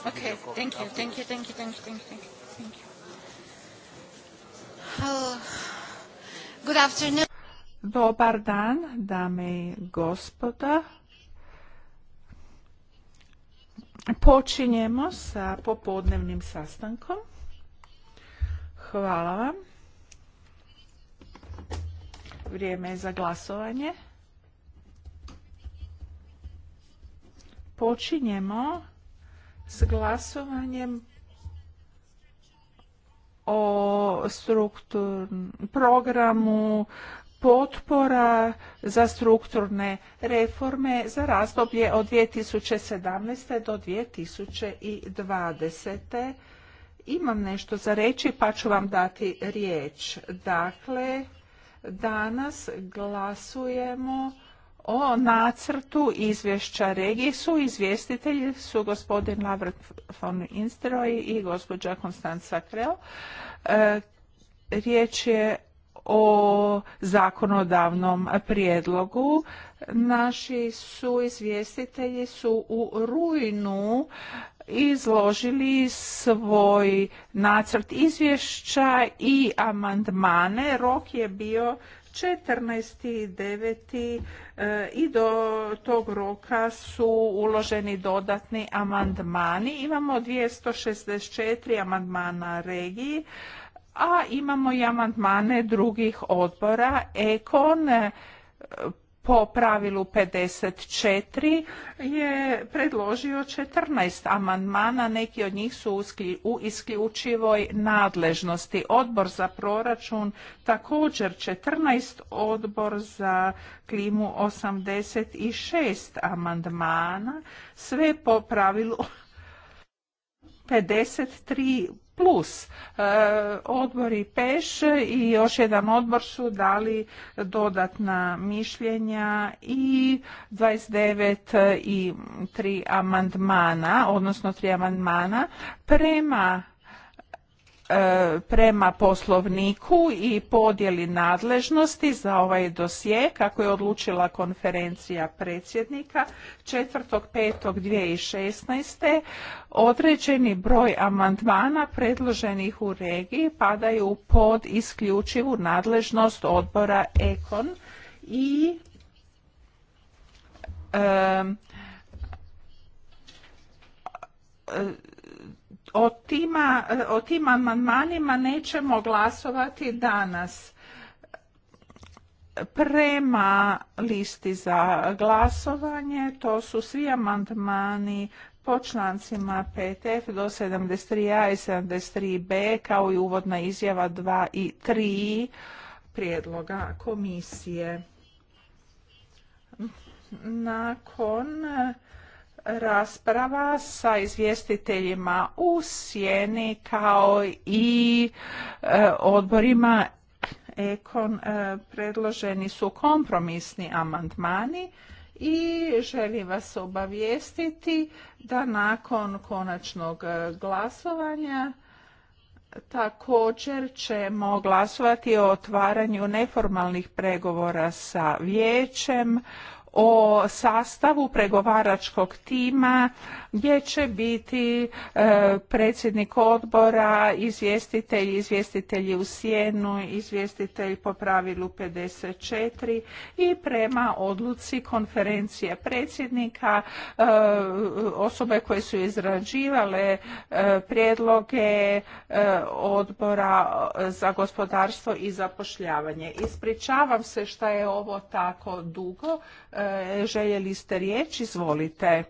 Okay, thank you, thank you, thank you, thank you, thank you, thank you. Hello. Good afternoon. Dobar dan, dame i gospoda. Počinjemo sa popodnevnim sastankom. Hvala vam. Vrijeme je za glasovanje. Počinjemo s glasovanjem o programu potpora za strukturne reforme za razdoblje od 2017. do 2020. Imam nešto za reći pa ću vam dati riječ. Dakle, danas glasujemo o nacrtu izvješća regije su izvjestitelji su gospodin Lavrat von Insteroj i gospođa Konstanca Kreo. E, riječ je o zakonodavnom prijedlogu. Naši su izvjestitelji su u rujnu izložili svoj nacrt izvješća i amandmane. Rok je bio 14.9. E, i do tog roka su uloženi dodatni amandmani. Imamo 264 amandmana regiji, a imamo i amandmane drugih odbora. Ekon, e, po pravilu 54 je predložio 14 amandmana, neki od njih su u isključivoj nadležnosti. Odbor za proračun također 14, odbor za klimu 86 amandmana, sve po pravilu 53 plus. E, odbor i Peš i još jedan odbor su dali dodatna mišljenja i 29 i 3 amandmana, odnosno 3 amandmana prema E, prema poslovniku i podjeli nadležnosti za ovaj dosje kako je odlučila konferencija predsjednika 4.5.2016. određeni broj amandmana predloženih u regiji padaju pod isključivu nadležnost odbora Ekon i e, o, tim amandmanima nećemo glasovati danas. Prema listi za glasovanje to su svi amandmani po člancima 5F do 73A i 73B kao i uvodna izjava 2 i 3 prijedloga komisije. Nakon rasprava sa izvjestiteljima u sjeni kao i e, odborima Ekon e, predloženi su kompromisni amandmani i želim vas obavijestiti da nakon konačnog e, glasovanja Također ćemo glasovati o otvaranju neformalnih pregovora sa vijećem o sastavu pregovaračkog tima gdje će biti e, predsjednik odbora, izvjestitelj, izvjestitelji u sjenu, izvjestitelj po pravilu 54 i prema odluci konferencije predsjednika e, osobe koje su izrađivale e, prijedloge odbora za gospodarstvo i zapošljavanje. Ispričavam se što je ovo tako dugo E, željeli ste riječ, izvolite.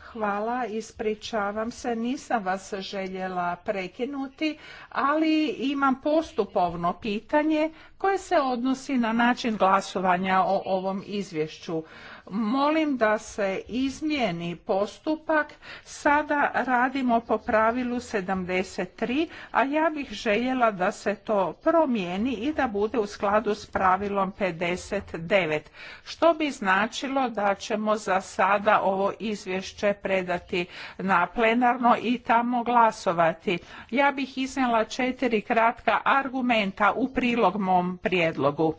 Hvala, ispričavam se, nisam vas željela prekinuti, ali imam postupovno pitanje koje se odnosi na način glasovanja o ovom izvješću. Molim da se izmijeni postupak. Sada radimo po pravilu 73, a ja bih željela da se to promijeni i da bude u skladu s pravilom 59. Što bi značilo da ćemo za sada ovo izvješće predati na plenarno i tamo glasovati. Ja bih iznijela četiri kratka argumenta u prilog mom prijedlogu.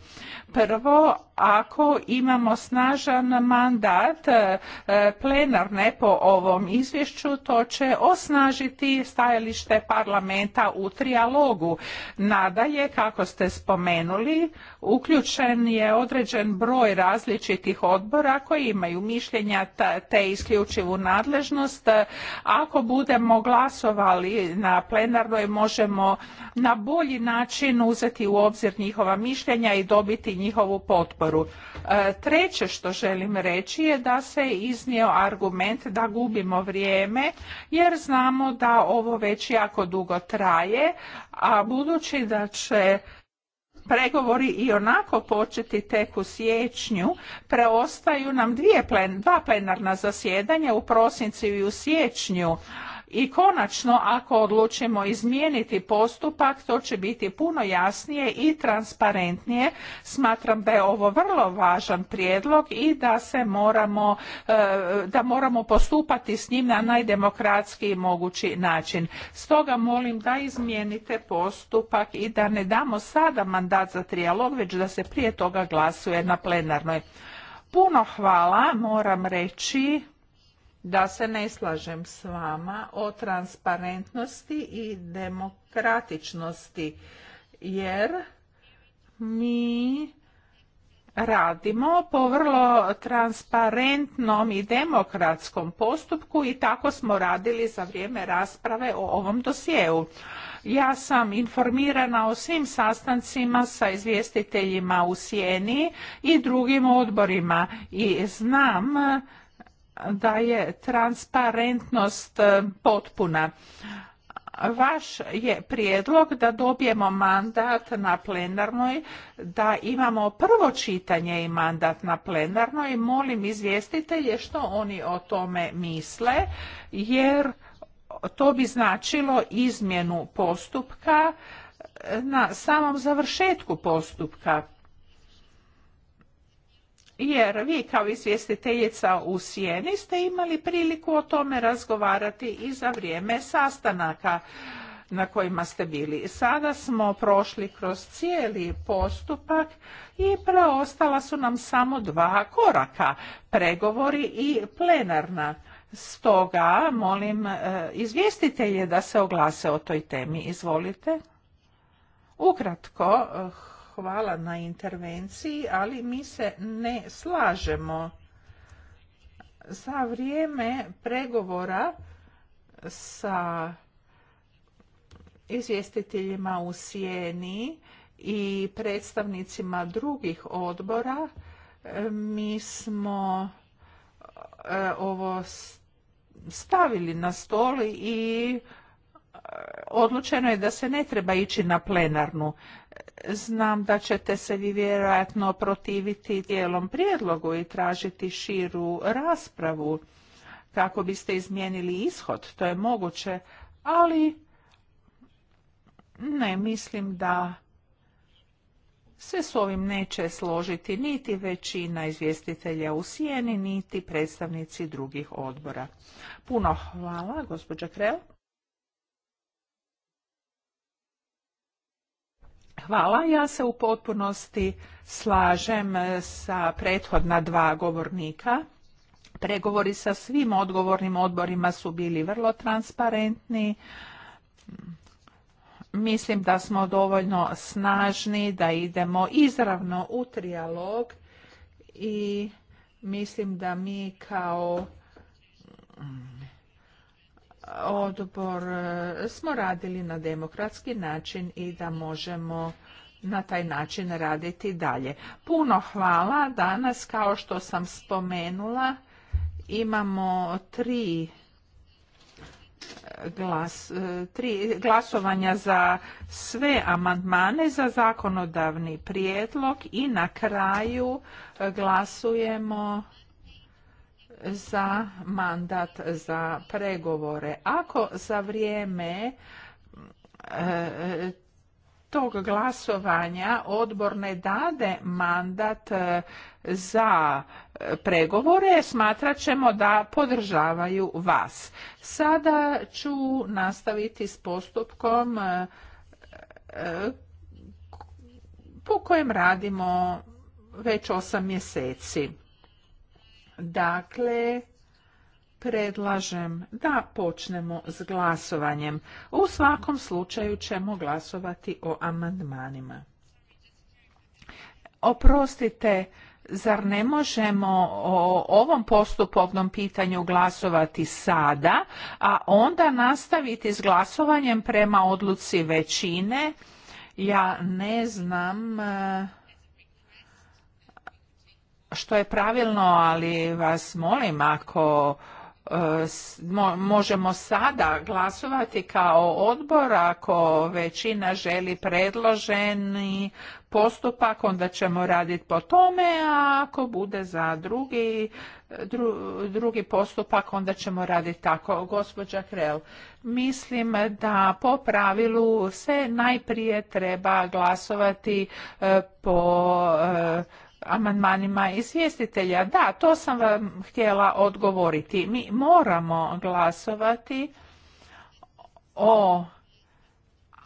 Prvo, ako imamo snažan mandat e, plenarne po ovom izvješću, to će osnažiti stajalište parlamenta u trijalogu. Nadalje, kako ste spomenuli, uključen je određen broj različitih odbora koji imaju mišljenja te isključivu nadležnost. Ako budemo glasovali na plenarnoj, možemo na bolji način uzeti u obzir njihova mišljenja i dobiti njihovu potporu. E, treće što želim reći je da se iznio argument da gubimo vrijeme jer znamo da ovo već jako dugo traje, a budući da će pregovori i onako početi tek u siječnju, preostaju nam dvije dva plenarna zasjedanja u prosincu i u siječnju i konačno, ako odlučimo izmijeniti postupak, to će biti puno jasnije i transparentnije. Smatram da je ovo vrlo važan prijedlog i da se moramo, e, da moramo postupati s njim na najdemokratski mogući način. Stoga molim da izmijenite postupak i da ne damo sada mandat za trijalog, već da se prije toga glasuje na plenarnoj. Puno hvala, moram reći da se ne slažem s vama o transparentnosti i demokratičnosti jer mi radimo po vrlo transparentnom i demokratskom postupku i tako smo radili za vrijeme rasprave o ovom dosjeu. Ja sam informirana o svim sastancima sa izvjestiteljima u Sjeni i drugim odborima i znam da je transparentnost e, potpuna. Vaš je prijedlog da dobijemo mandat na plenarnoj, da imamo prvo čitanje i mandat na plenarnoj. Molim izvjestitelje što oni o tome misle, jer to bi značilo izmjenu postupka e, na samom završetku postupka jer vi kao izvjestiteljica u Sijeni ste imali priliku o tome razgovarati i za vrijeme sastanaka na kojima ste bili. Sada smo prošli kroz cijeli postupak i preostala su nam samo dva koraka, pregovori i plenarna. Stoga molim e, izvjestitelje da se oglase o toj temi. Izvolite. Ukratko, eh, hvala na intervenciji, ali mi se ne slažemo. Za vrijeme pregovora sa izvjestiteljima u Sijeni i predstavnicima drugih odbora mi smo e, ovo stavili na stoli i odlučeno je da se ne treba ići na plenarnu. Znam da ćete se vi vjerojatno protiviti dijelom prijedlogu i tražiti širu raspravu kako biste izmijenili ishod, to je moguće, ali ne mislim da se s ovim neće složiti niti većina izvjestitelja u sjeni, niti predstavnici drugih odbora. Puno hvala, gospođa Krel. Hvala. Ja se u potpunosti slažem e, sa prethodna dva govornika. Pregovori sa svim odgovornim odborima su bili vrlo transparentni. Mislim da smo dovoljno snažni da idemo izravno u trijalog i mislim da mi kao odbor e, smo radili na demokratski način i da možemo na taj način raditi dalje. Puno hvala. Danas, kao što sam spomenula, imamo tri e, Glas, e, tri glasovanja za sve amandmane za zakonodavni prijedlog i na kraju glasujemo za mandat za pregovore. Ako za vrijeme e, tog glasovanja odbor ne dade mandat e, za pregovore, smatrat ćemo da podržavaju vas. Sada ću nastaviti s postupkom e, po kojem radimo već osam mjeseci. Dakle, predlažem da počnemo s glasovanjem. U svakom slučaju ćemo glasovati o amandmanima. Oprostite, zar ne možemo o ovom postupovnom pitanju glasovati sada, a onda nastaviti s glasovanjem prema odluci većine? Ja ne znam što je pravilno, ali vas molim ako e, možemo sada glasovati kao odbor ako većina želi predloženi postupak onda ćemo raditi po tome a ako bude za drugi, drugi postupak onda ćemo raditi tako gospođa Krel mislim da po pravilu se najprije treba glasovati e, po e, amandmanima izvjestitelja. Da, to sam vam htjela odgovoriti. Mi moramo glasovati o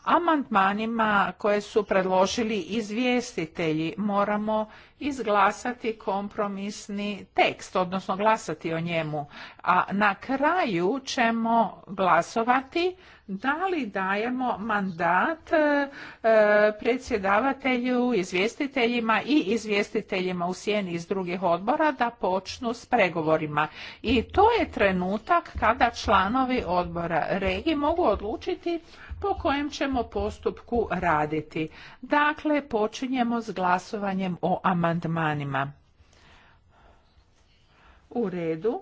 amandmanima koje su predložili izvjestitelji. Moramo izglasati kompromisni tekst, odnosno glasati o njemu. A na kraju ćemo glasovati da li dajemo mandat e, e, predsjedavatelju, izvjestiteljima i izvjestiteljima u sjeni iz drugih odbora da počnu s pregovorima. I to je trenutak kada članovi odbora regije mogu odlučiti po kojem ćemo postupku raditi. Dakle, počinjemo s glasovanjem o amandmanima. U redu.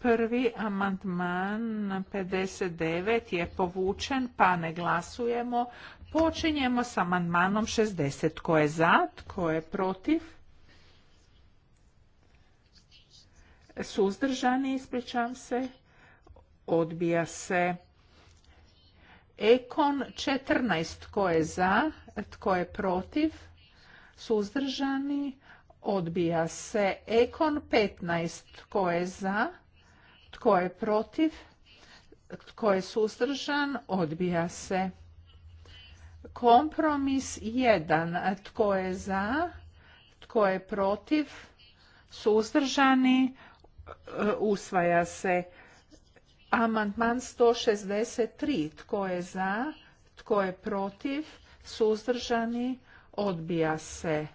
Prvi amandman 59 je povučen, pa ne glasujemo. Počinjemo s amandmanom 60. Tko je za, tko je protiv? Suzdržani, ispričam se. Odbija se. Ekon 14. Tko je za, tko je protiv? Suzdržani, odbija se. Ekon 15. Tko je za? Tko je protiv? Tko je suzdržan? Odbija se. Kompromis 1. Tko je za? Tko je protiv? Suzdržani? Usvaja se. Amandman 163. Tko je za? Tko je protiv? Suzdržani? Odbija se.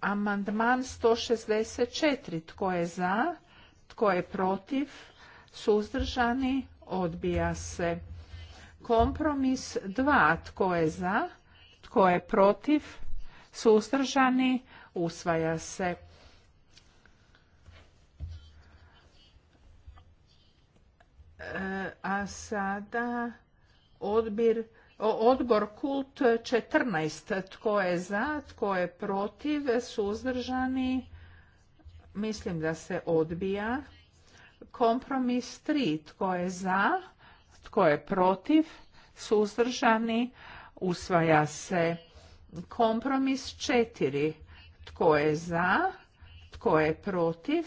Amandman 164. Tko je za? Tko je protiv? Suzdržani? Odbija se. Kompromis 2. Tko je za? Tko je protiv? Suzdržani? Usvaja se. E, a sada odbir, odbor kult 14. Tko je za? Tko je protiv? Suzdržani? Mislim da se odbija. Kompromis 3. Tko je za? Tko je protiv? Suzdržani? Usvaja se. Kompromis 4. Tko je za? Tko je protiv?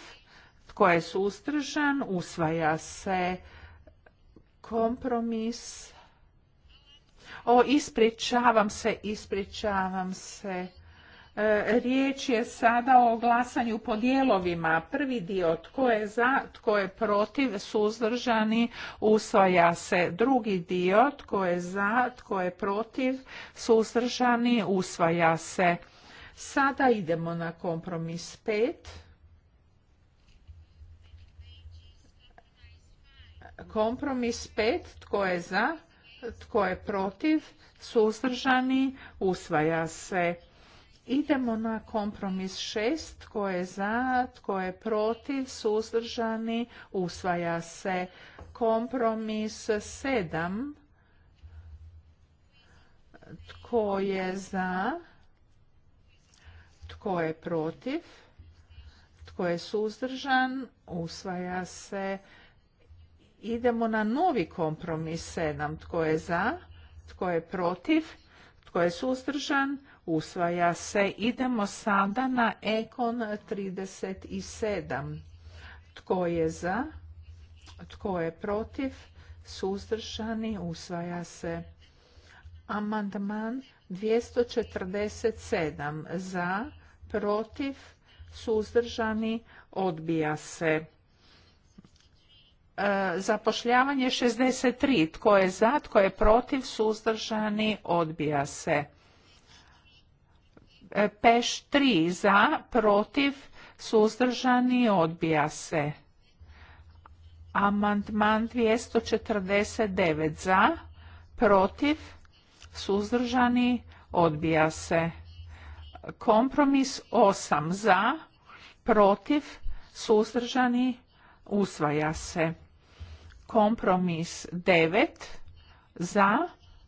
Tko je suzdržan? Usvaja se. Kompromis o, ispričavam se, ispričavam se. E, riječ je sada o glasanju po dijelovima. Prvi dio tko je za, tko je protiv, suzdržani, usvaja se. Drugi dio tko je za, tko je protiv, suzdržani, usvaja se. Sada idemo na kompromis 5. Kompromis 5. Tko je za? Tko je protiv? Suzdržani? Usvaja se. Idemo na kompromis šest. Tko je za, tko je protiv, suzdržani, usvaja se. Kompromis sedam. Tko je za, tko je protiv, tko je suzdržan, usvaja se. Idemo na novi kompromis sedam. Tko je za, tko je protiv, tko je suzdržan, usvaja se. Idemo sada na Ekon 37. Tko je za? Tko je protiv? Suzdržani usvaja se. Amandman 247. Za, protiv, suzdržani odbija se. E, zapošljavanje 63. Tko je za, tko je protiv, suzdržani odbija se. E, peš 3 za, protiv, suzdržani, odbija se. Amandman 249 za, protiv, suzdržani, odbija se. Kompromis 8 za, protiv, suzdržani, usvaja se. Kompromis 9 za,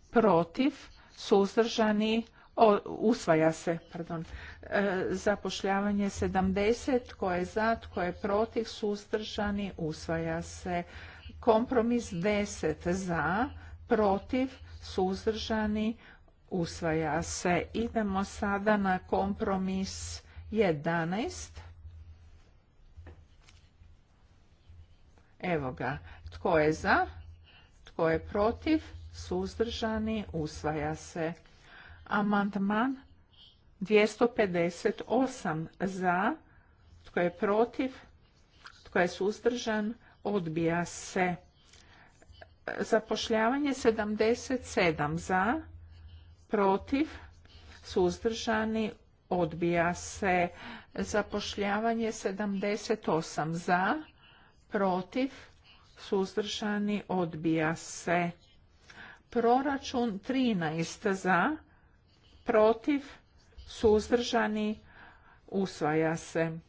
protiv, suzdržani, odbija se usvaja se, pardon, e, zapošljavanje 70, tko je za, tko je protiv, suzdržani, usvaja se. Kompromis 10 za, protiv, suzdržani, usvaja se. Idemo sada na kompromis 11. Evo ga, tko je za, tko je protiv, suzdržani, usvaja se. Amandman 258 za, tko je protiv, tko je suzdržan, odbija se. Zapošljavanje 77 za, protiv, suzdržani, odbija se. Zapošljavanje 78 za, protiv, suzdržani, odbija se. Proračun 13 za, protiv, suzdržani, usvaja se.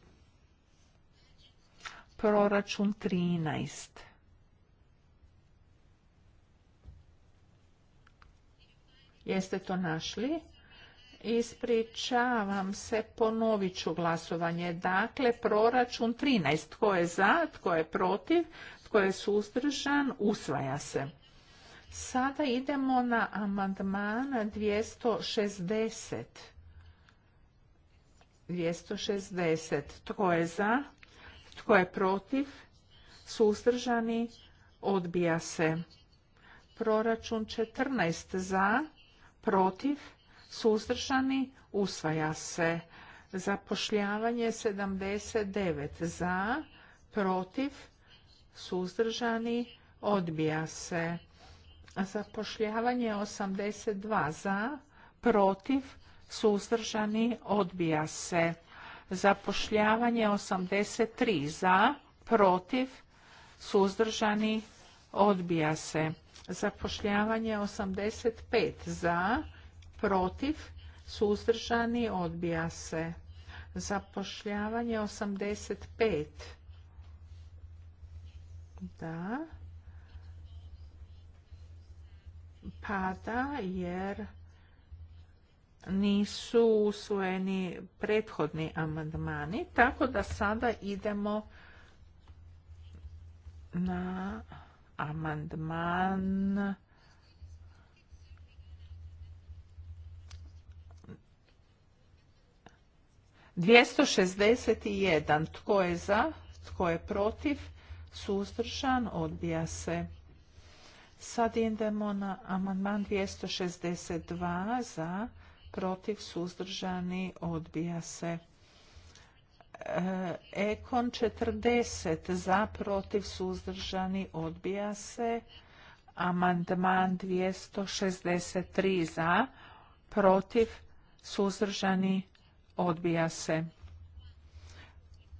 Proračun 13. Jeste to našli? Ispričavam se, ponovit ću glasovanje. Dakle, proračun 13. Tko je za, tko je protiv, tko je suzdržan, usvaja se. Sada idemo na amandman 260. 260. Tko je za? Tko je protiv? Suzdržani? Odbija se. Proračun 14 za, protiv, suzdržani, usvaja se. Zapošljavanje 79 za, protiv, suzdržani, odbija se. Zapošljavanje 82 za, protiv, suzdržani, odbija se. Zapošljavanje 83 za, protiv, suzdržani, odbija se. Zapošljavanje 85 za, protiv, suzdržani, odbija se. Zapošljavanje 85. Da pada jer nisu usvojeni prethodni amandmani, tako da sada idemo na amandman dvjesto šezdeset jedan tko je za tko je protiv suzdržan odbija se Sad idemo na amandman 262 za, protiv, suzdržani, odbija se. E, Ekon 40 za, protiv, suzdržani, odbija se. Amandman 263 za, protiv, suzdržani, odbija se.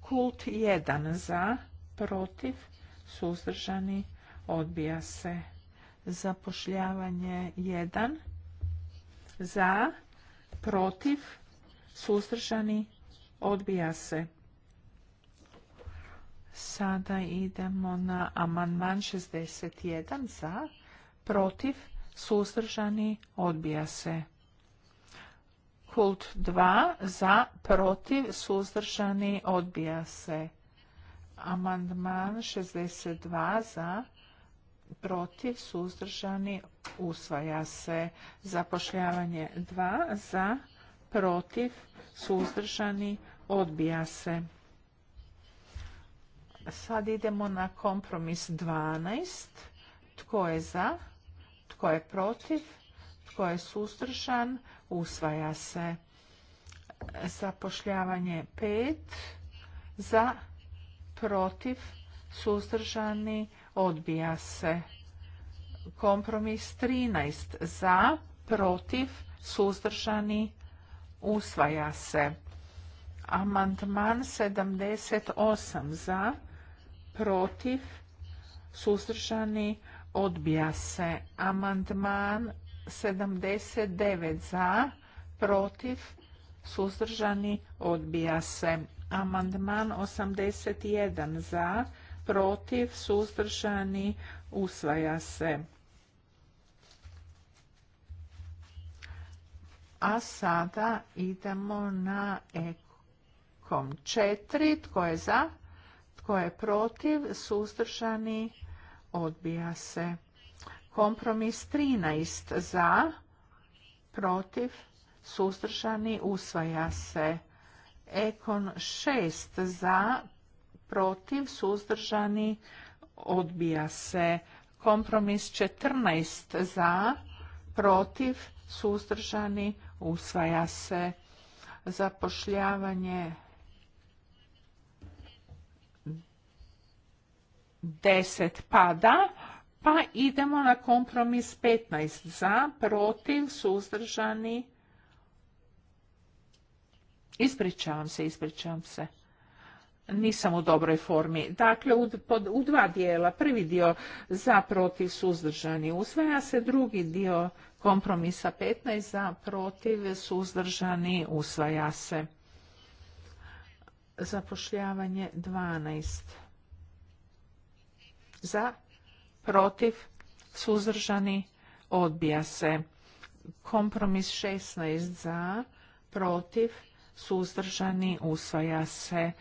Kult 1 za, protiv, suzdržani, odbija se zapošljavanje 1 za protiv suzdržani odbija se Sada idemo na amandman 61 za, protiv, suzdržani, odbija se. Kult 2 za, protiv, suzdržani, odbija se. Amandman 62 za, protiv, suzdržani, usvaja se. Zapošljavanje 2 za, protiv, suzdržani, odbija se. Sad idemo na kompromis 12. Tko je za? Tko je protiv? Tko je suzdržan? Usvaja se. Zapošljavanje 5 za, protiv, suzdržani, odbija se. Kompromis 13 za, protiv, suzdržani, usvaja se. Amandman 78 za, protiv, suzdržani, odbija se. Amandman 79 za, protiv, suzdržani, odbija se. Amandman 81 za, protiv, suzdržani, usvaja se. A sada idemo na ekom 4. Tko je za? Tko je protiv? Suzdržani, odbija se. Kompromis 13 za, protiv, suzdržani, usvaja se. Ekon 6 za, protiv, suzdržani, odbija se. Kompromis 14 za, protiv, suzdržani, usvaja se. Zapošljavanje 10 pada, pa idemo na kompromis 15 za, protiv, suzdržani, Ispričavam se, ispričavam se nisam u dobroj formi. Dakle, u, pod, u dva dijela. Prvi dio za protiv suzdržani usvaja se, drugi dio kompromisa 15 za protiv suzdržani usvaja se. Zapošljavanje 12. Za protiv suzdržani odbija se. Kompromis 16 za protiv suzdržani usvaja se.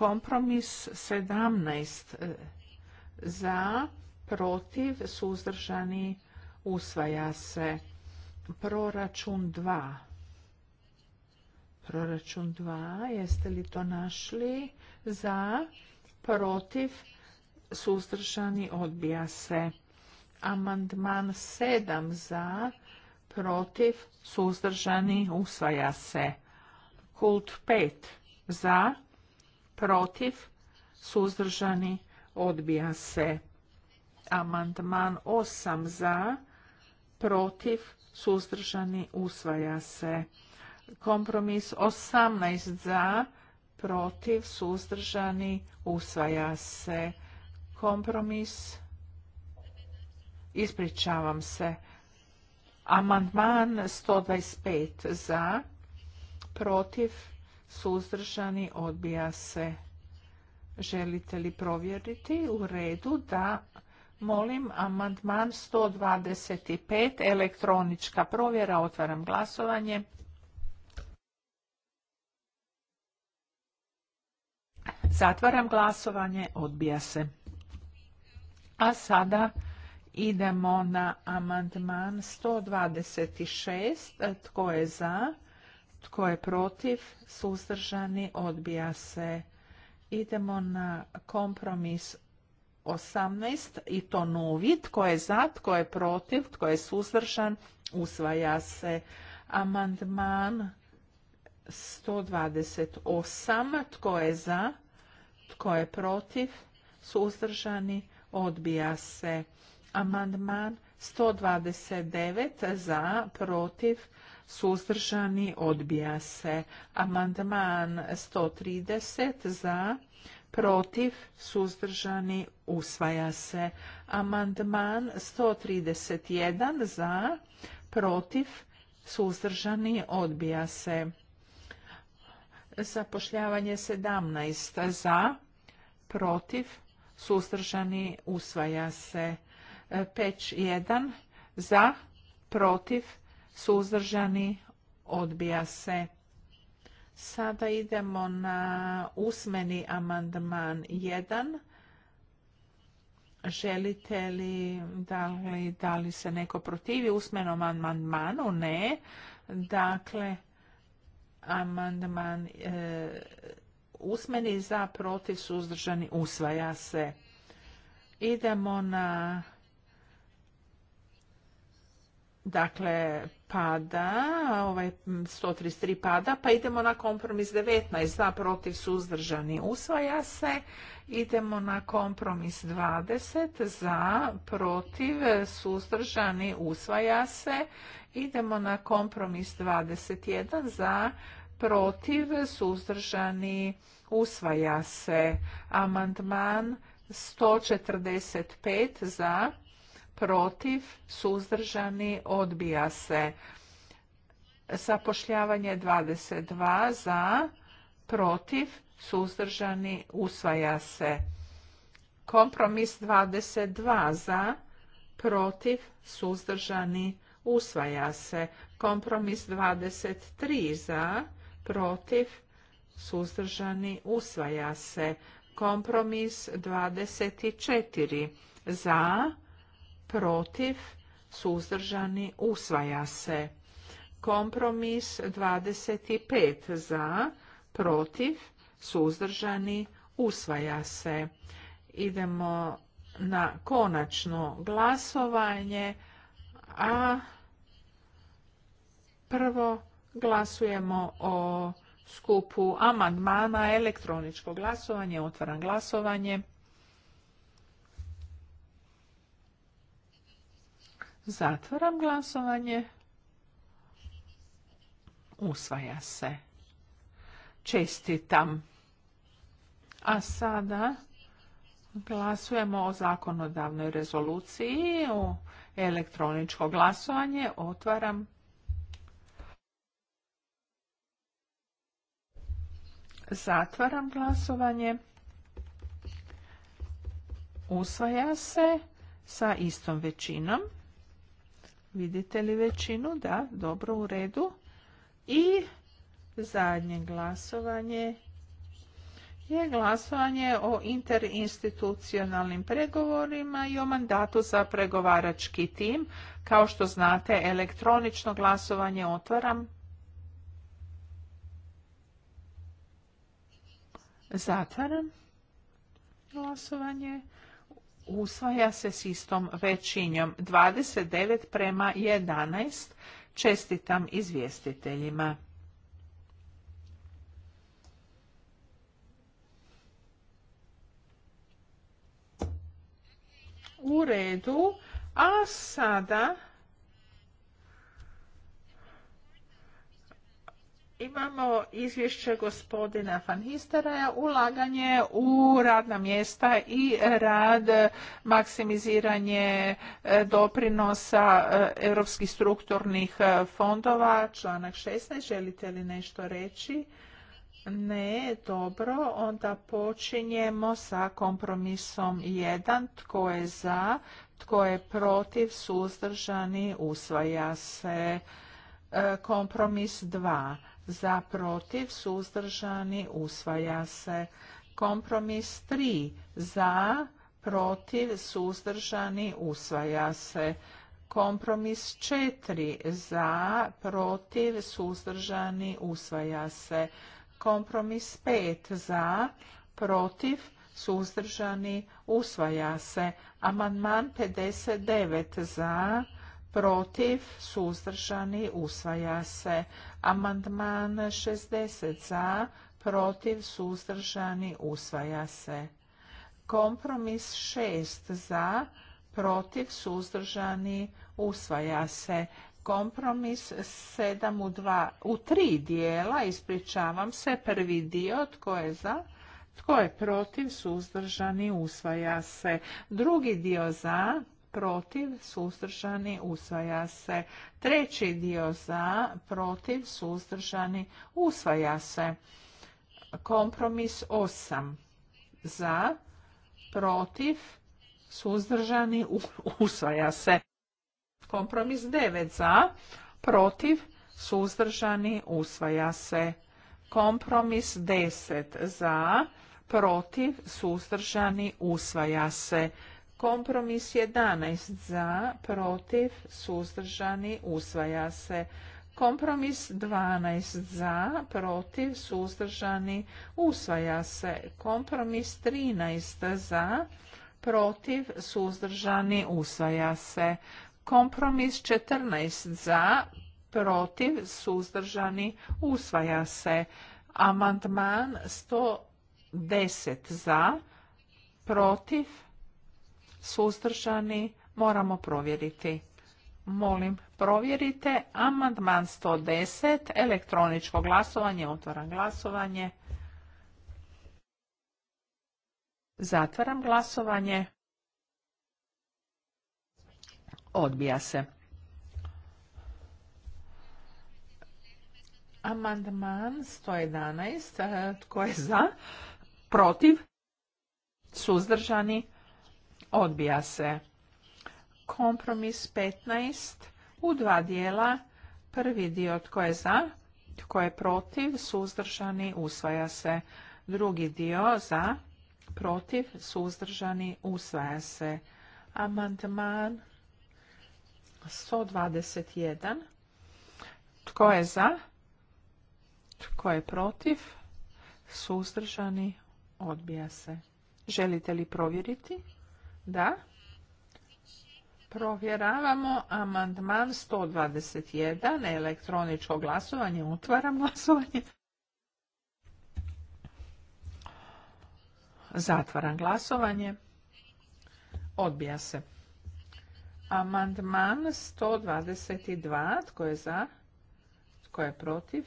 Kompromis 17 e, za, protiv, suzdržani, usvaja se. Proračun 2. Proračun 2, jeste li to našli? Za, protiv, suzdržani, odbija se. Amandman 7 za, protiv, suzdržani, usvaja se. Kult 5 za, protiv, suzdržani, odbija se. Amandman 8 za, protiv, suzdržani, usvaja se. Kompromis 18 za, protiv, suzdržani, usvaja se. Kompromis, ispričavam se, amandman 125 za, protiv, suzdržani, odbija se. Želite li provjeriti? U redu, da. Molim, amandman 125, elektronička provjera, otvaram glasovanje. Zatvaram glasovanje, odbija se. A sada idemo na amandman 126, tko je za? Tko je protiv? Suzdržani? Odbija se. Idemo na kompromis 18 i to novi. Tko je za? Tko je protiv? Tko je suzdržan? Usvaja se. Amandman 128. Tko je za? Tko je protiv? Suzdržani? Odbija se. Amandman 129 za, protiv, suzdržani, odbija se. Amandman 130 za, protiv, suzdržani, usvaja se. Amandman 131 za, protiv, suzdržani, odbija se. Zapošljavanje 17 za, protiv, suzdržani, usvaja se. Peć 1 za, protiv, suzdržani, odbija se. Sada idemo na usmeni amandman 1. Želite li da, li, se neko protivi usmenom amandmanu? Ne. Dakle, amandman e, usmeni za protiv suzdržani usvaja se. Idemo na Dakle, pada, ovaj 133 pada, pa idemo na kompromis 19, za protiv suzdržani usvaja se, idemo na kompromis 20, za protiv suzdržani usvaja se, idemo na kompromis 21, za protiv suzdržani usvaja se, amandman 145 za protiv, suzdržani, odbija se. Zapošljavanje 22 za, protiv, suzdržani, usvaja se. Kompromis 22 za, protiv, suzdržani, usvaja se. Kompromis 23 za, protiv, suzdržani, usvaja se. Kompromis 24 za, protiv, suzdržani, usvaja se. Kompromis 25 za, protiv, suzdržani, usvaja se. Idemo na konačno glasovanje, a prvo glasujemo o skupu amandmana, elektroničko glasovanje, otvaram glasovanje. Zatvaram glasovanje. Usvaja se. Čestitam. A sada glasujemo o zakonodavnoj rezoluciji, o elektroničko glasovanje. Otvaram. Zatvaram glasovanje. Usvaja se sa istom većinom. Vidite li većinu? Da, dobro, u redu. I zadnje glasovanje je glasovanje o interinstitucionalnim pregovorima i o mandatu za pregovarački tim. Kao što znate, elektronično glasovanje otvaram. Zatvaram glasovanje usvaja se s istom većinjom 29 prema 11. Čestitam izvjestiteljima. U redu, a sada Imamo izvješće gospodina Van Histeraja, ulaganje u radna mjesta i rad, maksimiziranje e, doprinosa e, europskih strukturnih e, fondova, članak 16. Želite li nešto reći? Ne, dobro, onda počinjemo sa kompromisom 1. Tko je za, tko je protiv, suzdržani, usvaja se. Kompromis 2 za protiv suzdržani usvaja se kompromis 3 za protiv suzdržani usvaja se kompromis 4 za protiv suzdržani usvaja se kompromis 5 za protiv suzdržani usvaja se amandman 59 za protiv, suzdržani, usvaja se. Amandman 60 za, protiv, suzdržani, usvaja se. Kompromis 6 za, protiv, suzdržani, usvaja se. Kompromis 7 u, dva u 3 dijela, ispričavam se, prvi dio, tko je za? Tko je protiv, suzdržani, usvaja se. Drugi dio za, protiv, suzdržani, usvaja se. Treći dio za, protiv, suzdržani, usvaja se. Kompromis 8 za, protiv, suzdržani, usvaja se. Kompromis 9 za, protiv, suzdržani, usvaja se. Kompromis 10 za, protiv, suzdržani, usvaja se. Kompromis 11 za, protiv, suzdržani, usvaja se. Kompromis 12 za, protiv, suzdržani, usvaja se. Kompromis 13 za, protiv, suzdržani, usvaja se. Kompromis 14 za, protiv, suzdržani, usvaja se. Amandman 110 za, protiv, suzdržani, moramo provjeriti. Molim, provjerite amandman 110, elektroničko glasovanje, otvaram glasovanje. Zatvaram glasovanje. Odbija se. Amandman 111. Tko je za? Protiv? Suzdržani? Odbija se. Kompromis 15 u dva dijela. Prvi dio tko je za, tko je protiv, suzdržani, usvaja se. Drugi dio za, protiv, suzdržani, usvaja se. Amandman 121. Tko je za? Tko je protiv? Suzdržani, odbija se. Želite li provjeriti? Da. Provjeravamo amandman 121, elektroničko glasovanje, Utvaram glasovanje. Zatvaram glasovanje. Odbija se. Amandman 122, tko je za? Tko je protiv?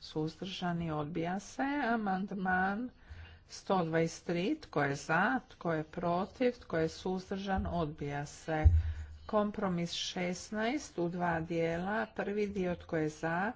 Suzdržani odbija se. Amandman 123. Tko je za? Tko je protiv? Tko je suzdržan? Odbija se. Kompromis 16 u dva dijela. Prvi dio tko je za?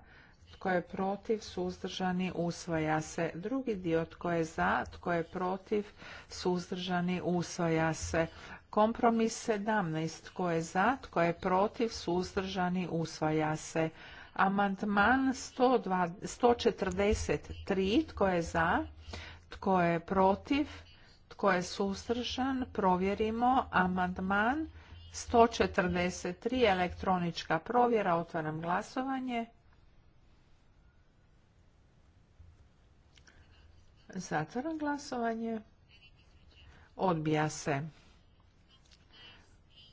Tko je protiv? Suzdržani? Usvaja se. Drugi dio tko je za? Tko je protiv? Suzdržani? Usvaja se. Kompromis 17. Tko je za? Tko je protiv? Suzdržani? Usvaja se. Amandman 143. Tko je za? Tko je protiv? Tko je suzdržan? Provjerimo amandman 143 elektronička provjera. Otvaram glasovanje. Zatvaram glasovanje. Odbija se.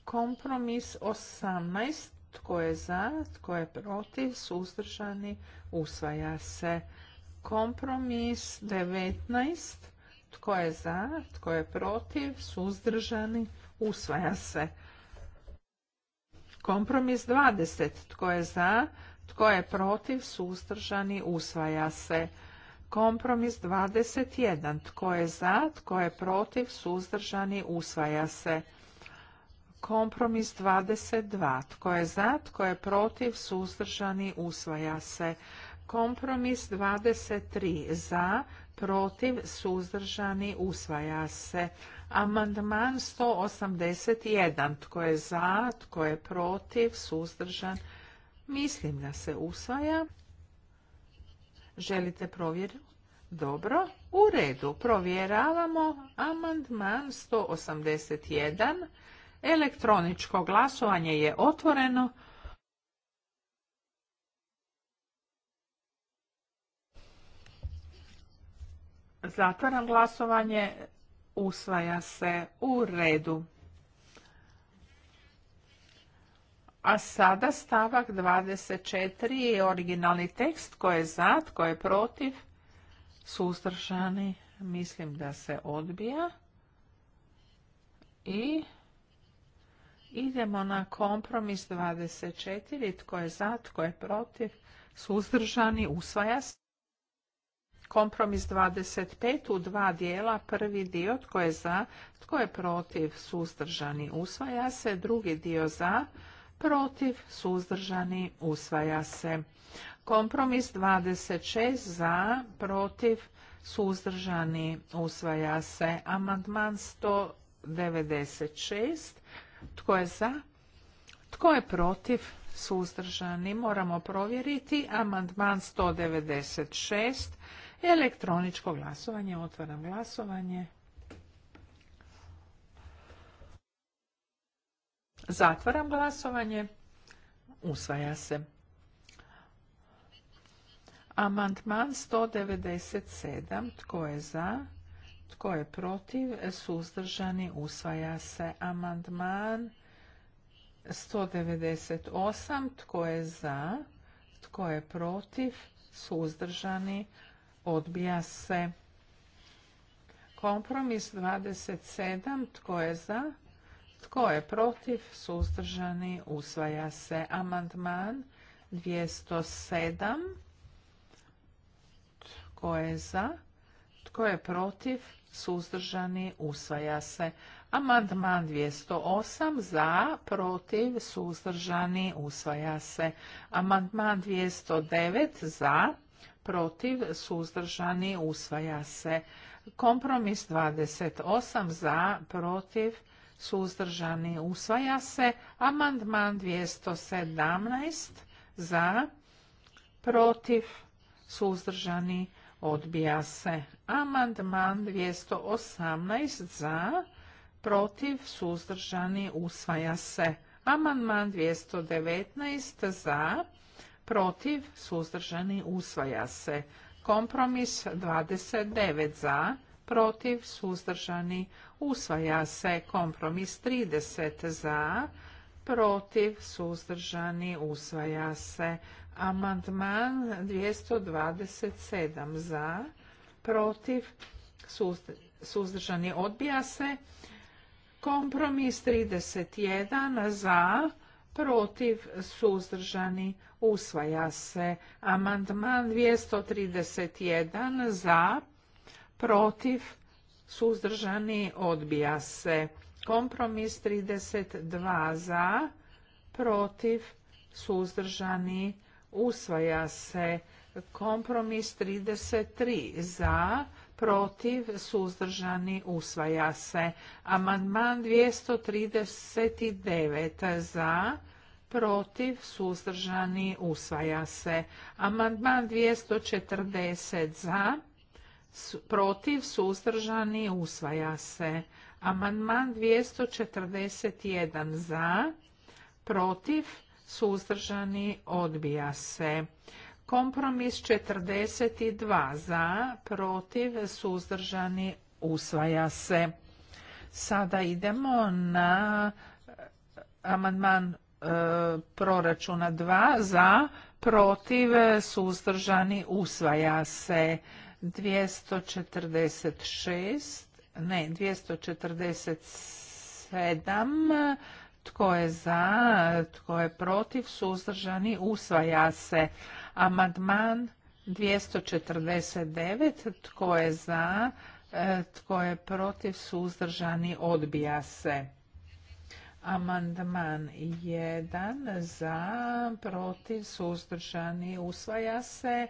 Kompromis 18. Tko je za, tko je protiv, suzdržani, usvaja se. Kompromis 19. Tko je za? Tko je protiv? Suzdržani? Usvaja se. Kompromis 20. Tko je za? Tko je protiv? Suzdržani? Usvaja se. Kompromis 21. Tko je za? Tko je protiv? Suzdržani? Usvaja se. Kompromis 22. Tko je za? Tko je protiv? Suzdržani? Usvaja se. Kompromis 23 za, protiv, suzdržani, usvaja se. Amandman 181. Tko je za, tko je protiv, suzdržan, mislim da se usvaja. Želite provjeriti? Dobro, u redu. Provjeravamo amandman 181. Elektroničko glasovanje je otvoreno. Zatvaram glasovanje. Usvaja se u redu. A sada stavak 24 je originalni tekst koji je za, tko je protiv, suzdržani, mislim da se odbija. I idemo na kompromis 24, tko je za, tko je protiv, suzdržani, usvaja se. Kompromis 25 u dva dijela. Prvi dio tko je za, tko je protiv, suzdržani, usvaja se. Drugi dio za, protiv, suzdržani, usvaja se. Kompromis 26 za, protiv, suzdržani, usvaja se. Amandman 196. Tko je za? Tko je protiv? Suzdržani. Moramo provjeriti. Amandman 196. Elektroničko glasovanje, otvaram glasovanje. Zatvaram glasovanje. Usvaja se. Amandman 197. Tko je za? Tko je protiv? Suzdržani. Usvaja se. Amandman 198. Tko je za? Tko je protiv? Suzdržani odbija se. Kompromis 27. Tko je za? Tko je protiv? Suzdržani usvaja se. Amandman 207. Tko je za? Tko je protiv? Suzdržani usvaja se. Amandman 208 za, protiv, suzdržani usvaja se. Amandman 209 za, protiv, suzdržani, usvaja se. Kompromis 28 za, protiv, suzdržani, usvaja se. Amandman 217 za, protiv, suzdržani, odbija se. Amandman 218 za, protiv, suzdržani, usvaja se. Amandman 219 za, protiv, suzdržani, usvaja se. Kompromis 29 za, protiv, suzdržani, usvaja se. Kompromis 30 za, protiv, suzdržani, usvaja se. Amandman 227 za, protiv, suzdržani, odbija se. Kompromis 31 za, protiv, suzdržani, usvaja se. Amandman 231 za, protiv, suzdržani, odbija se. Kompromis 32 za, protiv, suzdržani, usvaja se. Kompromis 33 za, protiv, suzdržani, usvaja se. Amandman 239 za, protiv, suzdržani, usvaja se. Amandman 240 za, protiv, suzdržani, usvaja se. Amandman 241 za, protiv, suzdržani, odbija se. Kompromis 42 za, protiv, suzdržani, usvaja se. Sada idemo na eh, amandman eh, proračuna 2 za, protiv, suzdržani, usvaja se. 246, ne, 247, tko je za, tko je protiv, suzdržani, usvaja se. Amandman 249. Tko je za? E, tko je protiv? Suzdržani? Odbija se. Amandman 1. Za? Protiv? Suzdržani? Usvaja se.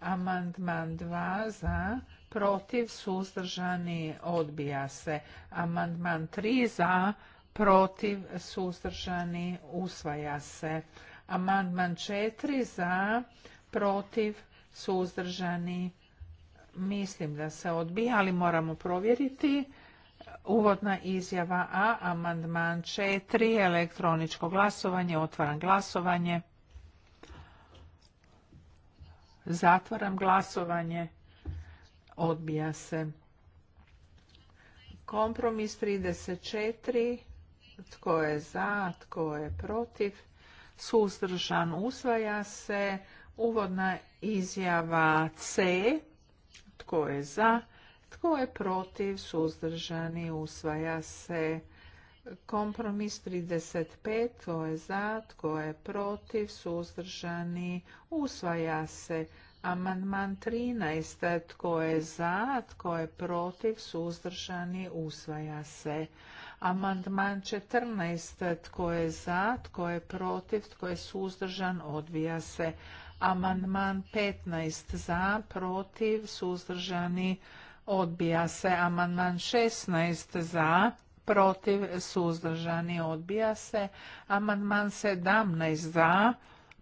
Amandman 2. Za? Protiv? Suzdržani? Odbija se. Amandman 3. Za? Protiv? Suzdržani? Usvaja se. Amandman 4 za, protiv, suzdržani. Mislim da se odbija, ali moramo provjeriti. Uvodna izjava A, amandman 4, elektroničko glasovanje, otvaram glasovanje. Zatvaram glasovanje. Odbija se. Kompromis 34. Tko je za, tko je protiv? suzdržan, usvaja se. Uvodna izjava C, tko je za, tko je protiv, suzdržani, usvaja se. Kompromis 35, tko je za, tko je protiv, suzdržani, usvaja se. Amandman 13, tko je za, tko je protiv, suzdržani, usvaja se. Amandman 14. Tko je za, tko je protiv, tko je suzdržan, odbija se. Amandman 15. Za, protiv, suzdržani, odbija se. Amandman 16. Za, protiv, suzdržani, odbija se. Amandman 17. Za,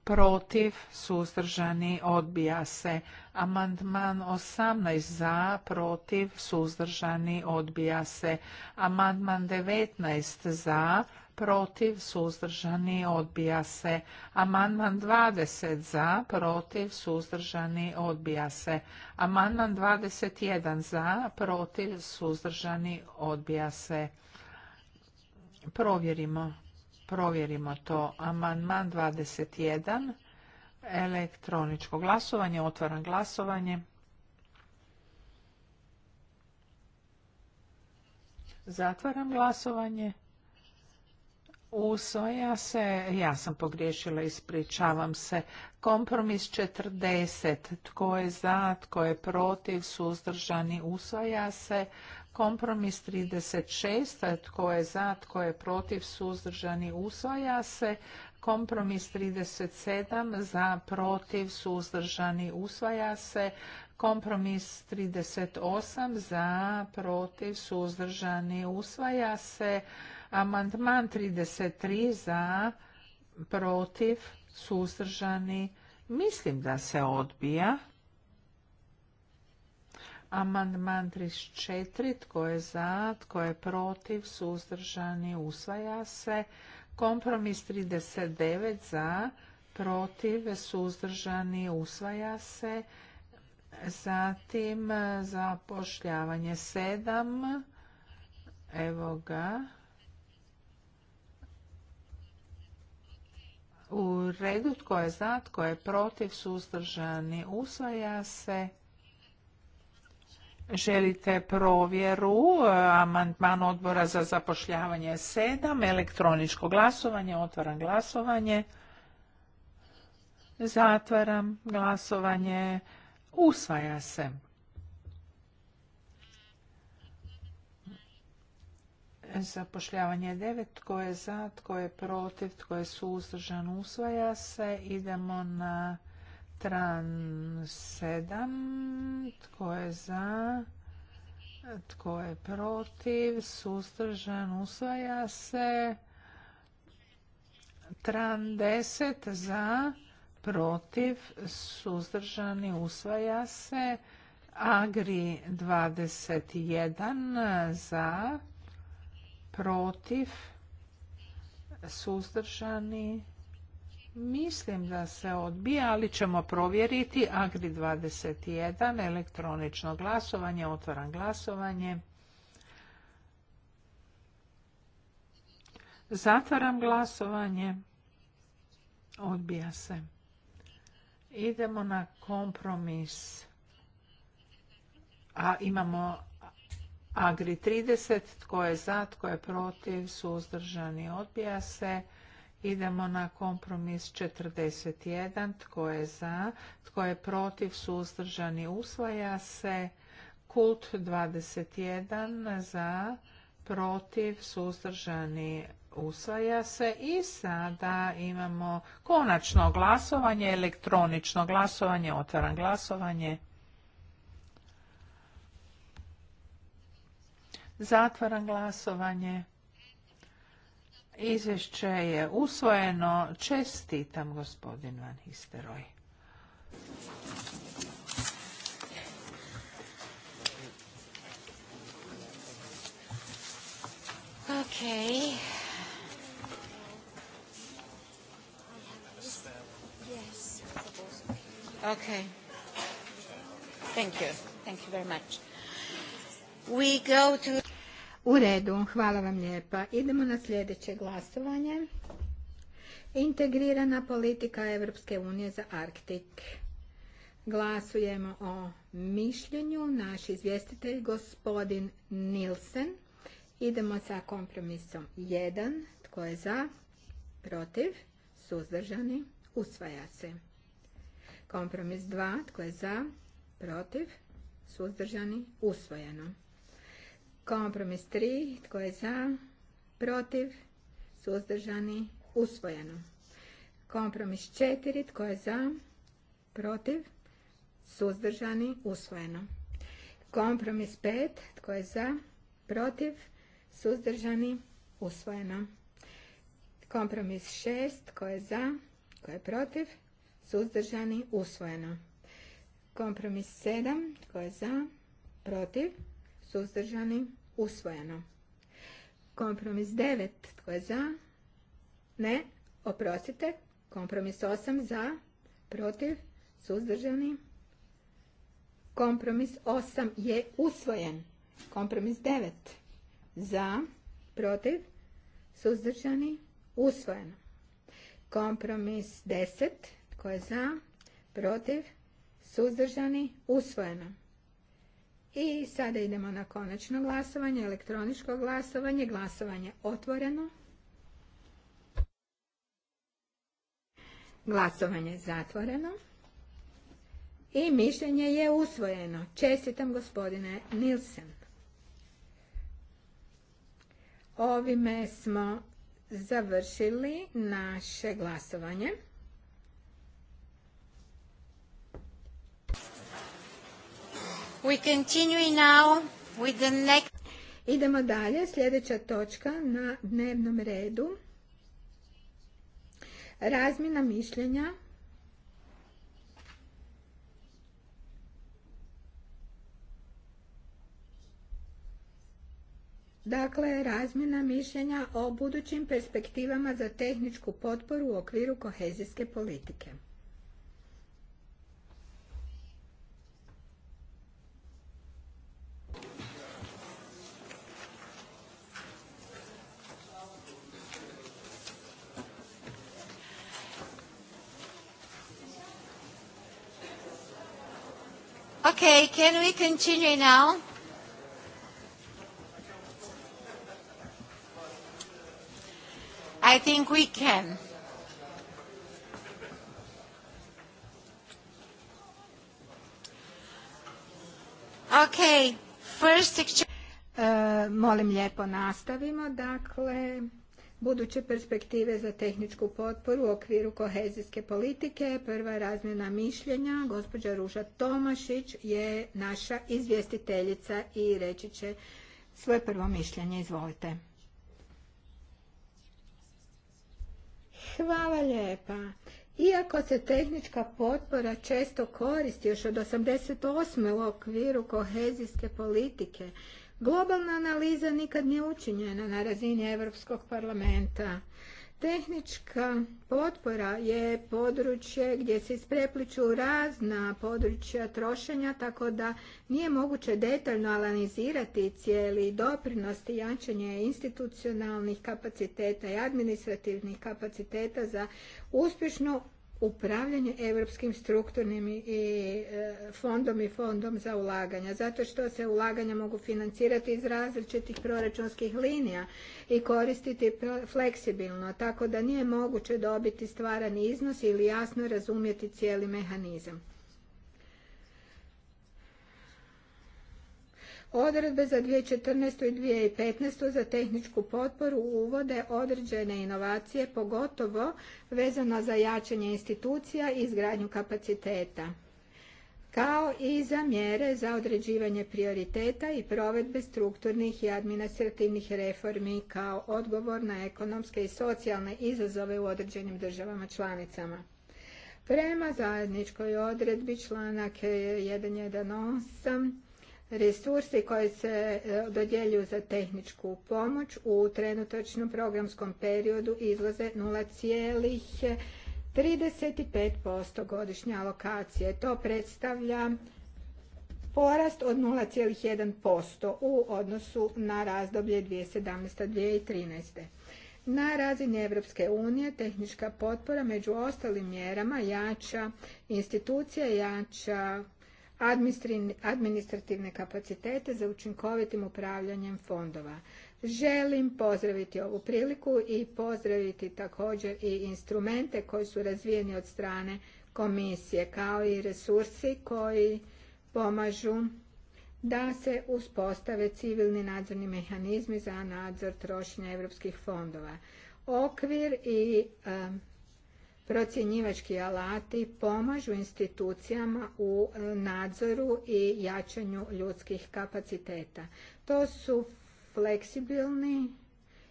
protiv, suzdržani, odbija se. Amandman 18 za, protiv, suzdržani, odbija se. Amandman 19 za, protiv, suzdržani, odbija se. Amandman 20 za, protiv, suzdržani, odbija se. Amandman 21 za, protiv, suzdržani, odbija se. Provjerimo. Provjerimo to. Amandman 21. Elektroničko glasovanje. Otvaram glasovanje. Zatvaram glasovanje. Usvaja se, ja sam pogriješila, ispričavam se, kompromis 40, tko je za, tko je protiv, suzdržani, usvaja se, kompromis 36, tko je za, tko je protiv, suzdržani, usvaja se, kompromis 37, za, protiv, suzdržani, usvaja se, kompromis 38, za, protiv, suzdržani, usvaja se, Amandman 33 za, protiv, suzdržani, mislim da se odbija. Amandman 34, tko je za, tko je protiv, suzdržani, usvaja se. Kompromis 39 za, protiv, suzdržani, usvaja se. Zatim zapošljavanje 7, evo ga, U redu tko je za, tko je protiv, suzdržani, usvaja se. Želite provjeru e, amandman odbora za zapošljavanje 7, elektroničko glasovanje, otvaram glasovanje, zatvaram glasovanje, usvaja se. zapošljavanje 9. Tko je za, tko je protiv, tko je suzdržan, usvaja se. Idemo na tran 7. Tko je za, tko je protiv, suzdržan, usvaja se. Tran 10 za, protiv, suzdržani, usvaja se. Agri 21 za, protiv, suzdržani. Mislim da se odbija, ali ćemo provjeriti. Agri 21, elektronično glasovanje, otvoran glasovanje. Zatvaram glasovanje. Odbija se. Idemo na kompromis. A imamo Agri 30, tko je za, tko je protiv, suzdržani, odbija se. Idemo na kompromis 41, tko je za, tko je protiv, suzdržani, usvaja se. Kult 21, za, protiv, suzdržani, usvaja se. I sada imamo konačno glasovanje, elektronično glasovanje, otvaram glasovanje. Zatvaram glasovanje. Izvješće je usvojeno. Čestitam gospodin Van Histeroj. Ok. Yes. Okay. Thank you. Thank you very much. We go to u redu, hvala vam lijepa. Idemo na sljedeće glasovanje. Integrirana politika Europske unije za Arktik. Glasujemo o mišljenju. Naš izvjestitelj, gospodin Nilsen. Idemo sa kompromisom 1. Tko je za? Protiv? Suzdržani? Usvaja se. Kompromis 2. Tko je za? Protiv? Suzdržani? Usvojeno. Kompromis 3. Tko je za? Protiv? Suzdržani? Usvojeno. Kompromis 4. Tko je za? Protiv? Suzdržani? Usvojeno. Kompromis 5. Tko je za? Protiv? Suzdržani? Usvojeno. Kompromis 6. Tko je za? Tko je protiv? Suzdržani? Usvojeno. Kompromis 7. Tko je za? Protiv? suzdržani, usvojeno. Kompromis 9, tko je za? Ne, oprostite. Kompromis 8, za, protiv, suzdržani. Kompromis 8 je usvojen. Kompromis 9, za, protiv, suzdržani, usvojeno. Kompromis 10, tko je za, protiv, suzdržani, usvojeno. I sada idemo na konačno glasovanje, elektroničko glasovanje, glasovanje otvoreno. Glasovanje zatvoreno. I mišljenje je usvojeno. Čestitam gospodine Nilsen. Ovime smo završili naše glasovanje. We continue now with the next... Idemo dalje, sljedeća točka na dnevnom redu. Razmjena mišljenja Dakle, razmjena mišljenja o budućim perspektivama za tehničku potporu u okviru kohezijske politike. Okay, can we continue now? I think we can. Okay, first exchange. E, molim lijepo nastavimo. Dakle, buduće perspektive za tehničku potporu u okviru kohezijske politike. Prva razmjena mišljenja, gospođa Ruža Tomašić je naša izvjestiteljica i reći će svoje prvo mišljenje. Izvolite. Hvala lijepa. Iako se tehnička potpora često koristi još od 88. u okviru kohezijske politike, Globalna analiza nikad nije učinjena na razini Europskog parlamenta. Tehnička potpora je područje gdje se isprepliču razna područja trošenja, tako da nije moguće detaljno analizirati cijeli doprinos i jačanje institucionalnih kapaciteta i administrativnih kapaciteta za uspješnu upravljanje europskim strukturnim i e, fondom i fondom za ulaganja zato što se ulaganja mogu financirati iz različitih proračunskih linija i koristiti fleksibilno tako da nije moguće dobiti stvarani iznos ili jasno razumjeti cijeli mehanizam Odredbe za 2014. i 2015. za tehničku potporu uvode određene inovacije, pogotovo vezano za jačanje institucija i izgradnju kapaciteta kao i za mjere za određivanje prioriteta i provedbe strukturnih i administrativnih reformi kao odgovor na ekonomske i socijalne izazove u određenim državama članicama. Prema zajedničkoj odredbi članak 1.1.8 Resursi koji se e, dodjeljuju za tehničku pomoć u trenutačnom programskom periodu izlaze 0,35% godišnje alokacije. To predstavlja porast od 0,1% u odnosu na razdoblje 2017-2013. Na razini Europske unije tehnička potpora među ostalim mjerama jača institucija jača administrativne kapacitete za učinkovitim upravljanjem fondova. Želim pozdraviti ovu priliku i pozdraviti također i instrumente koji su razvijeni od strane komisije, kao i resursi koji pomažu da se uspostave civilni nadzorni mehanizmi za nadzor trošenja europskih fondova. Okvir i procjenjivački alati pomažu institucijama u e, nadzoru i jačanju ljudskih kapaciteta. To su fleksibilni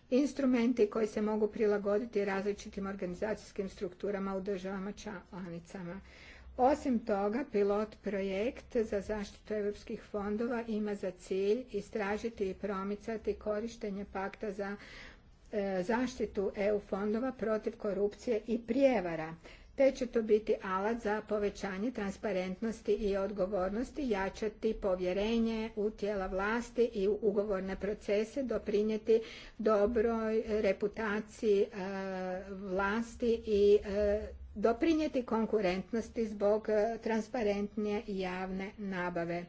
instrumenti koji se mogu prilagoditi različitim organizacijskim strukturama u državama članicama. Osim toga, pilot projekt za zaštitu europskih fondova ima za cilj istražiti i promicati korištenje pakta za E, zaštitu EU fondova protiv korupcije i prijevara te će to biti alat za povećanje transparentnosti i odgovornosti, jačati povjerenje u tijela vlasti i u ugovorne procese, doprinijeti dobroj reputaciji e, vlasti i e, doprinijeti konkurentnosti zbog transparentnije javne nabave.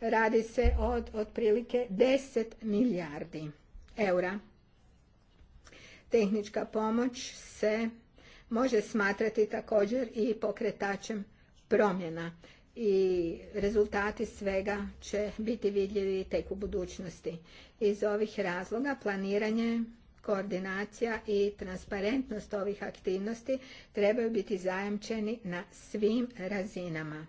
Radi se od otprilike 10 milijardi eura Tehnička pomoć se može smatrati također i pokretačem promjena i rezultati svega će biti vidljivi tek u budućnosti. Iz ovih razloga planiranje, koordinacija i transparentnost ovih aktivnosti trebaju biti zajamčeni na svim razinama.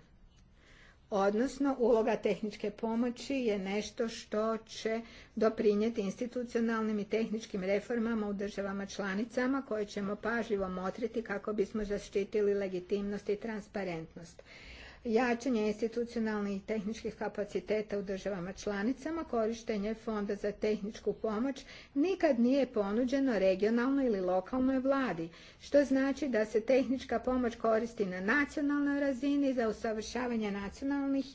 Odnosno, uloga tehničke pomoći je nešto što će doprinijeti institucionalnim i tehničkim reformama u državama članicama koje ćemo pažljivo motriti kako bismo zaštitili legitimnost i transparentnost jačanje institucionalnih i tehničkih kapaciteta u državama članicama, korištenje fonda za tehničku pomoć nikad nije ponuđeno regionalnoj ili lokalnoj vladi, što znači da se tehnička pomoć koristi na nacionalnoj razini za usavršavanje nacionalnih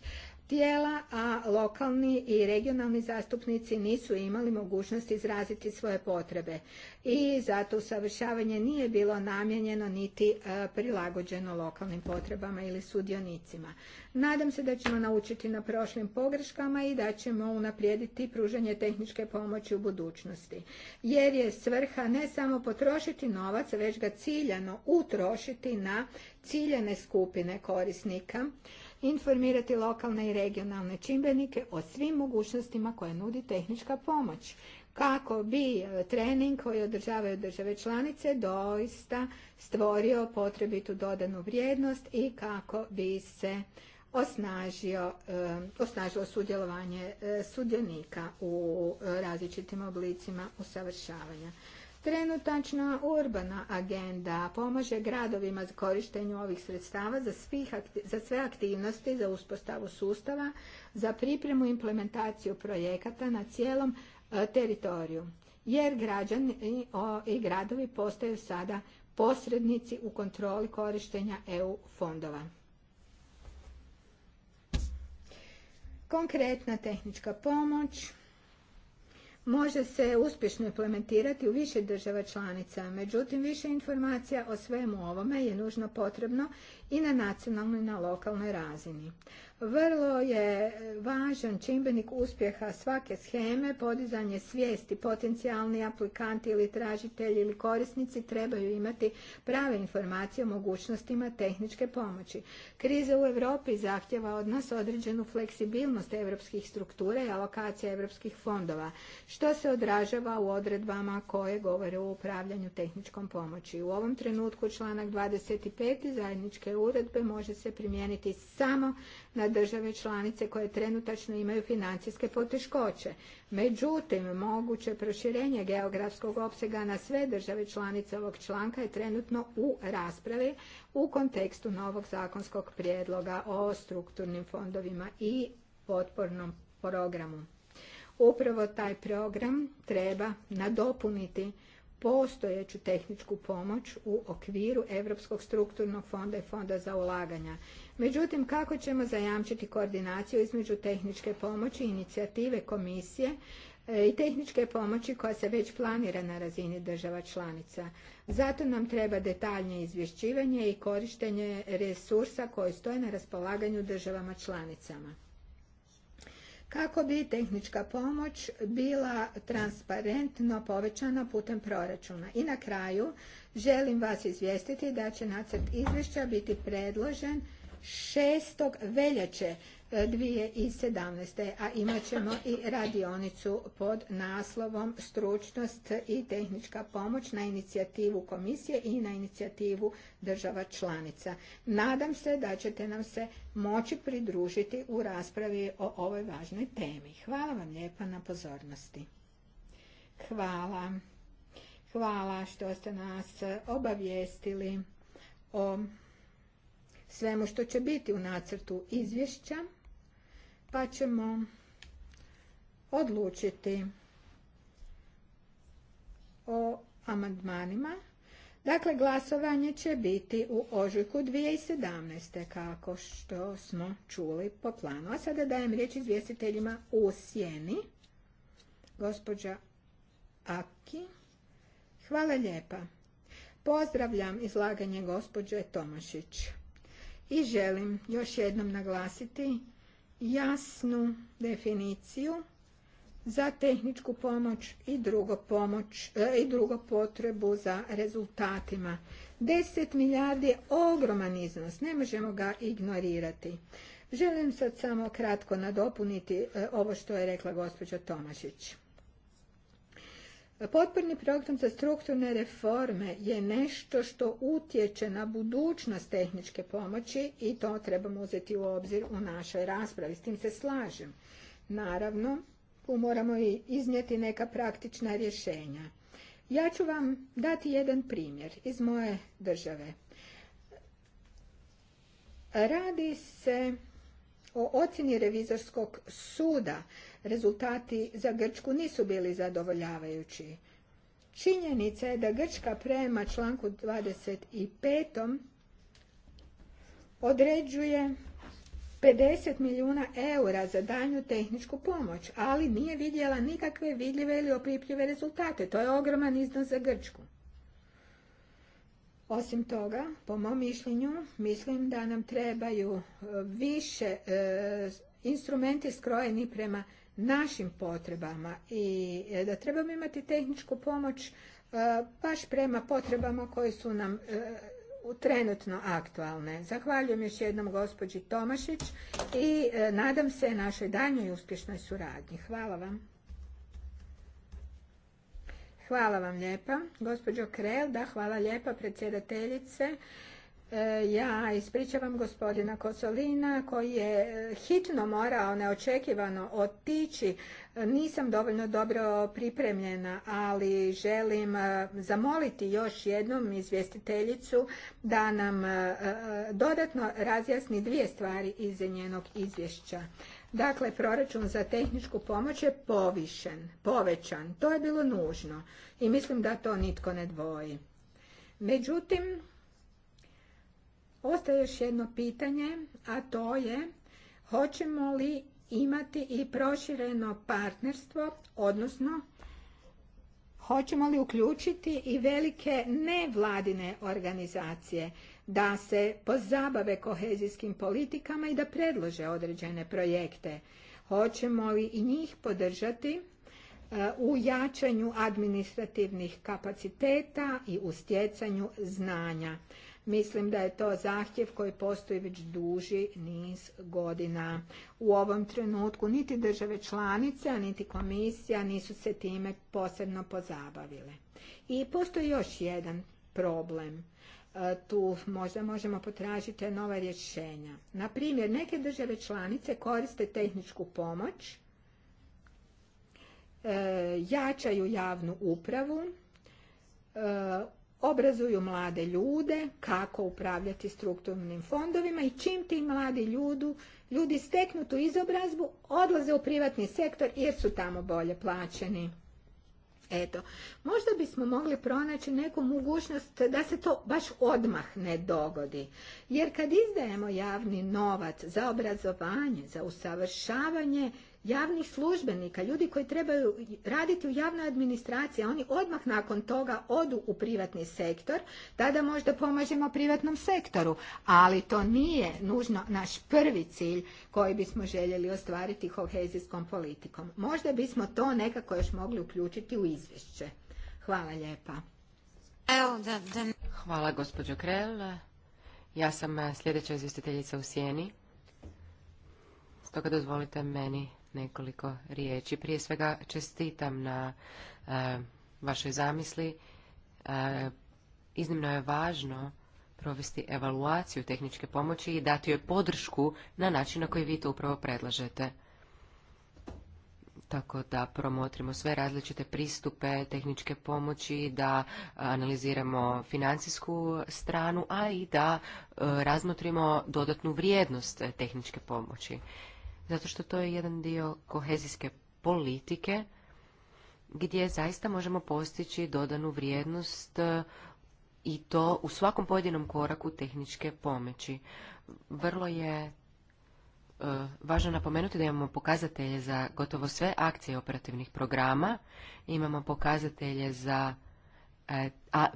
tijela, a lokalni i regionalni zastupnici nisu imali mogućnost izraziti svoje potrebe. I zato usavršavanje nije bilo namijenjeno niti e, prilagođeno lokalnim potrebama ili sudionicima. Nadam se da ćemo naučiti na prošlim pogreškama i da ćemo unaprijediti pružanje tehničke pomoći u budućnosti. Jer je svrha ne samo potrošiti novac, već ga ciljano utrošiti na ciljane skupine korisnika informirati lokalne i regionalne čimbenike o svim mogućnostima koje nudi tehnička pomoć kako bi e, trening koji održavaju države članice doista stvorio potrebitu dodanu vrijednost i kako bi se osnažio, e, osnažilo sudjelovanje e, sudionika u različitim oblicima usavršavanja. Trenutačna urbana agenda pomaže gradovima za korištenju ovih sredstava za, za sve aktivnosti za uspostavu sustava, za pripremu i implementaciju projekata na cijelom e, teritoriju. Jer građani i gradovi postaju sada posrednici u kontroli korištenja EU fondova. Konkretna tehnička pomoć može se uspješno implementirati u više država članica. Međutim, više informacija o svemu ovome je nužno potrebno i na nacionalnoj i na lokalnoj razini. Vrlo je važan čimbenik uspjeha svake scheme, podizanje svijesti, potencijalni aplikanti ili tražitelji ili korisnici trebaju imati prave informacije o mogućnostima tehničke pomoći. Kriza u Europi zahtjeva od nas određenu fleksibilnost europskih struktura i alokacija europskih fondova, što se odražava u odredbama koje govore o upravljanju tehničkom pomoći. U ovom trenutku članak 25. zajedničke uredbe može se primijeniti samo na države članice koje trenutačno imaju financijske poteškoće. Međutim, moguće proširenje geografskog opsega na sve države članice ovog članka je trenutno u raspravi u kontekstu novog zakonskog prijedloga o strukturnim fondovima i potpornom programu. Upravo taj program treba nadopuniti postojeću tehničku pomoć u okviru Europskog strukturnog fonda i fonda za ulaganja. Međutim, kako ćemo zajamčiti koordinaciju između tehničke pomoći i inicijative komisije e, i tehničke pomoći koja se već planira na razini država članica. Zato nam treba detaljnije izvješćivanje i korištenje resursa koji stoje na raspolaganju državama članicama kako bi tehnička pomoć bila transparentno povećana putem proračuna. I na kraju želim vas izvijestiti da će nacrt izvješća biti predložen 6. veljače 2017. a imat ćemo i radionicu pod naslovom Stručnost i tehnička pomoć na inicijativu komisije i na inicijativu država članica. Nadam se da ćete nam se moći pridružiti u raspravi o ovoj važnoj temi. Hvala vam lijepa na pozornosti. Hvala. Hvala što ste nas obavijestili o svemu što će biti u nacrtu izvješća pa ćemo odlučiti o amandmanima. Dakle, glasovanje će biti u ožujku 2017. kako što smo čuli po planu. A sada dajem riječ izvjestiteljima u sjeni. Gospođa Aki, hvala lijepa. Pozdravljam izlaganje gospođe Tomašić. I želim još jednom naglasiti jasnu definiciju za tehničku pomoć i drugo, pomoć, e, i drugo potrebu za rezultatima. 10 milijardi je ogroman iznos, ne možemo ga ignorirati. Želim sad samo kratko nadopuniti e, ovo što je rekla gospođa Tomašić. Potporni program za strukturne reforme je nešto što utječe na budućnost tehničke pomoći i to trebamo uzeti u obzir u našoj raspravi. S tim se slažem. Naravno, tu moramo i iznijeti neka praktična rješenja. Ja ću vam dati jedan primjer iz moje države. Radi se o ocjeni revizorskog suda rezultati za Grčku nisu bili zadovoljavajući. Činjenica je da Grčka prema članku 25. određuje 50 milijuna eura za danju tehničku pomoć, ali nije vidjela nikakve vidljive ili opipljive rezultate. To je ogroman iznos za Grčku. Osim toga, po mom mišljenju, mislim da nam trebaju e, više e, instrumenti skrojeni prema našim potrebama i e, da trebamo imati tehničku pomoć e, baš prema potrebama koje su nam e, trenutno aktualne. Zahvaljujem još jednom gospođi Tomašić i nadam se našoj daljnjoj uspješnoj suradnji. Hvala vam. Hvala vam lijepa. Gospođo Krel, da, hvala lijepa predsjedateljice. E, ja ispričavam gospodina Kosolina koji je e, hitno morao neočekivano otići. Nisam dovoljno dobro pripremljena, ali želim e, zamoliti još jednom izvjestiteljicu da nam dodatno razjasni dvije stvari iz njenog izvješća. Dakle, proračun za tehničku pomoć je povišen, povećan. To je bilo nužno i mislim da to nitko ne dvoji. Međutim, Ostaje još jedno pitanje, a to je hoćemo li imati i prošireno partnerstvo, odnosno hoćemo li uključiti i velike nevladine organizacije da se pozabave kohezijskim politikama i da predlože određene projekte. Hoćemo li i njih podržati e, u jačanju administrativnih kapaciteta i u stjecanju znanja. Mislim da je to zahtjev koji postoji već duži niz godina. U ovom trenutku niti države članice, niti komisija nisu se time posebno pozabavile. I postoji još jedan problem e, tu možda možemo potražiti nova rješenja. Na primjer, neke države članice koriste tehničku pomoć, e, jačaju javnu upravu, e, obrazuju mlade ljude kako upravljati strukturnim fondovima i čim ti mladi ljudi steknu tu izobrazbu, odlaze u privatni sektor jer su tamo bolje plaćeni. Eto, možda bismo mogli pronaći neku mogućnost da se to baš odmah ne dogodi. Jer kad izdajemo javni novac za obrazovanje, za usavršavanje, javnih službenika, ljudi koji trebaju raditi u javnoj administraciji, a oni odmah nakon toga odu u privatni sektor, tada možda pomažemo privatnom sektoru, ali to nije nužno naš prvi cilj koji bismo željeli ostvariti kohezijskom politikom. Možda bismo to nekako još mogli uključiti u izvješće. Hvala lijepa. Hvala gospođo Krel. Ja sam sljedeća izvjestiteljica u Sijeni. Stoga dozvolite meni nekoliko riječi. Prije svega čestitam na e, vašoj zamisli. E, iznimno je važno provesti evaluaciju tehničke pomoći i dati joj podršku na način na koji vi to upravo predlažete. Tako da promotrimo sve različite pristupe tehničke pomoći, da analiziramo financijsku stranu, a i da e, razmotrimo dodatnu vrijednost tehničke pomoći zato što to je jedan dio kohezijske politike gdje zaista možemo postići dodanu vrijednost e, i to u svakom pojedinom koraku tehničke pomoći. Vrlo je e, važno napomenuti da imamo pokazatelje za gotovo sve akcije operativnih programa, imamo pokazatelje za E, a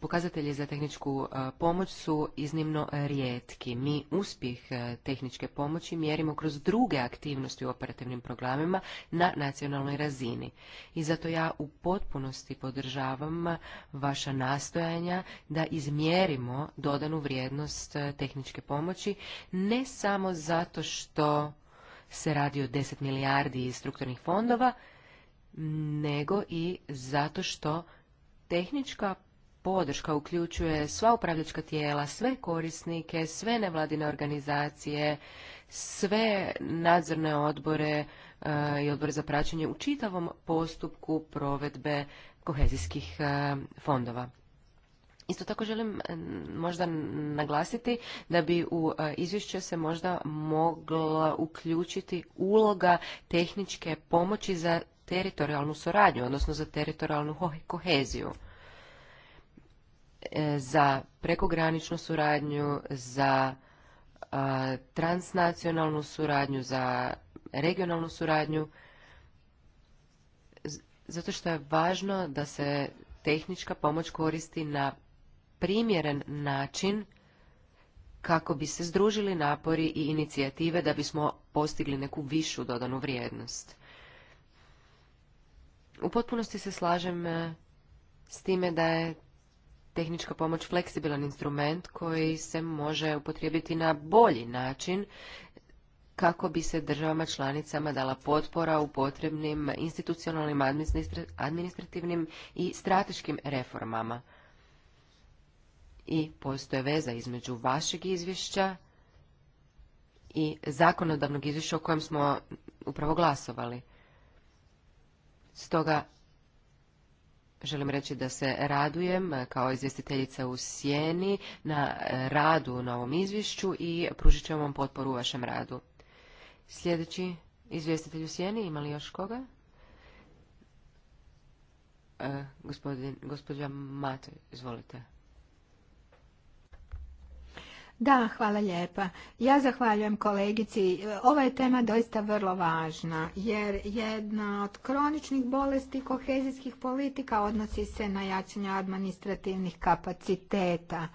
pokazatelji za tehničku e, pomoć su iznimno rijetki. Mi uspjeh e, tehničke pomoći mjerimo kroz druge aktivnosti u operativnim programima na nacionalnoj razini. I zato ja u potpunosti podržavam vaša nastojanja da izmjerimo dodanu vrijednost tehničke pomoći ne samo zato što se radi o 10 milijardi strukturnih fondova, nego i zato što tehnička podrška uključuje sva upravljačka tijela, sve korisnike, sve nevladine organizacije, sve nadzorne odbore e, i odbore za praćenje u čitavom postupku provedbe kohezijskih e, fondova. Isto tako želim e, možda naglasiti da bi u izvješće se možda mogla uključiti uloga tehničke pomoći za teritorijalnu suradnju, odnosno za teritorijalnu koheziju, e, za prekograničnu suradnju, za transnacionalnu suradnju, za regionalnu suradnju, zato što je važno da se tehnička pomoć koristi na primjeren način kako bi se združili napori i inicijative da bismo postigli neku višu dodanu vrijednost. U potpunosti se slažem e, s time da je tehnička pomoć fleksibilan instrument koji se može upotrijebiti na bolji način kako bi se državama članicama dala potpora u potrebnim institucionalnim, administrativnim i strateškim reformama. I postoje veza između vašeg izvješća i zakonodavnog izvješća o kojem smo upravo glasovali. Stoga želim reći da se radujem eh, kao izvjestiteljica u Sjeni na eh, radu na ovom izvješću i pružit ćemo vam potporu u vašem radu. Sljedeći izvjestitelj u Sjeni, ima li još koga? E, gospodin, gospođa Matoj, izvolite. Da, hvala lijepa. Ja zahvaljujem kolegici. Ova je tema doista vrlo važna, jer jedna od kroničnih bolesti kohezijskih politika odnosi se na jačanje administrativnih kapaciteta.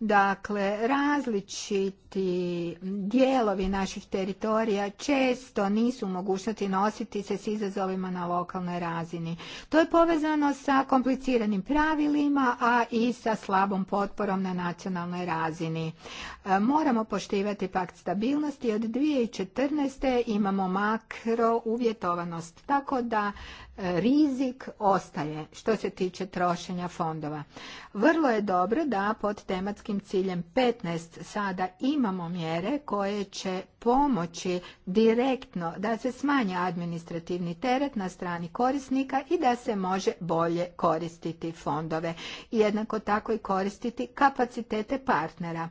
Dakle, različiti dijelovi naših teritorija često nisu mogućnosti nositi se s izazovima na lokalnoj razini. To je povezano sa kompliciranim pravilima, a i sa slabom potporom na nacionalnoj razini. E, moramo poštivati pakt stabilnosti. Od 2014. imamo makro uvjetovanost, tako da rizik ostaje što se tiče trošenja fondova. Vrlo je dobro da pod tematskim ciljem 15 sada imamo mjere koje će pomoći direktno da se smanje administrativni teret na strani korisnika i da se može bolje koristiti fondove. Jednako tako i koristiti kapacitete partnera.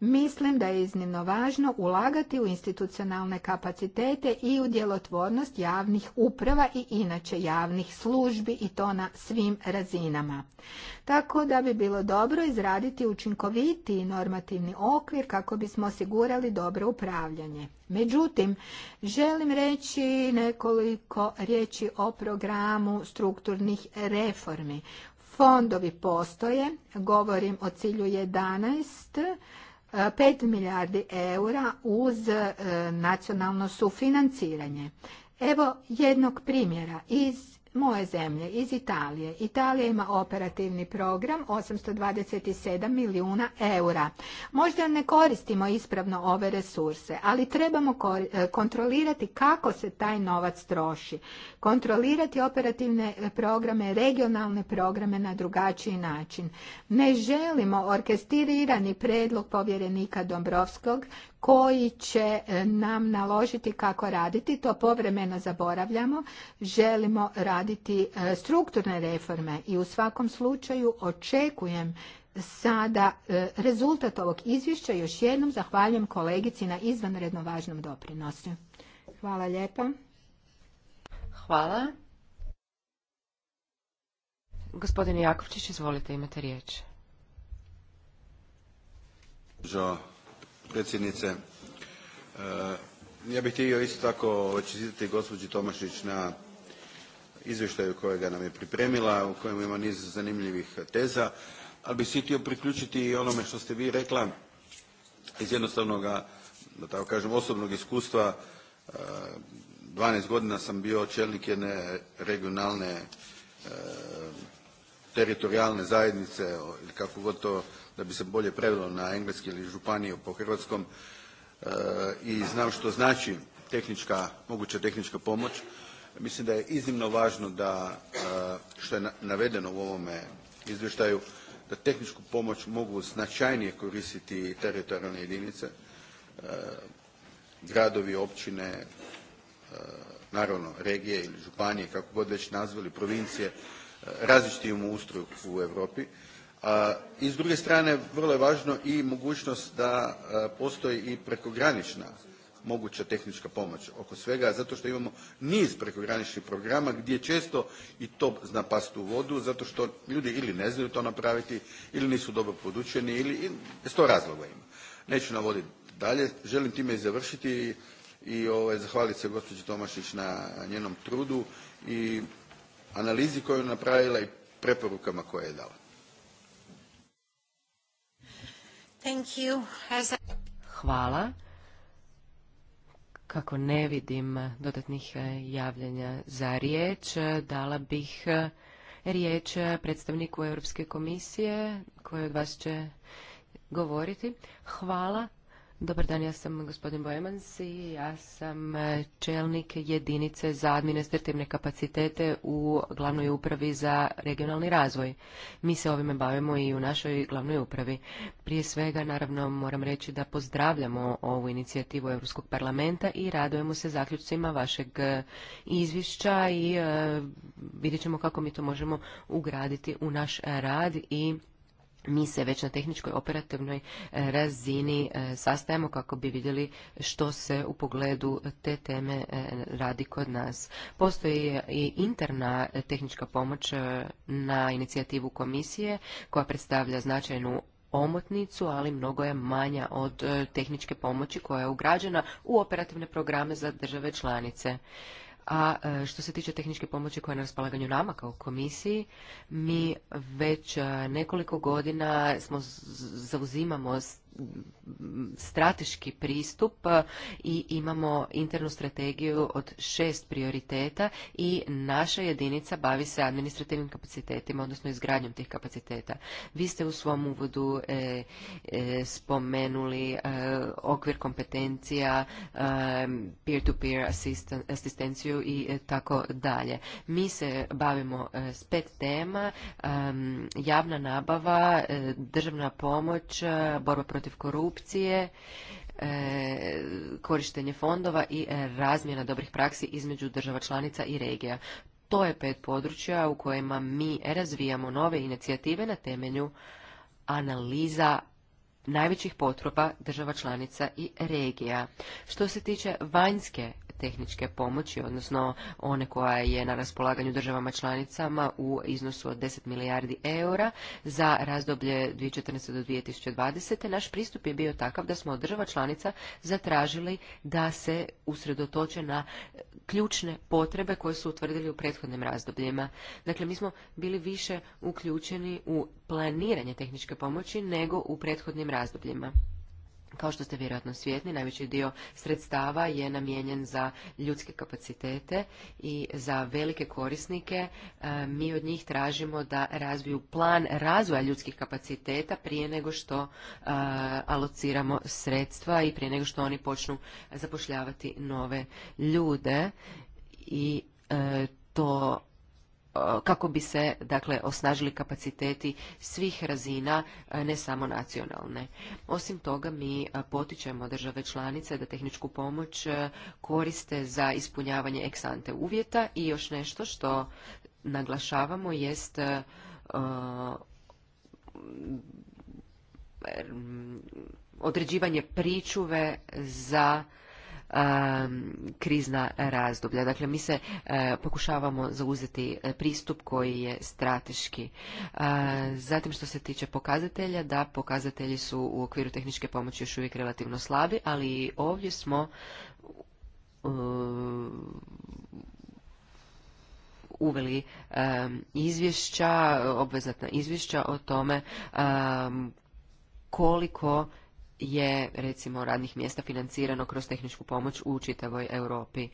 Mislim da je iznimno važno ulagati u institucionalne kapacitete i u djelotvornost javnih uprava i inače javnih službi i to na svim razinama. Tako da bi bilo dobro izraditi učinkovitiji normativni okvir kako bismo osigurali dobro upravljanje. Međutim, želim reći nekoliko riječi o programu strukturnih reformi. Fondovi postoje, govorim o cilju 11 5 e, milijardi eura uz e, nacionalno sufinanciranje. Evo jednog primjera iz moje zemlje, iz Italije. Italija ima operativni program 827 milijuna eura. Možda ne koristimo ispravno ove resurse, ali trebamo e, kontrolirati kako se taj novac troši. Kontrolirati operativne e, programe, regionalne programe na drugačiji način. Ne želimo orkestirirani predlog povjerenika Dombrovskog koji će e, nam naložiti kako raditi. To povremeno zaboravljamo. Želimo raditi e, strukturne reforme i u svakom slučaju očekujem sada e, rezultat ovog izvješća. Još jednom zahvaljujem kolegici na izvanredno važnom doprinosu. Hvala lijepa. Hvala. Gospodine Jakovčić, izvolite, imate riječ predsjednice. E, ja bih htio isto tako čestitati gospođi Tomašić na izvještaju kojega nam je pripremila, u kojem ima niz zanimljivih teza, ali bih se htio priključiti i onome što ste vi rekla iz jednostavnoga, da tako kažem, osobnog iskustva. 12 e, godina sam bio čelnik jedne regionalne e, teritorijalne zajednice, ili kako god to da bi se bolje prevelo na engleski ili županiju po hrvatskom e, i znam što znači tehnička, moguća tehnička pomoć. Mislim da je iznimno važno da, e, što je navedeno u ovome izvještaju, da tehničku pomoć mogu značajnije koristiti teritorijalne jedinice, e, gradovi, općine, naravno regije ili županije, kako god već nazvali, provincije, različiti u ustroj u Europi i s druge strane vrlo je važno i mogućnost da postoji i prekogranična moguća tehnička pomoć oko svega zato što imamo niz prekograničnih programa gdje često i to zna pasti u vodu zato što ljudi ili ne znaju to napraviti ili nisu dobro podučeni ili sto razloga ima. Neću navoditi dalje, želim time i završiti i ovaj, zahvaliti se gospođi Tomašić na njenom trudu i analizi koju je napravila i preporukama koje je dala. Thank Hvala. Kako ne vidim dodatnih e, javljanja za riječ, dala bih e, riječ predstavniku Europske komisije koji od vas će govoriti. Hvala. Dobar dan, ja sam gospodin Bojemans i ja sam e, čelnik jedinice za administrativne kapacitete u glavnoj upravi za regionalni razvoj. Mi se ovime bavimo i u našoj glavnoj upravi. Prije svega, naravno, moram reći da pozdravljamo ovu inicijativu Europskog parlamenta i radujemo se zaključcima vašeg e, izvješća i e, vidjet ćemo kako mi to možemo ugraditi u naš rad i mi se već na tehničkoj operativnoj e, razini e, sastajemo kako bi vidjeli što se u pogledu te teme e, radi kod nas. Postoji i interna tehnička pomoć na inicijativu komisije koja predstavlja značajnu omotnicu, ali mnogo je manja od tehničke pomoći koja je ugrađena u operativne programe za države članice. A e, što se tiče tehničke pomoći koja je na raspolaganju nama kao komisiji, mi već e, nekoliko godina smo zauzimamo strateški pristup e, i imamo internu strategiju od šest prioriteta i naša jedinica bavi se administrativnim kapacitetima, odnosno izgradnjom tih kapaciteta. Vi ste u svom uvodu e, e, spomenuli okvir kompetencija, peer-to-peer asistenciju i tako dalje. Mi se bavimo s pet tema, javna nabava, državna pomoć, borba protiv korupcije, e, korištenje fondova i e, razmjena dobrih praksi između država članica i regija. To je pet područja u kojima mi razvijamo nove inicijative na temelju analiza najvećih potreba država članica i regija. Što se tiče vanjske tehničke pomoći, odnosno one koja je na raspolaganju državama članicama u iznosu od 10 milijardi eura za razdoblje 2014. do 2020. Naš pristup je bio takav da smo od država članica zatražili da se usredotoče na ključne potrebe koje su utvrdili u prethodnim razdobljima. Dakle, mi smo bili više uključeni u planiranje tehničke pomoći nego u prethodnim razdobljima. Kao što ste vjerojatno svjetni, najveći dio sredstava je namijenjen za ljudske kapacitete i za velike korisnike. E, mi od njih tražimo da razviju plan razvoja ljudskih kapaciteta prije nego što e, alociramo sredstva i prije nego što oni počnu zapošljavati nove ljude i e, to Eh, kako bi se dakle osnažili kapaciteti svih razina, eh, ne samo nacionalne. Osim toga mi eh, potičemo države članice da tehničku pomoć koriste za ispunjavanje eksante uvjeta i još nešto što naglašavamo jest određivanje pričuve za krizna razdoblja. Dakle, mi se e, pokušavamo zauzeti e, pristup koji je strateški. E, zatim što se tiče pokazatelja, da pokazatelji su u okviru tehničke pomoći još uvijek relativno slabi, ali ovdje smo uveli izvješća, obvezatna izvješća o tome koliko je recimo radnih mjesta financirano kroz tehničku pomoć u čitavoj Europi.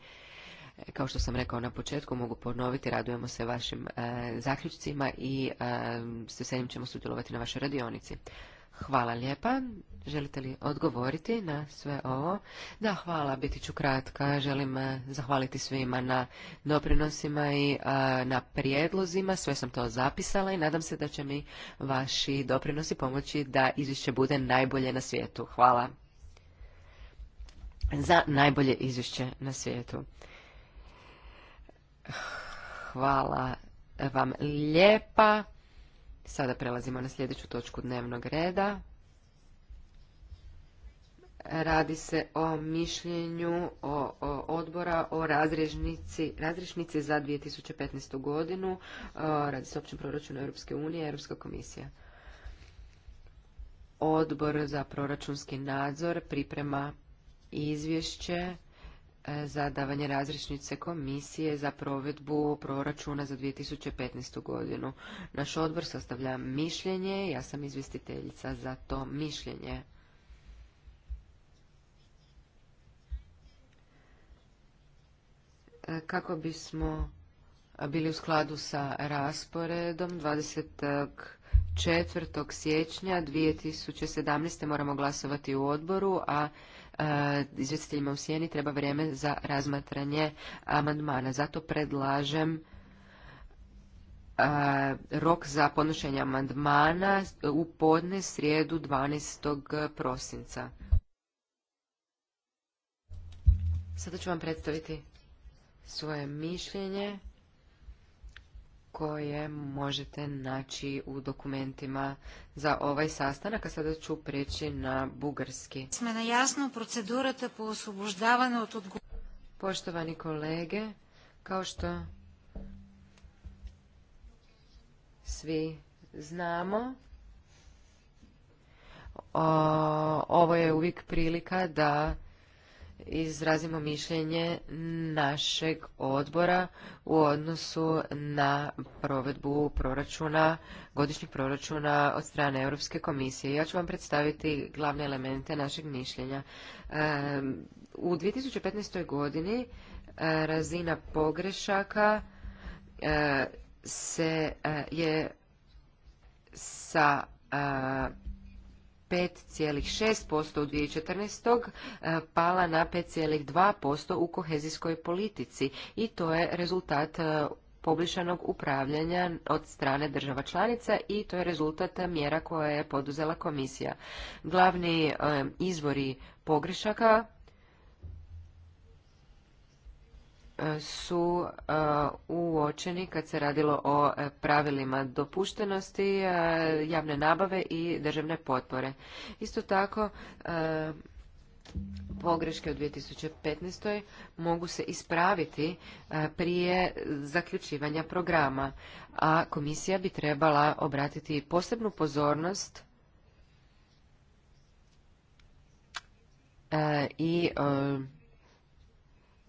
Kao što sam rekao na početku, mogu ponoviti, radujemo se vašim e, zaključcima i e, s veseljem ćemo sudjelovati na vašoj radionici. Hvala lijepa. Želite li odgovoriti na sve ovo? Da, hvala, biti ću kratka. Želim eh, zahvaliti svima na doprinosima i eh, na prijedlozima. Sve sam to zapisala i nadam se da će mi vaši doprinosi pomoći da izvješće bude najbolje na svijetu. Hvala za najbolje izvješće na svijetu. Hvala vam lijepa. Sada prelazimo na sljedeću točku dnevnog reda. Radi se o mišljenju o, o odbora o razrežnici, razrešnici za 2015. godinu. E, radi se o općem proračunu Europske unije, Europska komisija. Odbor za proračunski nadzor priprema izvješće e, za davanje razrešnice komisije za provedbu proračuna za 2015. godinu. Naš odbor sastavlja mišljenje, ja sam izvjestiteljica za to mišljenje. kako bismo bili u skladu sa rasporedom 24. četiri siječnja 2017. moramo glasovati u odboru, a e, izvjestiteljima u sjeni treba vrijeme za razmatranje amandmana. Zato predlažem e, rok za podnošenje amandmana u podne srijedu 12. prosinca. Sada ću vam predstaviti svoje mišljenje koje možete naći u dokumentima za ovaj sastanak, a sada ću preći na bugarski. Sme na jasno procedurata po od Poštovani kolege, kao što svi znamo, ovo je uvijek prilika da izrazimo mišljenje našeg odbora u odnosu na provedbu proračuna, godišnjeg proračuna od strane Europske komisije. Ja ću vam predstaviti glavne elemente našeg mišljenja. U 2015. godini e, razina pogrešaka e, se e, je sa 5,6% u 2014. E, pala na 5,2% u kohezijskoj politici i to je rezultat e, poboljšanog upravljanja od strane država članica i to je rezultat mjera koje je poduzela komisija. Glavni e, izvori pogrešaka su e, uočeni kad se radilo o e, pravilima dopuštenosti e, javne nabave i državne potpore. Isto tako, pogreške u 2015. mogu se ispraviti prije zaključivanja programa, a komisija bi trebala obratiti posebnu pozornost i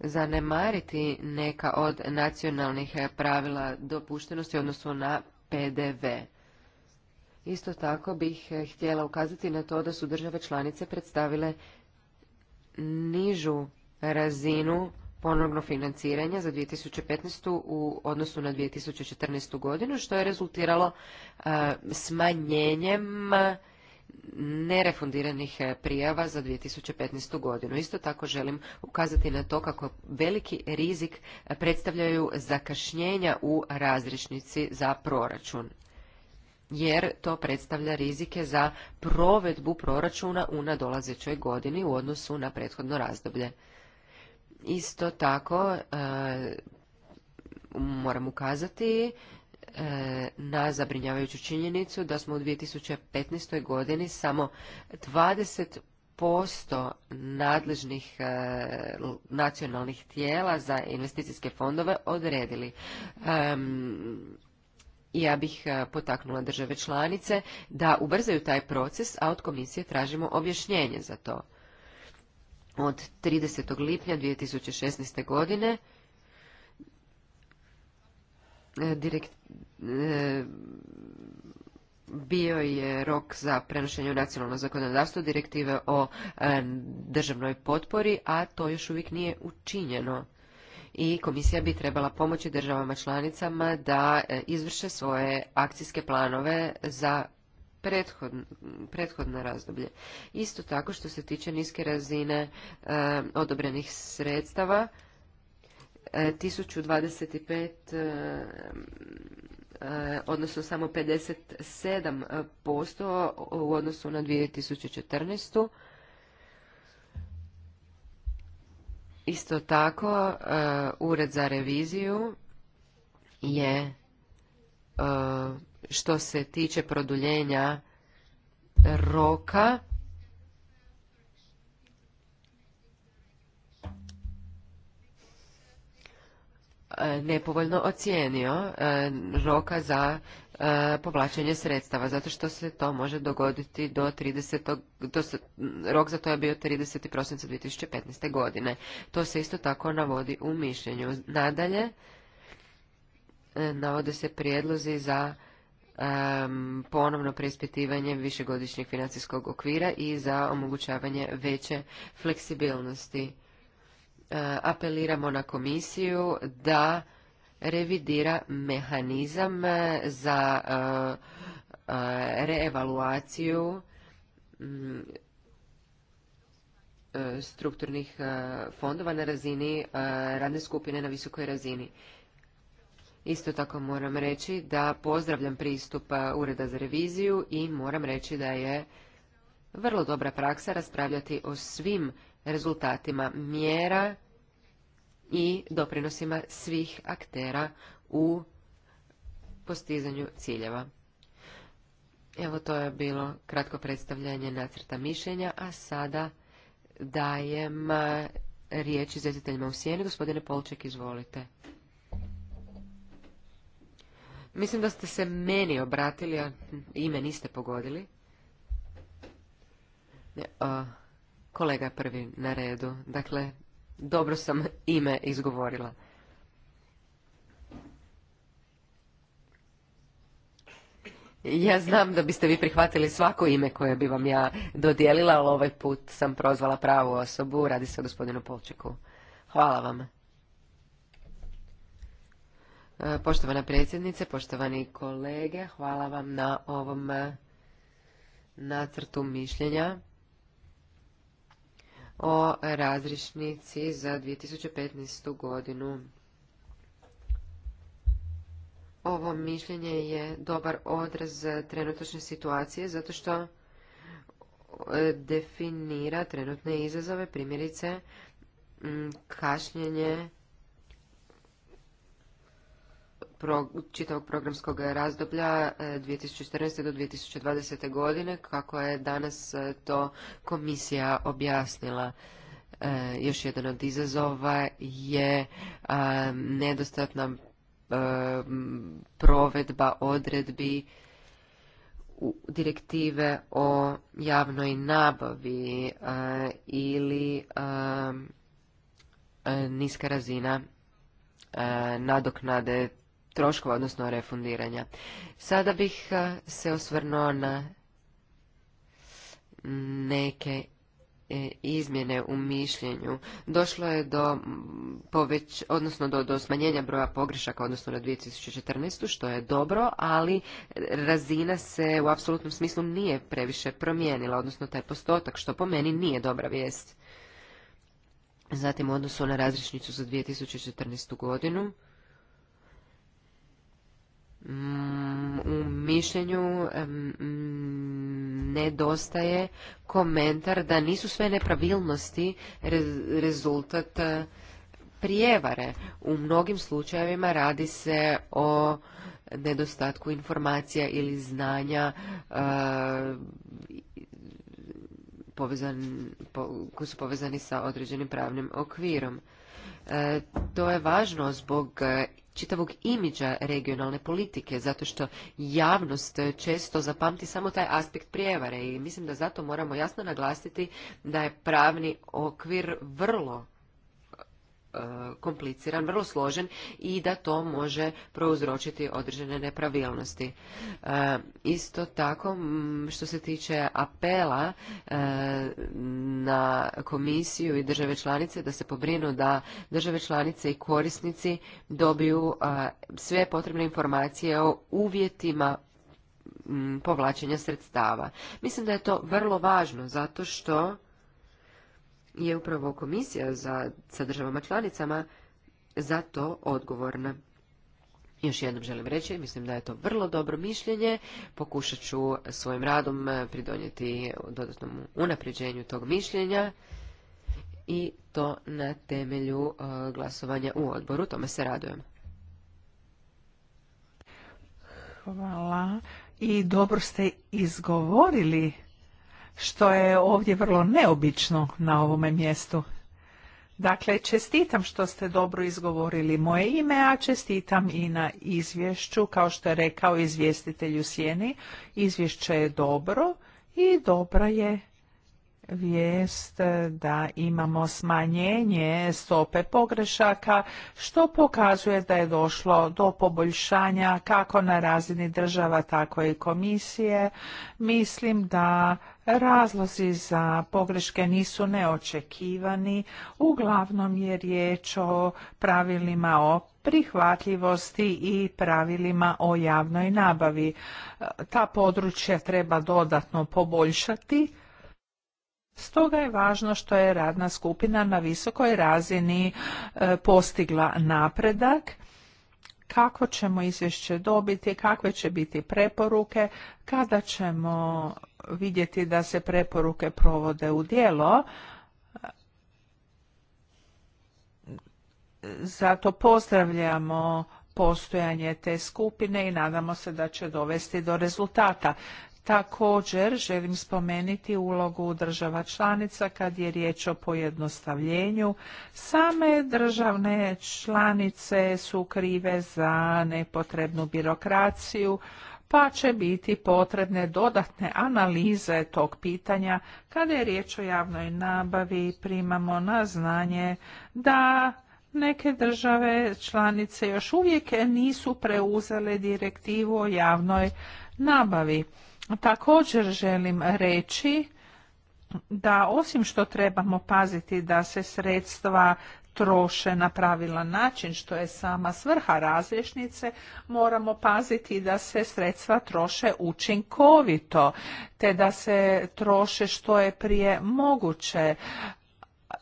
zanemariti neka od nacionalnih pravila dopuštenosti odnosno odnosu na PDV. Isto tako bih htjela ukazati na to da su države članice predstavile nižu razinu ponovno financiranja za 2015. u odnosu na 2014. godinu, što je rezultiralo smanjenjem nerefundiranih e, prijava za 2015. godinu. Isto tako želim ukazati na to kako veliki rizik e, predstavljaju zakašnjenja u razrišnici za proračun jer to predstavlja rizike za provedbu proračuna u nadolazećoj godini u odnosu na prethodno razdoblje. Isto tako e, moram ukazati E, na zabrinjavajuću činjenicu da smo u 2015. godini samo 20% nadležnih e, nacionalnih tijela za investicijske fondove odredili. ja bih e, potaknula države članice da ubrzaju taj proces, a od komisije tražimo objašnjenje za to. Od 30. lipnja 2016. godine E, direkt, e, bio je rok za prenošenje u nacionalno zakonodavstvo direktive o e, državnoj potpori, a to još uvijek nije učinjeno. I komisija bi trebala pomoći državama članicama da izvrše svoje akcijske planove za prethodno, prethodno razdoblje. Isto tako što se tiče niske razine odobrenih sredstava, 1025 e, e, odnosno samo 57% u odnosu na 2014. Isto tako, e, Ured za reviziju je, što se tiče produljenja roka, nepovoljno ocijenio e, roka za e, povlačenje sredstava, zato što se to može dogoditi do 30. rok za to je bio 30. prosinca 2015. godine. To se isto tako navodi u mišljenju. Nadalje, e, navode se prijedlozi za ponovno preispitivanje višegodišnjeg financijskog okvira i za omogućavanje veće fleksibilnosti E, apeliramo na komisiju da revidira mehanizam e, za e, reevaluaciju strukturnih fondova na razini radne skupine na visokoj razini. Isto tako moram reći da pozdravljam pristup Ureda za reviziju i moram reći da je vrlo dobra praksa raspravljati o svim rezultatima mjera i doprinosima svih aktera u postizanju ciljeva. Evo to je bilo kratko predstavljanje nacrta mišljenja, a sada dajem riječ izvjetiteljima u sjeni. Gospodine Polček, izvolite. Mislim da ste se meni obratili, a ime niste pogodili. a Kolega prvi na redu. Dakle, dobro sam ime izgovorila. Ja znam da biste vi prihvatili svako ime koje bi vam ja dodijelila, ali ovaj put sam prozvala pravu osobu. Radi se o gospodinu Polčeku. Hvala vam. E, poštovana predsjednice, poštovani kolege, hvala vam na ovom e, nacrtu mišljenja o razrišnici za 2015. godinu. Ovo mišljenje je dobar odraz trenutačne situacije zato što e, definira trenutne izazove, primjerice kašnjenje čitavog programskog razdoblja 2014. E, do 2020. godine, kako je danas e, to komisija objasnila. E, još jedan od izazova je nedostatna provedba odredbi u direktive o javnoj nabavi ili niska razina nadoknade troškova, odnosno refundiranja. Sada bih e, se osvrnuo na neke e, izmjene u mišljenju. Došlo je do poveć, odnosno do, smanjenja broja pogrešaka odnosno na 2014. što je dobro, ali razina se u apsolutnom smislu nije previše promijenila, odnosno taj postotak što po meni nije dobra vijest. Zatim u odnosu na razrišnicu za 2014. godinu Mm, u mišljenju mm, nedostaje komentar da nisu sve nepravilnosti rezultat e, prijevare. U mnogim slučajevima radi se o nedostatku informacija ili znanja e, koji su povezani sa određenim pravnim okvirom. E, to je važno zbog čitavog imidža regionalne politike, zato što javnost eh, često zapamti samo taj aspekt prijevare i mislim da zato moramo jasno naglasiti da je pravni okvir vrlo E, kompliciran, vrlo složen i da to može prouzročiti određene nepravilnosti. E, isto tako, što se tiče apela e, na komisiju i države članice da se pobrinu da države članice i korisnici dobiju sve potrebne informacije o uvjetima povlačenja sredstava. Mislim da je to vrlo važno zato što je upravo komisija za, sa državama članicama za to odgovorna. Još jednom želim reći, mislim da je to vrlo dobro mišljenje, pokušat ću svojim radom eh, pridonijeti dodatnom unapređenju tog mišljenja i to na temelju eh, glasovanja u odboru, tome se radujem. Hvala i dobro ste izgovorili što je ovdje vrlo neobično na ovome mjestu. Dakle, čestitam što ste dobro izgovorili moje ime, a čestitam i na izvješću, kao što je rekao izvjestitelj u Sjeni. Izvješće je dobro i dobra je vijest da imamo smanjenje stope pogrešaka, što pokazuje da je došlo do poboljšanja kako na razini država, tako i komisije. Mislim da razlozi za pogreške nisu neočekivani, uglavnom je riječ o pravilima o prihvatljivosti i pravilima o javnoj nabavi. Ta područja treba dodatno poboljšati Stoga je važno što je radna skupina na visokoj razini e, postigla napredak kako ćemo izvješće dobiti, kakve će biti preporuke, kada ćemo vidjeti da se preporuke provode u djelo. Zato pozdravljamo postojanje te skupine i nadamo se da će dovesti do rezultata. Također želim spomenuti ulogu država članica kad je riječ o pojednostavljenju. Same državne članice su krive za nepotrebnu birokraciju, pa će biti potrebne dodatne analize tog pitanja. Kada je riječ o javnoj nabavi, primamo na znanje da neke države članice još uvijek nisu preuzele direktivu o javnoj nabavi. Također želim reći da osim što trebamo paziti da se sredstva troše na pravilan način, što je sama svrha razrješnice, moramo paziti da se sredstva troše učinkovito, te da se troše što je prije moguće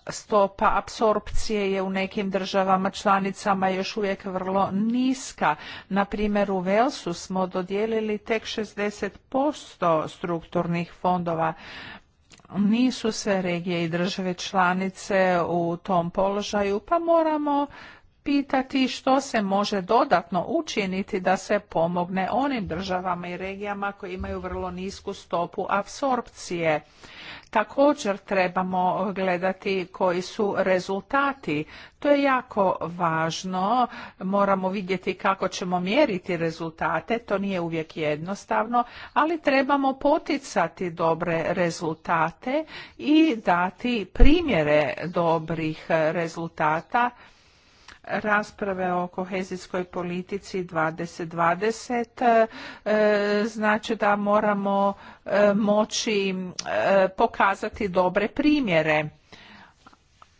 stopa apsorpcije je u nekim državama članicama još uvijek vrlo niska. Na primjer u Velsu smo dodijelili tek 60% strukturnih fondova. Nisu sve regije i države članice u tom položaju pa moramo pitati što se može dodatno učiniti da se pomogne onim državama i regijama koje imaju vrlo nisku stopu apsorpcije. Također trebamo gledati koji su rezultati. To je jako važno. Moramo vidjeti kako ćemo mjeriti rezultate. To nije uvijek jednostavno, ali trebamo poticati dobre rezultate i dati primjere dobrih rezultata rasprave o kohezijskoj politici 2020 e, znači da moramo e, moći e, pokazati dobre primjere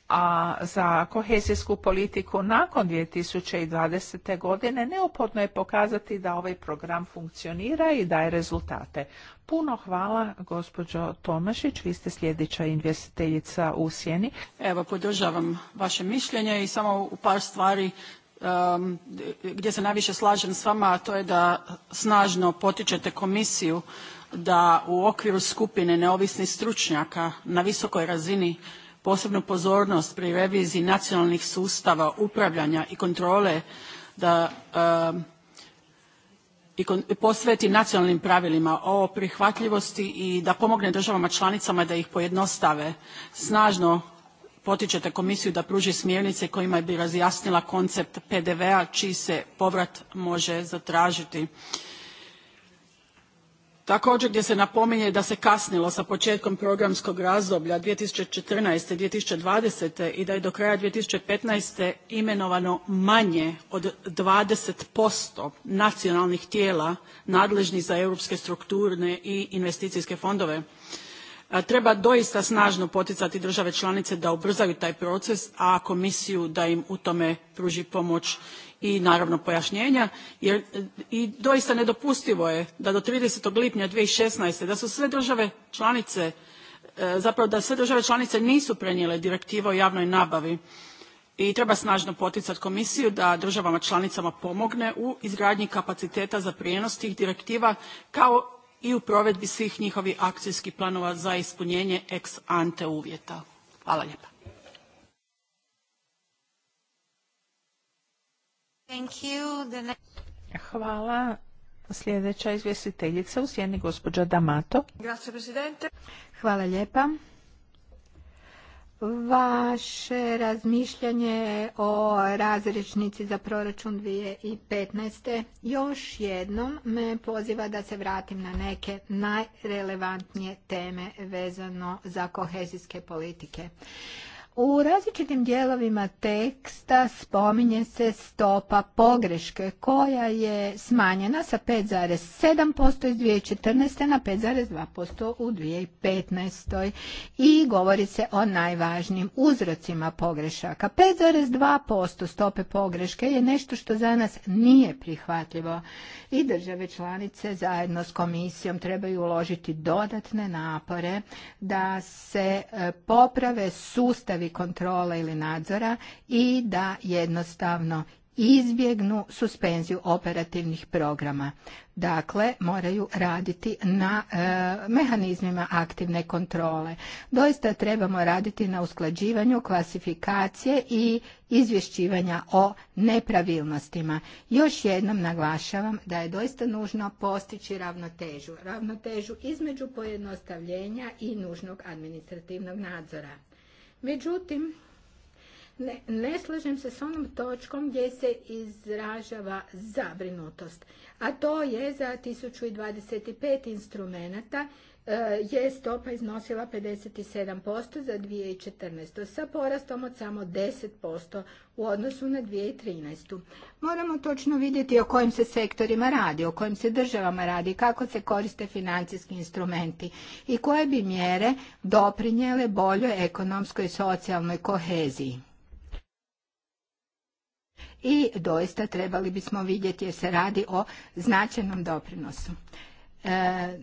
a za kohezijsku politiku nakon 2020. godine neophodno je pokazati da ovaj program funkcionira i daje rezultate. Puno hvala gospođo Tomašić, vi ste sljedeća investiteljica u Sjeni. Evo, podržavam vaše mišljenje i samo u par stvari gdje se najviše slažem s vama, a to je da snažno potičete komisiju da u okviru skupine neovisnih stručnjaka na visokoj razini posebnu pozornost pri reviziji nacionalnih sustava upravljanja i kontrole da um, i posveti nacionalnim pravilima o prihvatljivosti i da pomogne državama članicama da ih pojednostave. Snažno potičete komisiju da pruži smjernice kojima bi razjasnila koncept PDV-a čiji se povrat može zatražiti također gdje se napominje da se kasnilo sa početkom programskog razdoblja. two thousand and fourteen. two thousand and twenty i da je do kraja. two thousand and fifteen imenovano manje od twenty nacionalnih tijela nadležnih za europske strukturne i investicijske fondove treba doista snažno poticati države članice da ubrzaju taj proces a komisiju da im u tome pruži pomoć i naravno pojašnjenja jer e, i doista nedopustivo je da do 30. lipnja 2016. da su sve države članice e, zapravo da sve države članice nisu prenijele direktivo o javnoj nabavi i treba snažno poticati komisiju da državama članicama pomogne u izgradnji kapaciteta za prijenos tih direktiva kao i u provedbi svih njihovih akcijskih planova za ispunjenje ex ante uvjeta. Hvala lijepa. Thank you. Hvala. Sljedeća izvjestiteljica u sjeni gospođa Damato. Grazie, presidente. Hvala lijepa. Vaše razmišljanje o razrečnici za proračun 2015. još jednom me poziva da se vratim na neke najrelevantnije teme vezano za kohezijske politike. U različitim dijelovima teksta spominje se stopa pogreške koja je smanjena sa 5,7% iz 2014. na 5,2% u 2015. i govori se o najvažnijim uzrocima pogrešaka. 5,2% stope pogreške je nešto što za nas nije prihvatljivo i države članice zajedno s komisijom trebaju uložiti dodatne napore da se poprave sustavi kontrole ili nadzora i da jednostavno izbjegnu suspenziju operativnih programa. Dakle, moraju raditi na e, mehanizmima aktivne kontrole. Doista trebamo raditi na usklađivanju klasifikacije i izvješćivanja o nepravilnostima. Još jednom naglašavam da je doista nužno postići ravnotežu. Ravnotežu između pojednostavljenja i nužnog administrativnog nadzora. Međutim, ne, slažem se s onom točkom gdje se izražava zabrinutost, a to je za 1025 instrumenata E, je stopa iznosila 57% za 2014. sa porastom od samo 10% u odnosu na 2013. Moramo točno vidjeti o kojim se sektorima radi, o kojim se državama radi, kako se koriste financijski instrumenti i koje bi mjere doprinjele boljoj ekonomskoj i socijalnoj koheziji. I doista trebali bismo vidjeti jer se radi o značajnom doprinosu. E,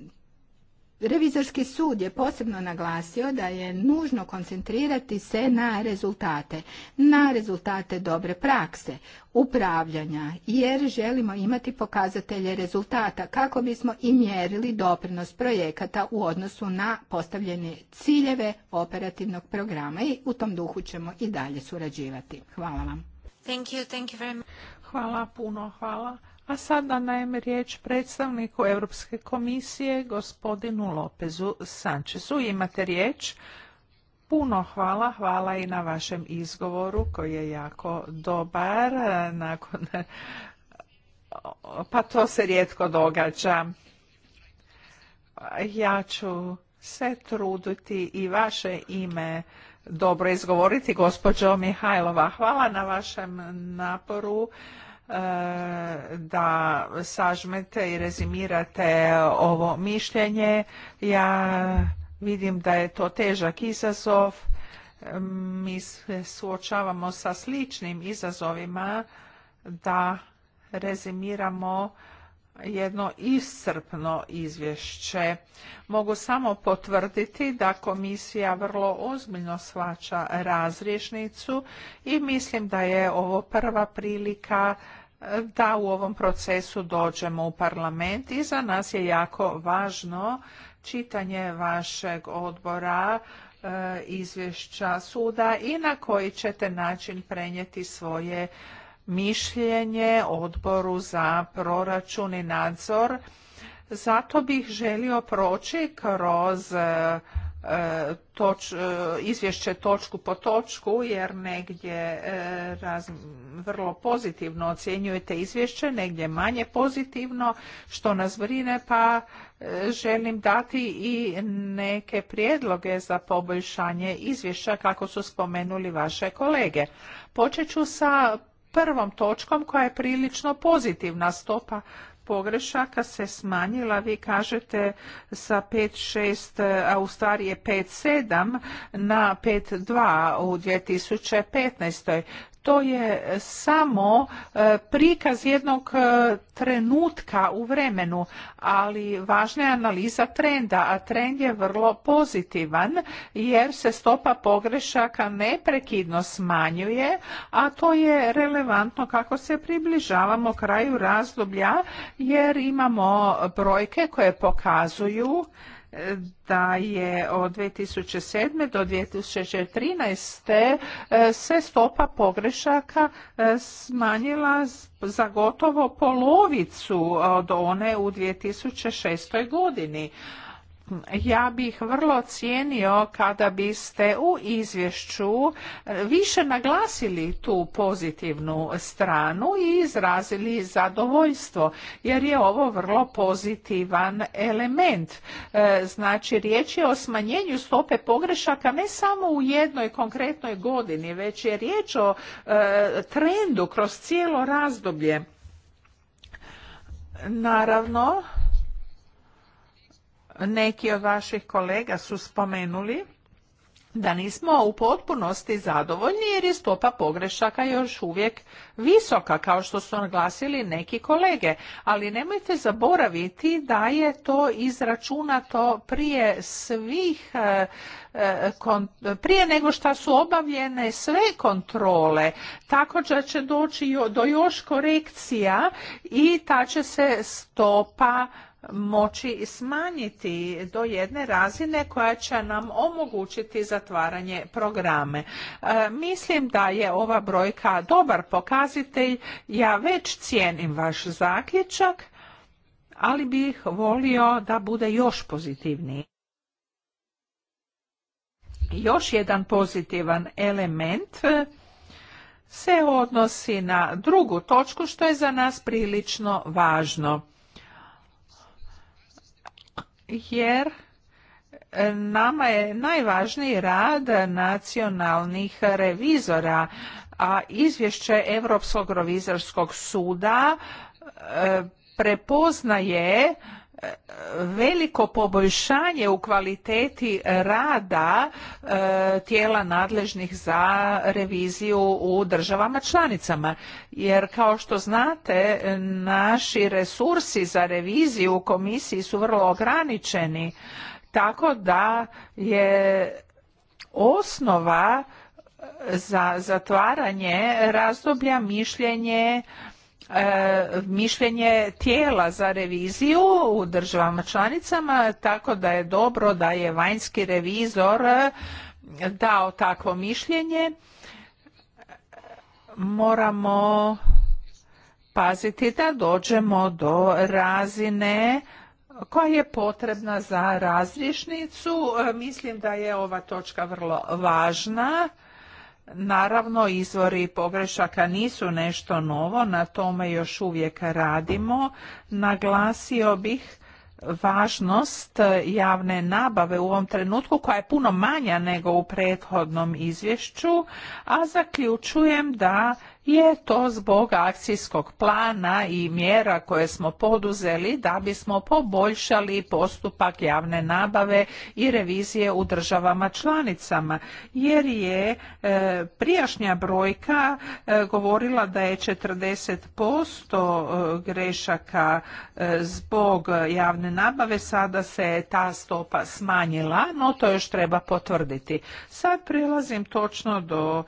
Revizorski sud je posebno naglasio da je nužno koncentrirati se na rezultate, na rezultate dobre prakse, upravljanja, jer želimo imati pokazatelje rezultata kako bismo i mjerili doprinos projekata u odnosu na postavljene ciljeve operativnog programa i u tom duhu ćemo i dalje surađivati. Hvala vam. Thank you, thank you very much. Hvala puno, hvala. A sada naime riječ predstavniku Europske komisije, gospodinu Lopezu Sančesu. Imate riječ. Puno hvala, hvala i na vašem izgovoru koji je jako dobar. E, nakon, pa to se rijetko događa. Ja ću se truditi i vaše ime dobro izgovoriti, gospođo Mihajlova. Hvala na vašem naporu E, da sažmete i rezimirate ovo mišljenje. Ja vidim da je to težak izazov. Mi se suočavamo sa sličnim izazovima da rezimiramo jedno iscrpno izvješće. Mogu samo potvrditi da komisija vrlo ozbiljno svača razriješnicu i mislim da je ovo prva prilika da u ovom procesu dođemo u parlament i za nas je jako važno čitanje vašeg odbora e, izvješća suda i na koji ćete način prenijeti svoje mišljenje odboru za proračun i nadzor. Zato bih želio proći kroz e, E, toč, e, izvješće točku po točku jer negdje e, raz, vrlo pozitivno ocjenjujete izvješće, negdje manje pozitivno što nas brine pa želim dati i neke prijedloge za poboljšanje izvješća kako su spomenuli vaše kolege. Počet ću sa prvom točkom koja je prilično pozitivna stopa pogrešaka se smanjila, vi kažete sa 5.6, a u stvari je 5.7 na 5.2 u 2015 to je samo e, prikaz jednog e, trenutka u vremenu, ali važna je analiza trenda, a trend je vrlo pozitivan jer se stopa pogrešaka neprekidno smanjuje, a to je relevantno kako se približavamo kraju razdoblja jer imamo brojke koje pokazuju da je od 2007. do 2013. E, se stopa pogrešaka e, smanjila za gotovo polovicu od one u 2006. godini ja bih vrlo cijenio kada biste u izvješću e, više naglasili tu pozitivnu stranu i izrazili zadovoljstvo jer je ovo vrlo pozitivan element. E, znači riječ je o smanjenju stope pogrešaka ne samo u jednoj konkretnoj godini, već je riječ o e, trendu kroz cijelo razdoblje. Naravno, neki od vaših kolega su spomenuli da nismo u potpunosti zadovoljni jer je stopa pogrešaka još uvijek visoka kao što su naglasili neki kolege ali nemojte zaboraviti da je to izračunato prije svih e, e, prije nego što su obavljene sve kontrole tako da će doći do još korekcija i ta će se stopa moći smanjiti do jedne razine koja će nam omogućiti zatvaranje programe. E, mislim da je ova brojka dobar pokazitelj. Ja već cijenim vaš zaključak, ali bih volio da bude još pozitivniji. Još jedan pozitivan element se odnosi na drugu točku što je za nas prilično važno jer nama je najvažniji rad nacionalnih revizora, a izvješće Europskog revizorskog suda e, prepoznaje veliko poboljšanje u kvaliteti rada e, tijela nadležnih za reviziju u državama članicama jer kao što znate naši resursi za reviziju u komisiji su vrlo ograničeni tako da je osnova za zatvaranje razdoblja mišljenje E, mišljenje tijela za reviziju u državama članicama, tako da je dobro da je vanjski revizor e, dao takvo mišljenje. Moramo paziti da dođemo do razine koja je potrebna za razrišnicu. E, mislim da je ova točka vrlo važna. Naravno, izvori pogrešaka nisu nešto novo, na tome još uvijek radimo. Naglasio bih važnost javne nabave u ovom trenutku koja je puno manja nego u prethodnom izvješću, a zaključujem da je to zbog akcijskog plana i mjera koje smo poduzeli da bismo poboljšali postupak javne nabave i revizije u državama članicama jer je e, prijašnja brojka e, govorila da je 40% e, grešaka zbog javne nabave sada se ta stopa smanjila no to još treba potvrditi sad prelazim točno do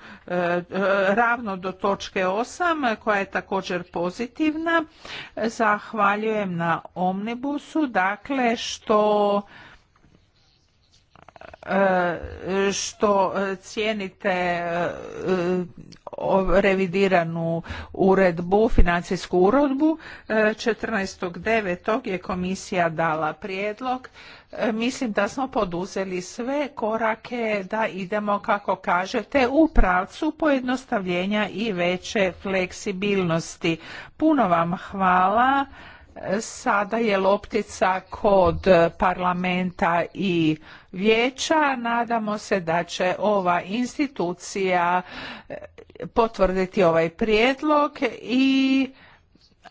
ravno do točke točke 8 koja je također pozitivna. Zahvaljujem na omnibusu, dakle što e, što cijenite e, revidiranu uredbu, financijsku uredbu. 14.9. E, je komisija dala prijedlog E, mislim da smo poduzeli sve korake da idemo, kako kažete, u pravcu pojednostavljenja i veće fleksibilnosti. Puno vam hvala. E, sada je loptica kod parlamenta i vijeća. Nadamo se da će ova institucija e, potvrditi ovaj prijedlog i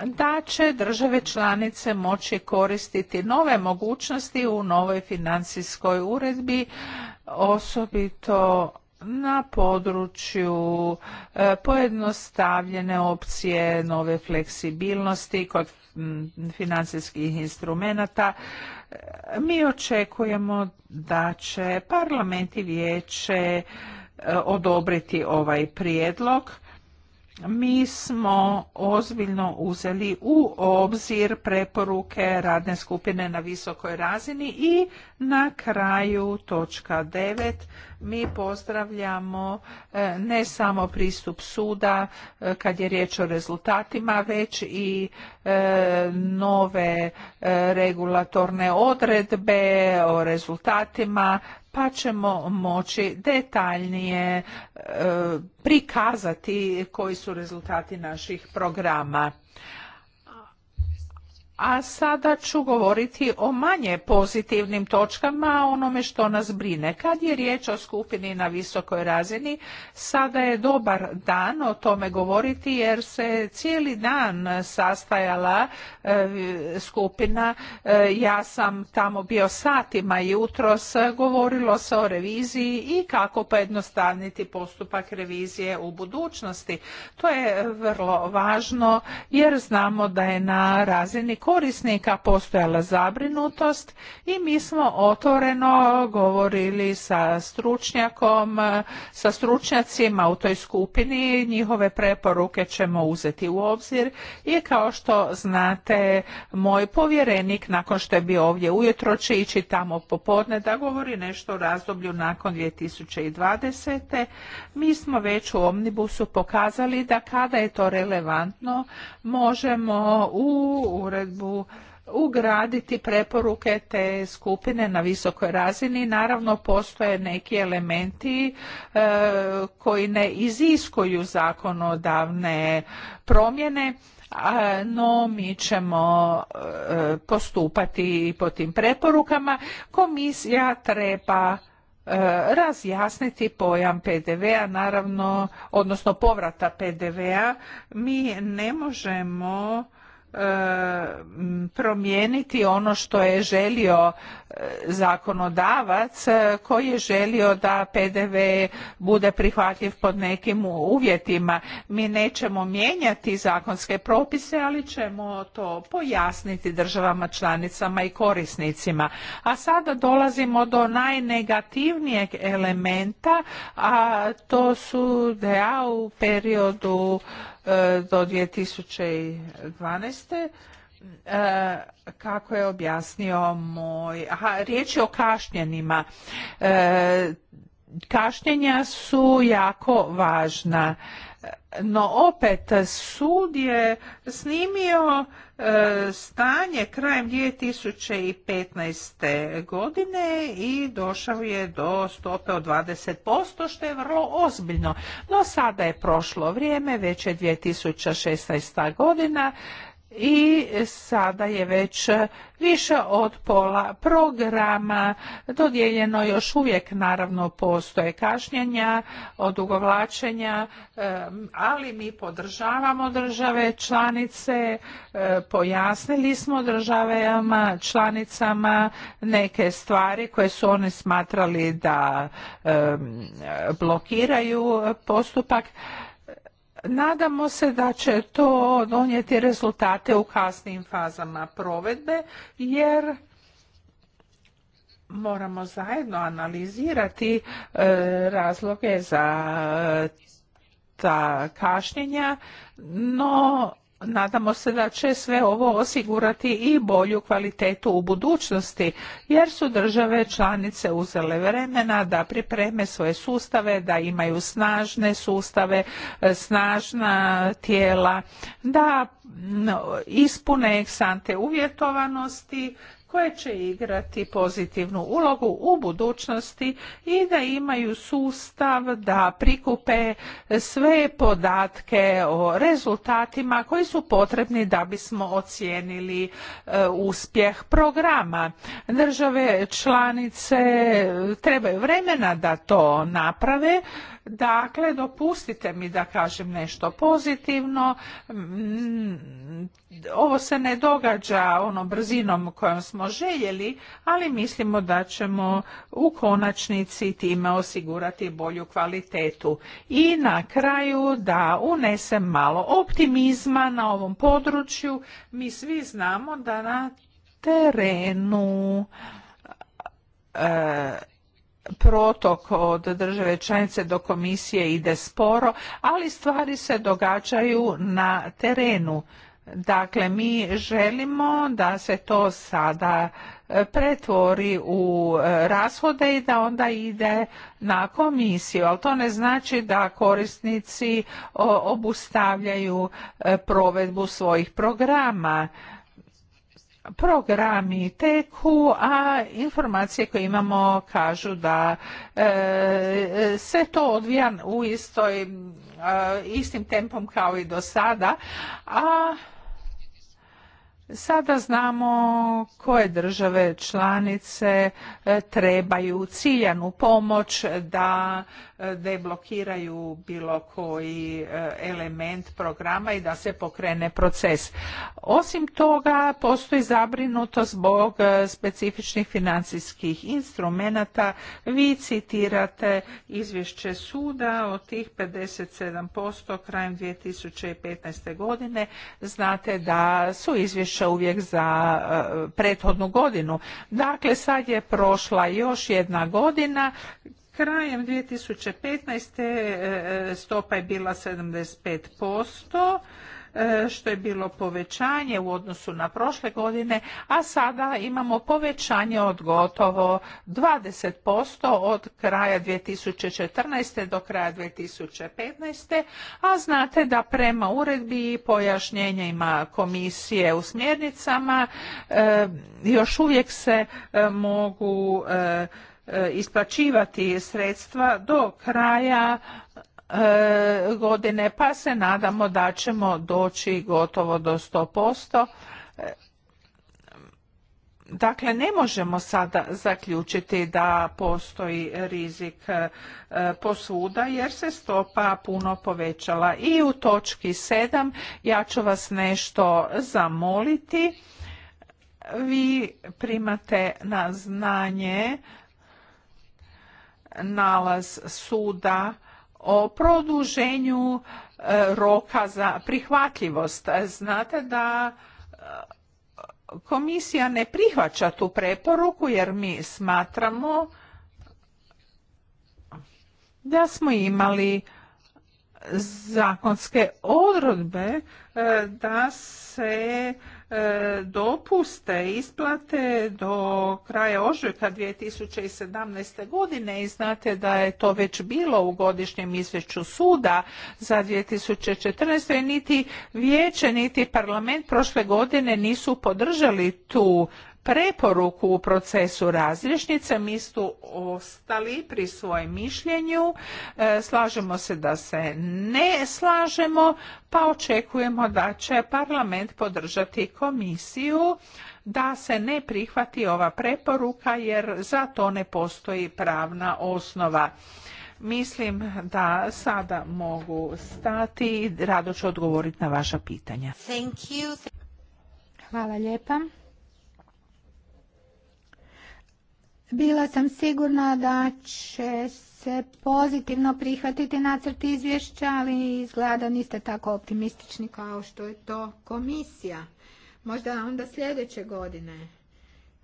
da će države članice moći koristiti nove mogućnosti u novoj financijskoj uredbi, osobito na području e, pojednostavljene opcije nove fleksibilnosti kod financijskih instrumenata. E, mi očekujemo da će parlament i vijeće e, odobriti ovaj prijedlog mi smo ozbiljno uzeli u obzir preporuke radne skupine na visokoj razini i na kraju točka 9 mi pozdravljamo e, ne samo pristup suda e, kad je riječ o rezultatima, već i e, nove regulatorne odredbe o rezultatima, pa ćemo moći detaljnije prikazati koji su rezultati naših programa. A sada ću govoriti o manje pozitivnim točkama, onome što nas brine. Kad je riječ o skupini na visokoj razini, sada je dobar dan o tome govoriti jer se cijeli dan sastajala e, skupina. E, ja sam tamo bio satima jutros, govorilo se o reviziji i kako pojednostavniti postupak revizije u budućnosti. To je vrlo važno jer znamo da je na razini korisnika postojala zabrinutost i mi smo otvoreno govorili sa stručnjakom, sa stručnjacima u toj skupini, njihove preporuke ćemo uzeti u obzir i kao što znate moj povjerenik nakon što je bio ovdje ujutro će ići tamo popodne da govori nešto o razdoblju nakon 2020. Mi smo već u Omnibusu pokazali da kada je to relevantno možemo u ured ugraditi preporuke te skupine na visokoj razini. Naravno, postoje neki elementi e, koji ne iziskuju zakonodavne promjene, a, no mi ćemo e, postupati po tim preporukama. Komisija treba e, razjasniti pojam PDV-a, naravno, odnosno povrata PDV-a. Mi ne možemo E, promijeniti ono što je želio e, zakonodavac e, koji je želio da PDV bude prihvatljiv pod nekim uvjetima. Mi nećemo mijenjati zakonske propise, ali ćemo to pojasniti državama, članicama i korisnicima. A sada dolazimo do najnegativnijeg elementa, a to su da u periodu E, do 2012. E, kako je objasnio moj... Aha, riječ je o kašnjenima. E, kašnjenja su jako važna no opet sud je snimio e, stanje krajem 2015. godine i došao je do stope od 20% što je vrlo ozbiljno. No sada je prošlo vrijeme, već je 2016. godina i sada je već više od pola programa dodijeljeno još uvijek naravno postoje kašnjenja, odugovlačenja, ali mi podržavamo države članice, e, pojasnili smo državama članicama neke stvari koje su oni smatrali da blokiraju postupak Nadamo se da će to donijeti rezultate u kasnim fazama provedbe jer moramo zajedno analizirati e, razloge za ta kašnjenja, no nadamo se da će sve ovo osigurati i bolju kvalitetu u budućnosti jer su države članice uzele vremena da pripreme svoje sustave da imaju snažne sustave e, snažna tijela da ispune eksante uvjetovanosti koje će igrati pozitivnu ulogu u budućnosti i da imaju sustav da prikupe sve podatke o rezultatima koji su potrebni da bismo ocijenili e, uspjeh programa. Države članice e, trebaju vremena da to naprave Dakle, dopustite mi da kažem nešto pozitivno. Ovo se ne događa onom brzinom kojom smo željeli, ali mislimo da ćemo u konačnici time osigurati bolju kvalitetu. I na kraju da unesem malo optimizma na ovom području. Mi svi znamo da na terenu e, protok od države članice do komisije ide sporo, ali stvari se događaju na terenu. Dakle, mi želimo da se to sada e, pretvori u e, rashode i da onda ide na komisiju, ali to ne znači da korisnici obustavljaju e, provedbu svojih programa programi teku, a informacije koje imamo kažu da e, se to odvija u istoj, e, istim tempom kao i do sada, a Sada znamo koje države članice e, trebaju ciljanu pomoć da deblokiraju bilo koji e, element programa i da se pokrene proces. Osim toga, postoji zabrinutost zbog e, specifičnih financijskih instrumenata. Vi citirate izvješće suda od tih 57% krajem 2015. godine. Znate da su izvješća uvijek za e, prethodnu godinu. Dakle, sad je prošla još jedna godina Krajem 2015. E, stopa je bila 75%, e, što je bilo povećanje u odnosu na prošle godine, a sada imamo povećanje od gotovo 20% od kraja 2014. do kraja 2015. A znate da prema uredbi i pojašnjenjima komisije u smjernicama e, još uvijek se mogu E, isplaćivati sredstva do kraja e, godine pa se nadamo da ćemo doći gotovo do 100%. E, dakle, ne možemo sada zaključiti da postoji rizik posvuda jer se stopa puno povećala. I u točki 7 ja ću vas nešto zamoliti. Vi primate na znanje nalaz suda o produženju e, roka za prihvatljivost. Znate da e, komisija ne prihvaća tu preporuku jer mi smatramo da smo imali zakonske odredbe e, da se E, dopuste isplate do kraja ožujka 2017. godine i znate da je to već bilo u godišnjem izvješću suda za 2014. i niti vijeće niti parlament prošle godine nisu podržali tu preporuku u procesu razrješnice. Mi su ostali pri svojem mišljenju. E, slažemo se da se ne slažemo, pa očekujemo da će parlament podržati komisiju da se ne prihvati ova preporuka jer za to ne postoji pravna osnova. Mislim da sada mogu stati i rado ću odgovoriti na vaša pitanja. Hvala lijepa. Bila sam sigurna da će se pozitivno prihvatiti nacrt izvješća, ali izgleda niste tako optimistični kao što je to komisija. Možda onda sljedeće godine,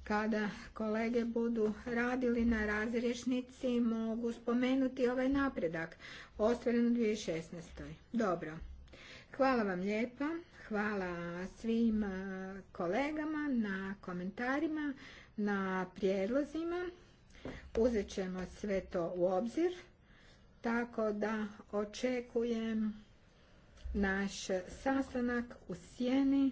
kada kolege budu radili na razrješnici, mogu spomenuti ovaj napredak, ostvaren u 2016. Dobro. Hvala vam lijepa, hvala svim kolegama na komentarima na prijedlozima. Uzet ćemo sve to u obzir, tako da očekujem naš sastanak u sjeni.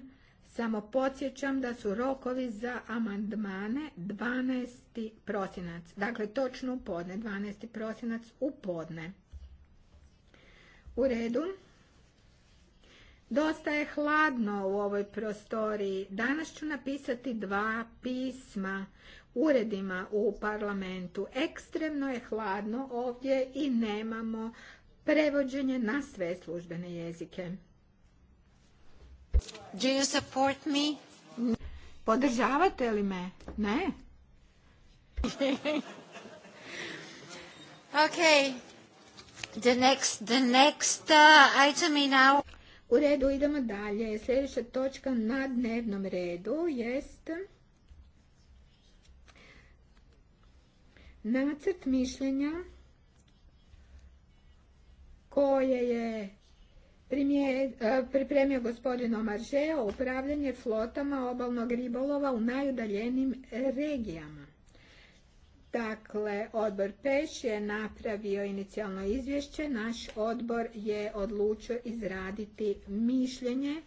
Samo podsjećam da su rokovi za amandmane 12. prosinac. Dakle, točno u podne, 12. prosinac u podne. U redu. Dosta je hladno u ovoj prostoriji. Danas ću napisati dva pisma uredima u parlamentu. Ekstremno je hladno ovdje i nemamo prevođenje na sve službene jezike. support Podržavate li me? Ne? okay. The next, uh, item in our... U redu idemo dalje. Sljedeća točka na dnevnom redu jest nacrt mišljenja koje je e, pripremio gospodin Omarže o upravljanje flotama obalnog ribolova u najudaljenim regijama. Dakle, odbor Peš je napravio inicijalno izvješće, naš odbor je odlučio izraditi mišljenje.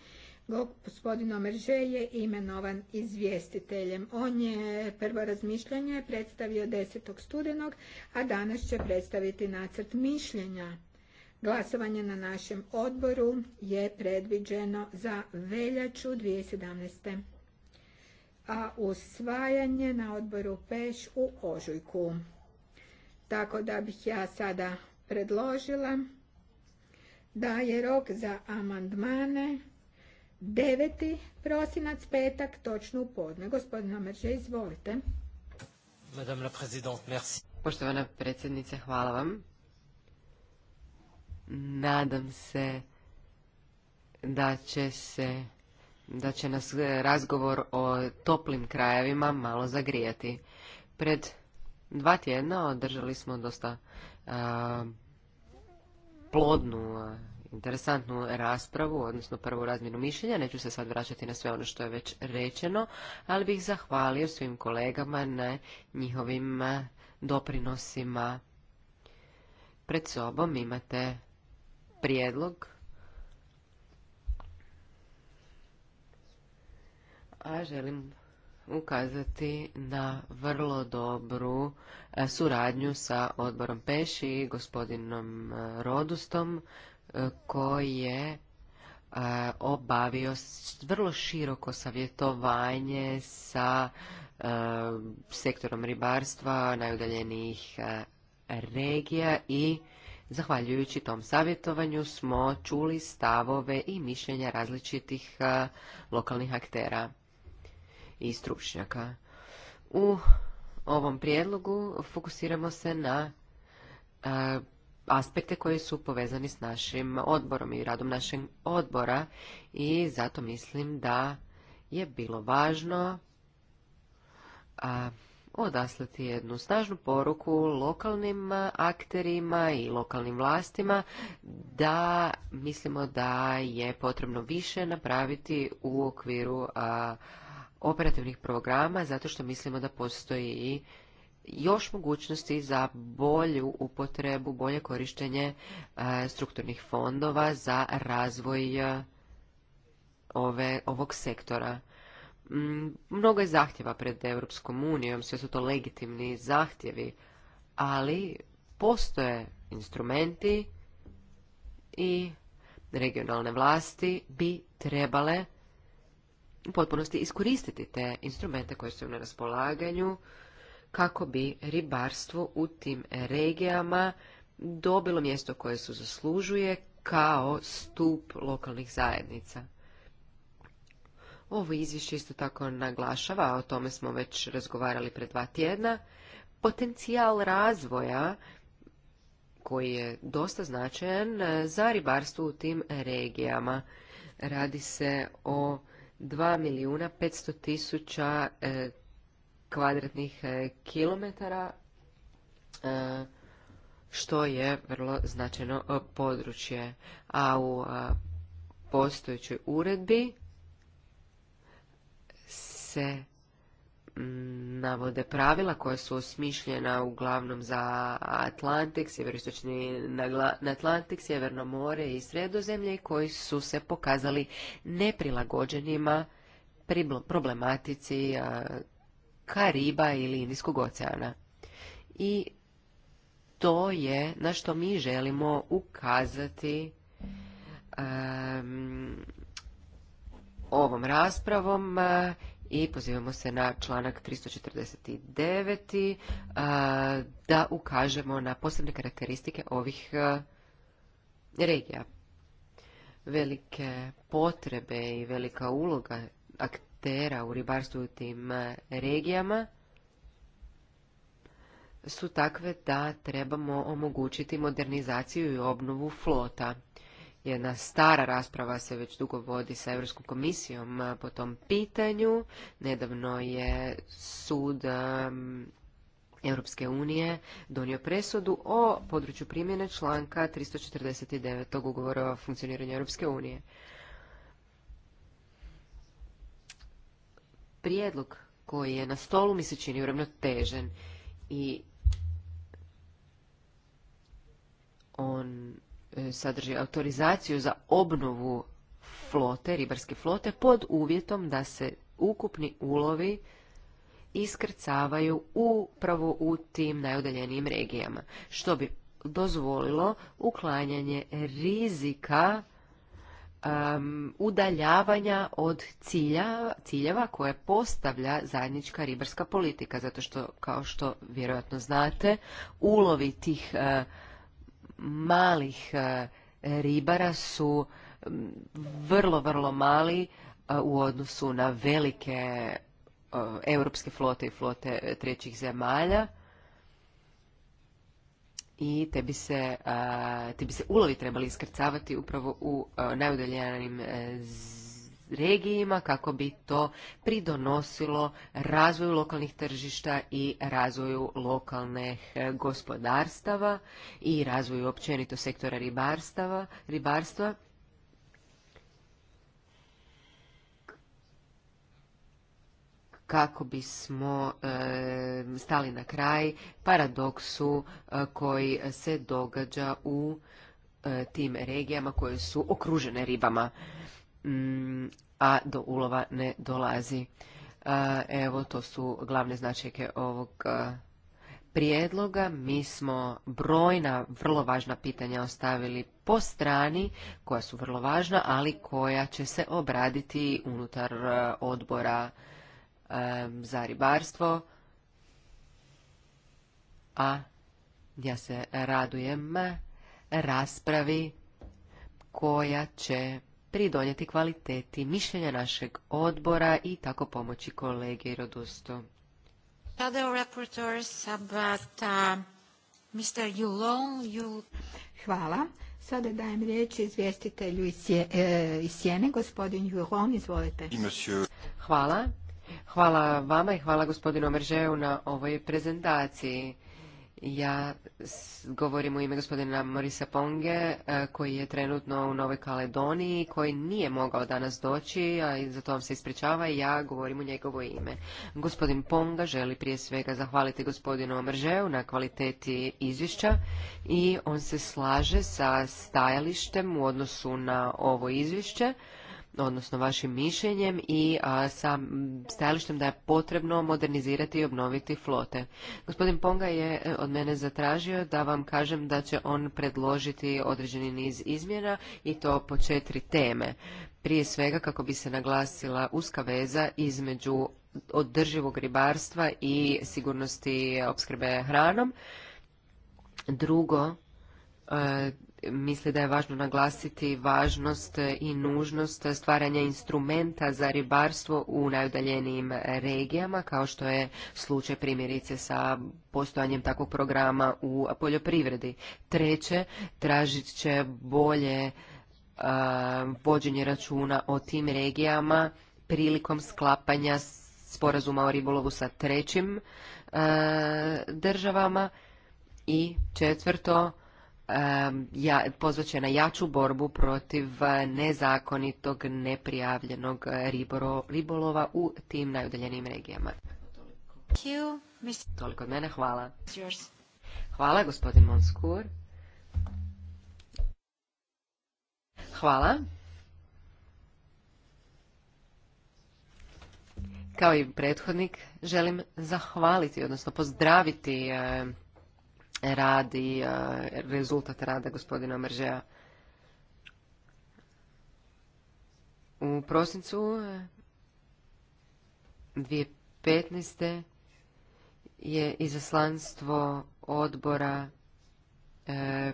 Gospodin Omerže je imenovan izvjestiteljem. On je prvo razmišljanje predstavio 10. studenog, a danas će predstaviti nacrt mišljenja. Glasovanje na našem odboru je predviđeno za veljaču 2017 a usvajanje na odboru Peš u ožujku. Tako da bih ja sada predložila da je rok za amandmane 9. prosinac petak točno u podne. Gospodina Merže, izvolite. Poštovana predsjednice, hvala vam. Nadam se da će se da će nas e, razgovor o toplim krajevima malo zagrijati. Pred dva tjedna održali smo dosta e, plodnu, e, interesantnu raspravu, odnosno prvu razminu mišljenja. Neću se sad vraćati na sve ono što je već rečeno, ali bih zahvalio svim kolegama na njihovim doprinosima. Pred sobom imate prijedlog a želim ukazati na vrlo dobru e, suradnju sa odborom Peši i gospodinom e, Rodustom e, koji je obavio vrlo široko savjetovanje sa sektorom ribarstva najudaljenijih regija i Zahvaljujući tom savjetovanju smo čuli stavove i mišljenja različitih lokalnih aktera i stručnjaka. U ovom prijedlogu fokusiramo se na e, aspekte koji su povezani s našim odborom i radom našeg odbora i zato mislim da je bilo važno a, odaslati jednu snažnu poruku lokalnim akterima i lokalnim vlastima da mislimo da je potrebno više napraviti u okviru operativnih programa zato što mislimo da postoji i još mogućnosti za bolju upotrebu, bolje korištenje e, strukturnih fondova za razvoj e, ovog sektora. Mm, mnogo je zahtjeva pred Europskom unijom, sve su to legitimni zahtjevi, ali postoje instrumenti i regionalne vlasti bi trebale u potpunosti iskoristiti te instrumente koje su na raspolaganju kako bi ribarstvo u tim regijama dobilo mjesto koje su zaslužuje kao stup lokalnih zajednica. Ovo izvješće isto tako naglašava, o tome smo već razgovarali pre dva tjedna, potencijal razvoja koji je dosta značajan za ribarstvo u tim regijama. Radi se o 2 milijuna 500 tisuća e, kvadratnih e, kilometara, e, što je vrlo značajno područje. A u postojećoj uredbi se navode pravila koja su osmišljena uglavnom za Atlantik, sjeveroistočni na Atlantik, Sjeverno more i Sredozemlje koji su se pokazali neprilagođenima problematici Kariba ili Indijskog oceana. I to je na što mi želimo ukazati ovom raspravom i pozivamo se na članak 349. Eh, da ukažemo na posebne karakteristike ovih eh, regija. Velike potrebe i velika uloga aktera u ribarstvu u tim eh, regijama su takve da trebamo omogućiti modernizaciju i obnovu flota jedna stara rasprava se već dugo vodi sa Europskom komisijom po tom pitanju. Nedavno je sud Europske unije donio presudu o području primjene članka 349. ugovora o funkcioniranju Europske unije. Prijedlog koji je na stolu mi se čini uravnotežen i on E, sadrži autorizaciju za obnovu flote, ribarske flote, pod uvjetom da se ukupni ulovi iskrcavaju upravo u tim najudaljenijim regijama, što bi dozvolilo uklanjanje rizika um, udaljavanja od cilja, ciljeva koje postavlja zajednička ribarska politika, zato što, kao što vjerojatno znate, ulovi tih malih e, ribara su vrlo, vrlo mali e, u odnosu na velike e, europske flote i flote trećih zemalja i te bi se, te bi se ulovi trebali iskrcavati upravo u najudaljenim regijima kako bi to pridonosilo razvoju lokalnih tržišta i razvoju lokalnih eh, gospodarstava i razvoju općenito sektora ribarstava, ribarstva. kako bismo eh, stali na kraj paradoksu eh, koji se događa u tim regijama koje su okružene ribama. Mm, a do ulova ne dolazi. E, evo, to su glavne značajke ovog e, prijedloga. Mi smo brojna, vrlo važna pitanja ostavili po strani, koja su vrlo važna, ali koja će se obraditi unutar e, odbora za ribarstvo. A ja se radujem raspravi koja će pridonijeti kvaliteti mišljenja našeg odbora i tako pomoći kolege i rodustu. Hvala. Sada dajem riječ izvjestitelju iz e, Sjene, gospodin Juron, izvolite. Hvala. Hvala vama i hvala gospodinu Omeržeju na ovoj prezentaciji. Ja govorim u ime gospodina Morisa Ponge, e, koji je trenutno u Novoj Kaledoniji, koji nije mogao danas doći, a za to vam se ispričava i ja govorim u njegovo ime. Gospodin Ponga želi prije svega zahvaliti gospodinu Mržeu na kvaliteti izvješća i on se slaže sa stajalištem u odnosu na ovo izvješće odnosno vašim mišljenjem i sa stajalištem da je potrebno modernizirati i obnoviti flote. Gospodin Ponga je e, od mene zatražio da vam kažem da će on predložiti određeni niz izmjena i to po četiri teme. Prije svega kako bi se naglasila uska veza između održivog ribarstva i sigurnosti opskrbe hranom. Drugo, e, misli da je važno naglasiti važnost i nužnost stvaranja instrumenta za ribarstvo u najudaljenijim regijama, kao što je slučaj primjerice sa postojanjem takvog programa u poljoprivredi. Treće, tražit će bolje vođenje računa o tim regijama prilikom sklapanja sporazuma o ribolovu sa trećim državama i četvrto, ja, će na jaču borbu protiv eh, nezakonitog, neprijavljenog eh, ribolova u tim najudaljenijim regijama. Toliko od mene, hvala. Hvala, gospodin Monskur. Hvala. Kao i prethodnik, želim zahvaliti, odnosno pozdraviti eh, radi, i eh, rezultat rada gospodina Mržeja. U prosincu 2015. Eh, je izaslanstvo odbora eh,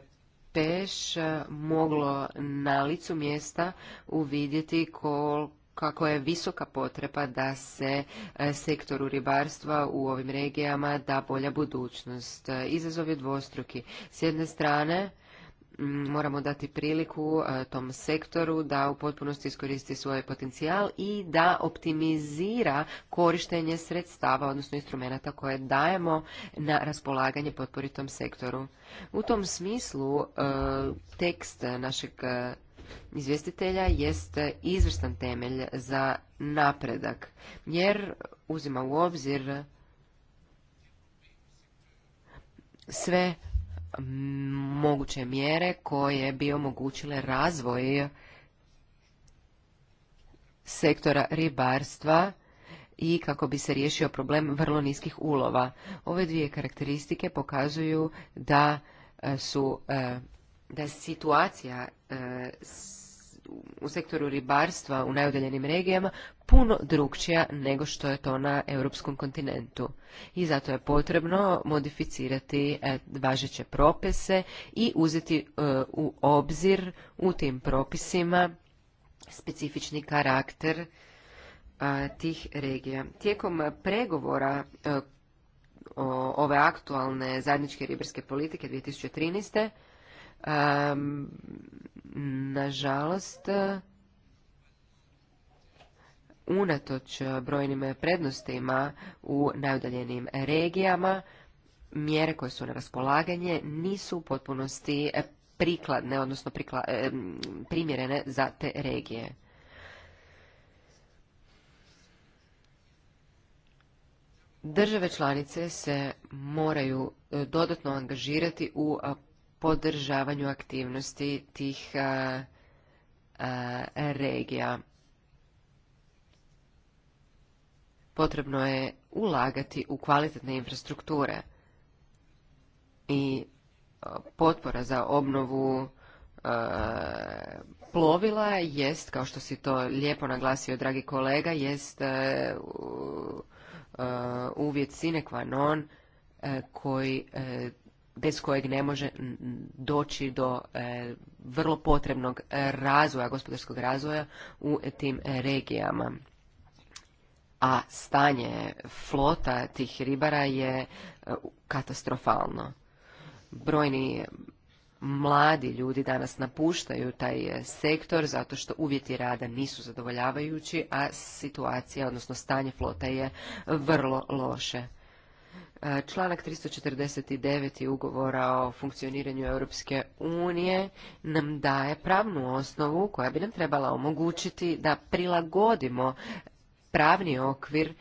Peš moglo na licu mjesta uvidjeti koliko kako je visoka potreba da se e, sektoru ribarstva u ovim regijama da bolja budućnost. E, izazov dvostruki. S jedne strane, moramo dati priliku e, tom sektoru da u potpunosti iskoristi svoj potencijal i da optimizira korištenje sredstava, odnosno instrumenta koje dajemo na raspolaganje potpori tom sektoru. U tom smislu tekst našeg izvjestitelja jest izvrstan temelj za napredak, jer uzima u obzir sve moguće mjere koje bi omogućile razvoj sektora ribarstva i kako bi se riješio problem vrlo niskih ulova. Ove dvije karakteristike pokazuju da su e, da situacija e, u sektoru ribarstva u najudeljenim regijama puno drukčija nego što je to na europskom kontinentu. I zato je potrebno modificirati e, važeće propise i uzeti e, u obzir u tim propisima specifični karakter tih regija. Tijekom pregovora ove aktualne zajedničke ribarske politike 2013 nažalost, unatoč brojnim prednostima u najudaljenim regijama, mjere koje su na raspolaganje nisu u potpunosti prikladne, odnosno primjerene za te regije. Države članice se moraju e, dodatno angažirati u podržavanju aktivnosti tih e, e, regija. Potrebno je ulagati u kvalitetne infrastrukture i e, potpora za obnovu plovila jest, kao što si to lijepo naglasio, dragi kolega, jest uvjet sine qua non koji bez kojeg ne može doći do e, vrlo potrebnog razvoja, gospodarskog razvoja u tim regijama. A stanje flota tih ribara je e, katastrofalno. Brojni mladi ljudi danas napuštaju taj e, sektor zato što uvjeti rada nisu zadovoljavajući, a situacija, odnosno stanje flota je vrlo loše. E, članak 349. ugovora o funkcioniranju Europske unije nam daje pravnu osnovu koja bi nam trebala omogućiti da prilagodimo pravni okvir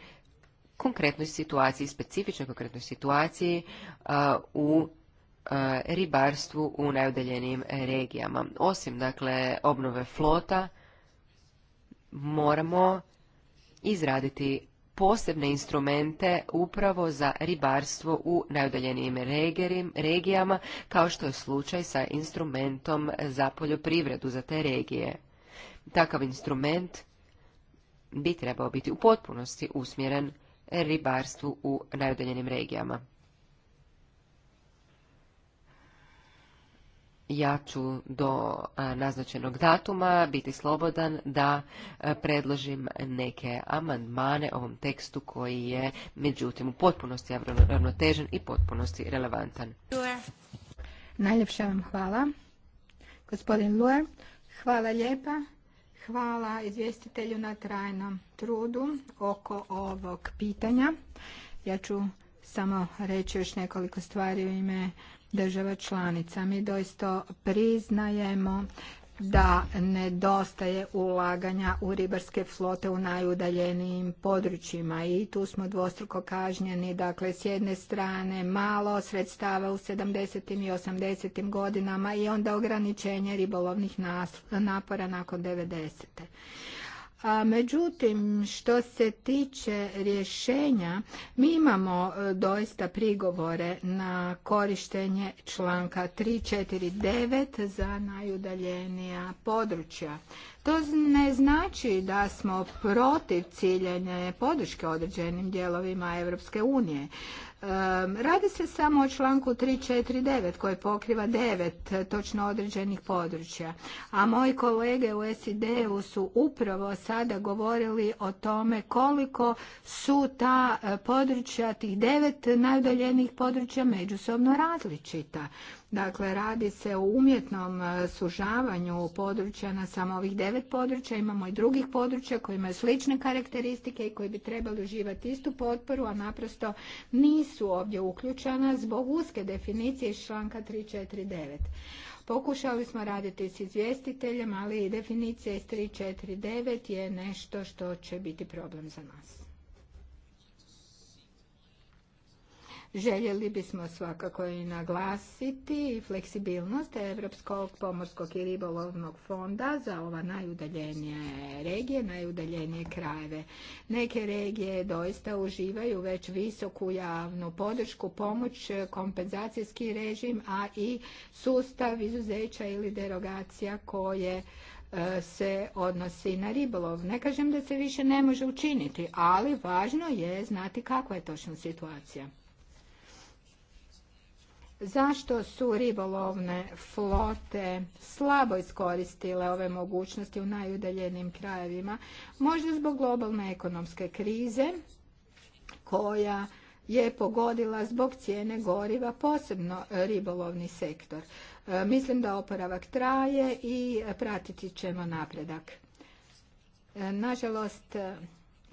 konkretnoj situaciji, specifičnoj konkretnoj situaciji e, u e, ribarstvu u najudaljenijim regijama. Osim, dakle, obnove flota, moramo izraditi posebne instrumente upravo za ribarstvo u najudaljenijim regijama, kao što je slučaj sa instrumentom za poljoprivredu za te regije. Takav instrument bi trebao biti u potpunosti usmjeren ribarstvu u najudaljenim regijama. ja ću do e, naznačenog datuma biti slobodan da e, predložim neke amandmane ovom tekstu koji je međutim u potpunosti ravnotežen i potpunosti relevantan. Najljepša vam hvala. Gospodin Luer, hvala lijepa. Hvala izvjestitelju na trajnom trudu oko ovog pitanja. Ja ću samo reći još nekoliko stvari u ime država članica. Mi doista priznajemo da nedostaje ulaganja u ribarske flote u najudaljenijim područjima i tu smo dvostruko kažnjeni. Dakle, s jedne strane malo sredstava u 70. i 80. godinama i onda ograničenje ribolovnih napora nakon 90 međutim, što se tiče rješenja, mi imamo e, doista prigovore na korištenje članka 349 za najudaljenija područja. To ne znači da smo protiv ciljenja podrške određenim dijelovima Europske unije. Radi se samo o članku 349 koji pokriva devet e, točno određenih područja, a moji kolege u SID-u su upravo sada govorili o tome koliko su ta e, područja, tih devet najudaljenijih područja međusobno različita. Dakle, radi se o umjetnom e, sužavanju područja na samo ovih devet područja. Imamo i drugih područja koji imaju slične karakteristike i koji bi trebali uživati istu potporu, a naprosto nisu ovdje uključena zbog uske definicije iz članka 349. Pokušali smo raditi s izvjestiteljem, ali i definicija iz 349 je nešto što će biti problem za nas. Željeli bismo svakako i naglasiti fleksibilnost Europskog pomorskog i ribolovnog fonda za ova najudaljenije regije, najudaljenije krajeve. Neke regije doista uživaju već visoku javnu podršku, pomoć, kompenzacijski režim, a i sustav izuzeća ili derogacija koje e, se odnosi na ribolov. Ne kažem da se više ne može učiniti, ali važno je znati kakva je točna situacija. Zašto su ribolovne flote slabo iskoristile ove mogućnosti u najudaljenim krajevima? Možda zbog globalne ekonomske krize koja je pogodila zbog cijene goriva posebno ribolovni sektor. E, mislim da oporavak traje i pratiti ćemo napredak. E, nažalost,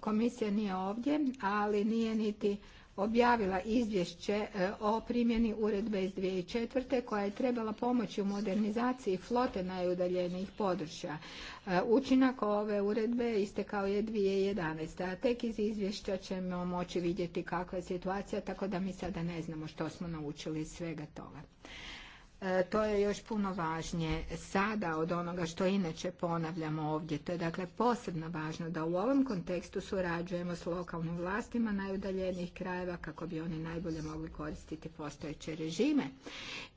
komisija nije ovdje, ali nije niti objavila izvješće e, o primjeni uredbe iz 2004. koja je trebala pomoći u modernizaciji flote najudaljenijih područja. E, učinak ove uredbe istekao je 2011. A tek iz izvješća ćemo moći vidjeti kakva je situacija, tako da mi sada ne znamo što smo naučili iz svega toga. E, to je još puno važnije sada od onoga što inače ponavljamo ovdje. To je dakle posebno važno da u ovom kontekstu surađujemo s lokalnim vlastima najudaljenijih krajeva kako bi oni najbolje mogli koristiti postojeće režime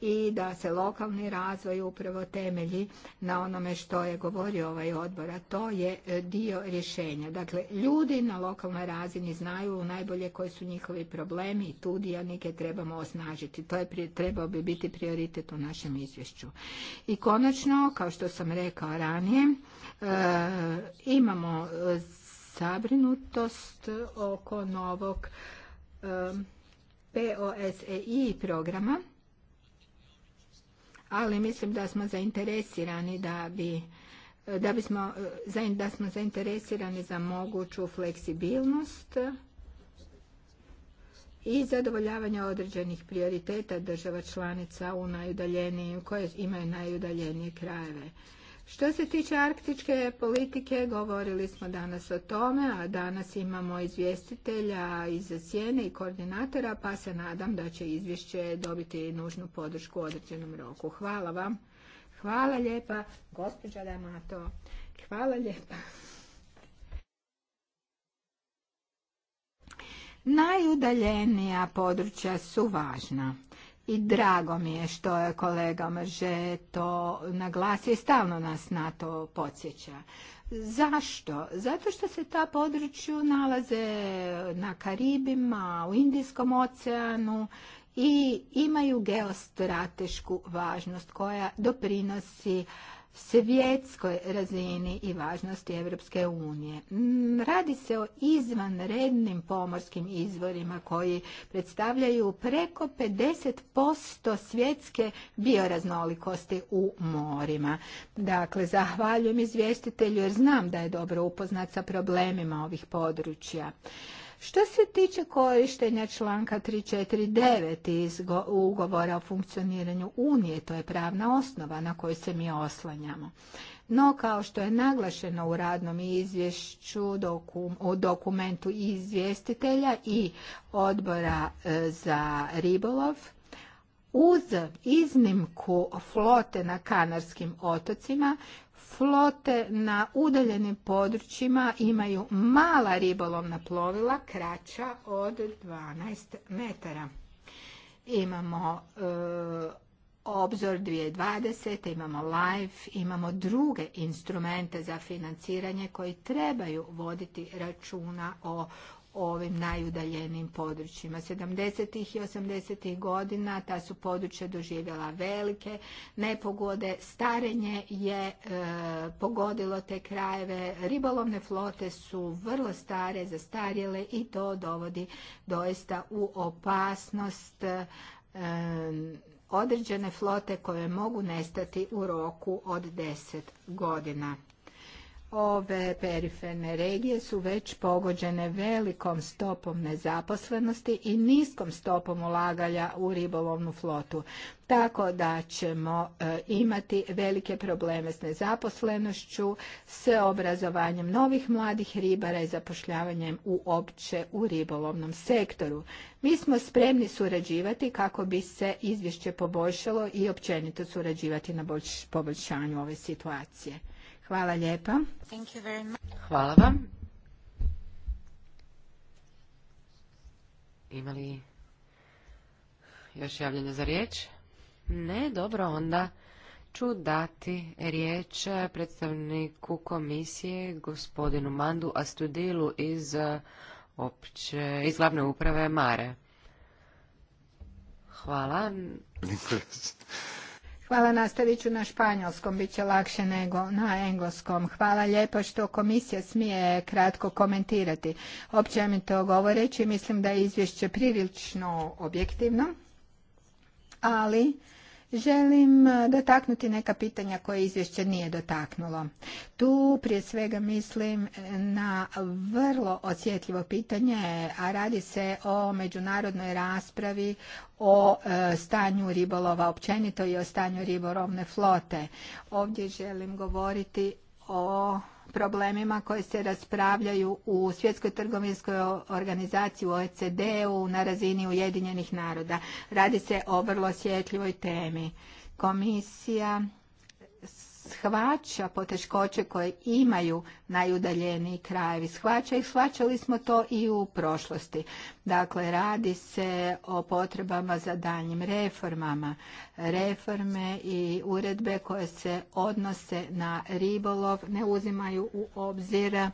i da se lokalni razvoj upravo temelji na onome što je govorio ovaj odbor, a to je e, dio rješenja. Dakle, ljudi na lokalnoj razini znaju najbolje koji su njihovi problemi i tu dionike trebamo osnažiti. To je trebao bi biti prioritet u našem izvješću. I konačno, kao što sam rekao ranije, e, imamo zabrinutost oko novog e, POSEI programa, ali mislim da smo zainteresirani da bi da bismo e, da smo zainteresirani za moguću fleksibilnost i zadovoljavanja određenih prioriteta država članica u najudaljenijim, koje imaju najudaljenije krajeve. Što se tiče arktičke politike, govorili smo danas o tome, a danas imamo izvjestitelja iz sjene i koordinatora, pa se nadam da će izvješće dobiti nužnu podršku u određenom roku. Hvala vam. Hvala lijepa, gospođa Damato. Hvala lijepa. Najudaljenija područja su važna. I drago mi je što je kolega Mrže to naglasio i stalno nas na to podsjeća. Zašto? Zato što se ta područja nalaze na Karibima, u Indijskom oceanu i imaju geostratešku važnost koja doprinosi svjetskoj razini i važnosti Europske unije. Mm, radi se o izvanrednim pomorskim izvorima koji predstavljaju preko 50% svjetske bioraznolikosti u morima. Dakle, zahvaljujem izvjestitelju jer znam da je dobro upoznat sa problemima ovih područja. Što se tiče korištenja članka 349 ugovora o funkcioniranju Unije, to je pravna osnova na koju se mi oslanjamo. No, kao što je naglašeno u radnom izvješću u dokumentu izvjestitelja i odbora e, za ribolov, uz iznimku flote na Kanarskim otocima, flote na udaljenim područjima imaju mala ribolovna plovila kraća od 12 metara. Imamo e, obzor 2020, imamo live, imamo druge instrumente za financiranje koji trebaju voditi računa o ovim najudaljenim područjima. 70. i 80. godina ta su područja doživjela velike nepogode, starenje je e, pogodilo te krajeve, ribolovne flote su vrlo stare, zastarjele i to dovodi doista u opasnost e, određene flote koje mogu nestati u roku od 10 godina. Ove periferne regije su već pogođene velikom stopom nezaposlenosti i niskom stopom ulaganja u ribolovnu flotu. Tako da ćemo e, imati velike probleme s nezaposlenošću, s obrazovanjem novih mladih ribara i zapošljavanjem uopće u ribolovnom sektoru. Mi smo spremni surađivati kako bi se izvješće poboljšalo i općenito surađivati na poboljšanju ove situacije. Hvala lijepa. Hvala vam. Ima li još javljanje za riječ? Ne, dobro, onda ću dati riječ predstavniku komisije, gospodinu Mandu Astudilu iz, opće, iz glavne uprave Mare. Hvala. Hvala, nastavit ću na španjolskom, bit će lakše nego na engleskom. Hvala lijepo što komisija smije kratko komentirati. Opće mi to govoreći, mislim da je izvješće prilično objektivno, ali želim eh, dotaknuti neka pitanja koje izvješće nije dotaknulo. Tu prije svega mislim na vrlo osjetljivo pitanje, a radi se o međunarodnoj raspravi o eh, stanju ribolova općenito i o stanju ribolovne flote. Ovdje želim govoriti o problemima koji se raspravljaju u Svjetskoj trgovinskoj organizaciji u OECD-u na razini Ujedinjenih naroda. Radi se o vrlo osjetljivoj temi. Komisija shvaća poteškoće koje imaju najudaljeniji krajevi. Shvaća i shvaćali smo to i u prošlosti. Dakle, radi se o potrebama za daljnjim reformama. Reforme i uredbe koje se odnose na ribolov ne uzimaju u obzir e,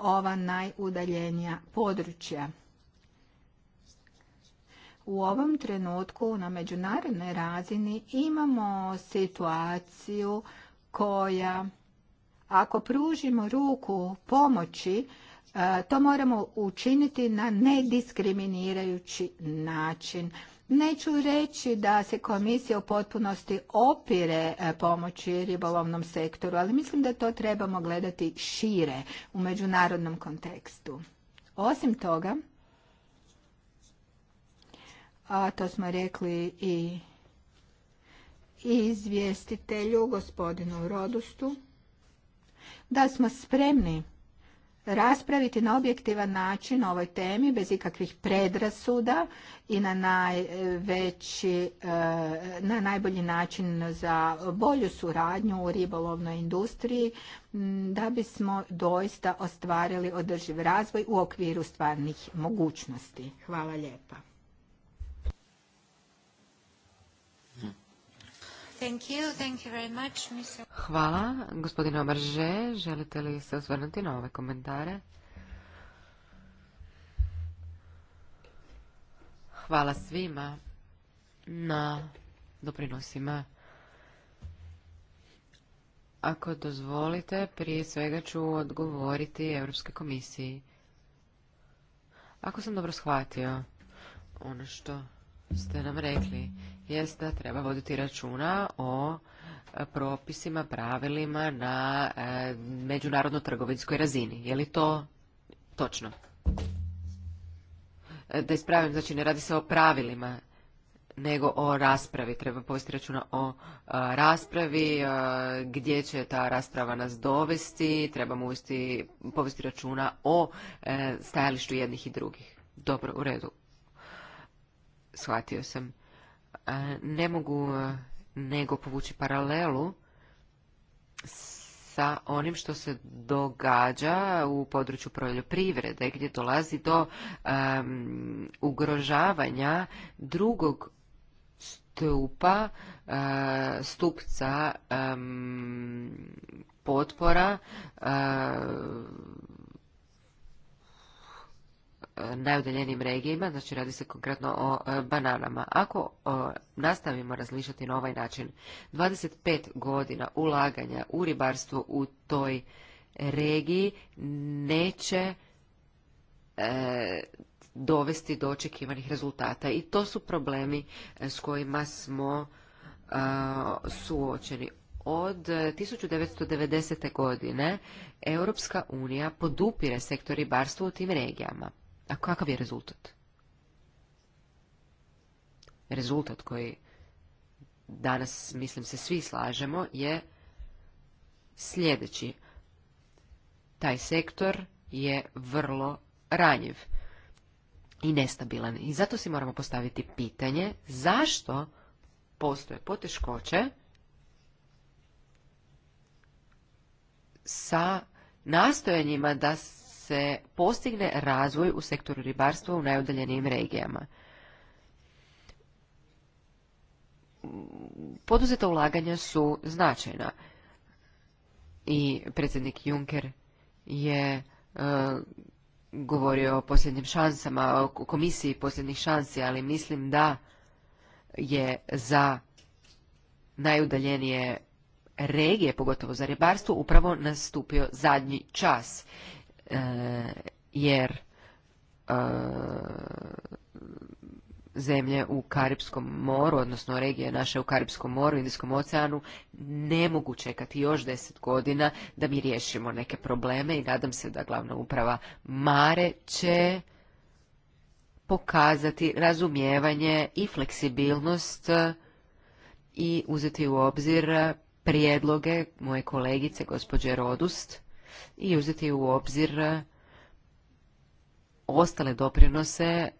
ova najudaljenija područja. U ovom trenutku na međunarodnoj razini imamo situaciju koja ako pružimo ruku pomoći, e, to moramo učiniti na nediskriminirajući način. Neću reći da se komisija u potpunosti opire e, pomoći ribolovnom sektoru, ali mislim da to trebamo gledati šire u međunarodnom kontekstu. Osim toga, a to smo rekli i izvjestitelju, gospodinu Rodustu, da smo spremni raspraviti na objektivan način o ovoj temi bez ikakvih predrasuda i na najveći e, na najbolji način za bolju suradnju u ribolovnoj industriji da bismo doista ostvarili održiv razvoj u okviru stvarnih mogućnosti. Hvala lijepa. Hvala. Gospodine Obrže. želite li se osvrnuti na ove komentare? Hvala svima na doprinosima. Ako dozvolite, prije svega ću odgovoriti Europskoj komisiji. Ako sam dobro shvatio ono što ste nam rekli jest da treba voditi računa o e, propisima, pravilima na e, međunarodno trgovinskoj razini. Je li to točno? E, da ispravim, znači ne radi se o pravilima, nego o raspravi. Treba povesti računa o raspravi, gdje će ta rasprava nas dovesti, trebamo povesti računa o stajalištu jednih i drugih. Dobro, u redu shvatio sam. E, ne mogu e, nego povući paralelu sa onim što se događa u području poljoprivrede gdje dolazi do ugrožavanja drugog stupa, e, stupca potpora E, najudaljenijim regijima, znači radi se konkretno o e, bananama. Ako e, nastavimo razmišljati na ovaj način, 25 godina ulaganja u ribarstvo u toj regiji neće dovesti do očekivanih rezultata i to su problemi s kojima smo suočeni. Od 1990. godine Europska unija podupire sektor ribarstva u tim regijama. A kakav je rezultat? Rezultat koji danas, mislim, se svi slažemo je sljedeći. Taj sektor je vrlo ranjiv i nestabilan. I zato si moramo postaviti pitanje zašto postoje poteškoće sa nastojanjima da se postigne razvoj u sektoru ribarstva u najudaljenijim regijama. Poduzeta ulaganja su značajna i predsjednik Juncker je e, govorio o posljednjim šansama, o komisiji posljednjih šansi, ali mislim da je za najudaljenije regije, pogotovo za ribarstvo, upravo nastupio zadnji čas. E, jer e, zemlje u Karibskom moru, odnosno regije naše u Karibskom moru, Indijskom oceanu, ne mogu čekati još deset godina da mi riješimo neke probleme i nadam se da glavna uprava Mare će pokazati razumijevanje i fleksibilnost i uzeti u obzir prijedloge moje kolegice gospođe Rodust i uzeti u obzir e, ostale doprinose e,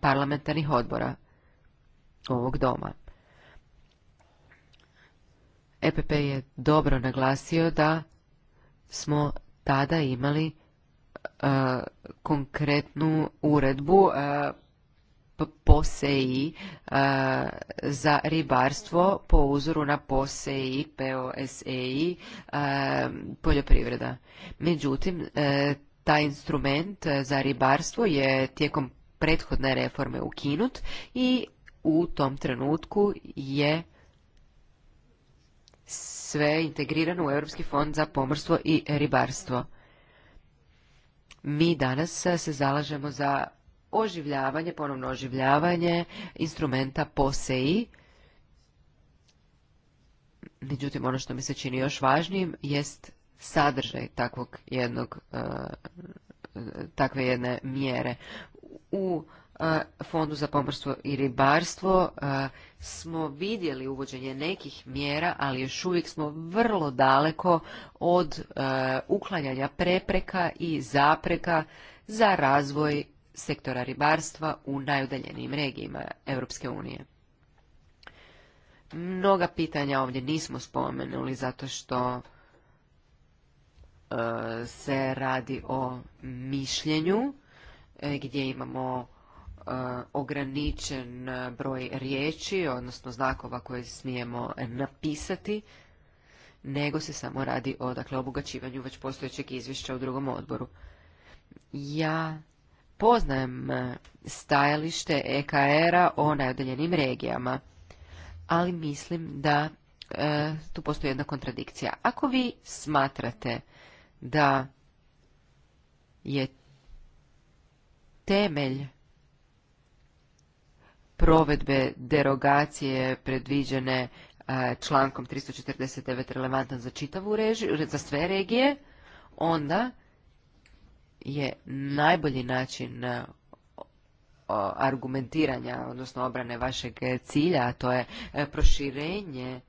parlamentarnih odbora ovog doma. EPP je dobro naglasio da smo tada imali e, konkretnu uredbu POSEI e, za ribarstvo po uzoru na POSEI, POSEI e, poljoprivreda. Međutim, e, taj instrument za ribarstvo je tijekom prethodne reforme ukinut i u tom trenutku je sve integrirano u Europski fond za pomorstvo i ribarstvo. Mi danas se zalažemo za oživljavanje, ponovno oživljavanje instrumenta POSEI. Međutim, ono što mi se čini još važnijim jest sadržaj takvog jednog, e, takve jedne mjere. U e, Fondu za pomorstvo i ribarstvo e, smo vidjeli uvođenje nekih mjera, ali još uvijek smo vrlo daleko od uklanjanja prepreka i zapreka za razvoj sektora ribarstva u najudaljenijim regijima Europske unije. Mnoga pitanja ovdje nismo spomenuli zato što e, se radi o mišljenju e, gdje imamo e, ograničen broj riječi, odnosno znakova koje smijemo napisati, nego se samo radi o dakle, obogaćivanju već postojećeg izvješća u drugom odboru. Ja poznajem e, stajalište EKR-a o najodeljenim regijama, ali mislim da e, tu postoji jedna kontradikcija. Ako vi smatrate da je temelj provedbe derogacije predviđene e, člankom 349 relevantan za čitavu za sve regije, onda je najbolji način e, argumentiranja, odnosno obrane vašeg cilja, a to je e, proširenje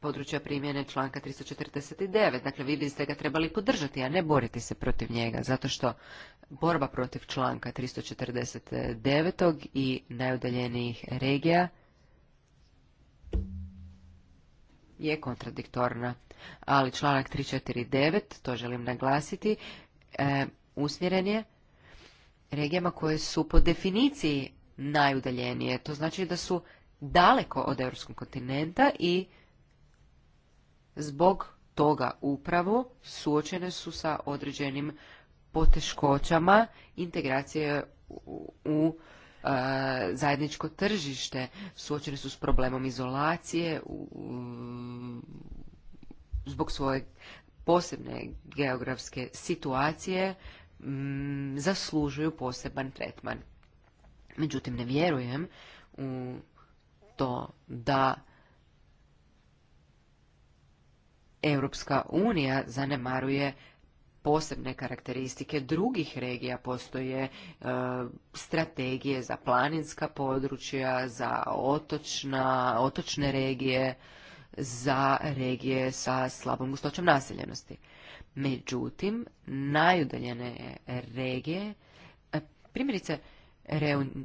područja primjene članka 349. Dakle, vi biste ga trebali podržati, a ne boriti se protiv njega, zato što borba protiv članka 349. i najudaljenijih regija je kontradiktorna. Ali članak 349, to želim naglasiti, E, usmjeren je regijama koje su po definiciji najudaljenije. To znači da su daleko od europskog kontinenta i zbog toga upravo suočene su sa određenim poteškoćama integracije u, e, zajedničko tržište, suočene su s problemom izolacije zbog svoje posebne geografske situacije mm, zaslužuju poseban tretman. Međutim, ne vjerujem u to da Europska unija zanemaruje posebne karakteristike drugih regija postoje e, strategije za planinska područja, za otočne regije za regije sa slabom gustoćom naseljenosti. Međutim, najudaljene regije, e, primjerice,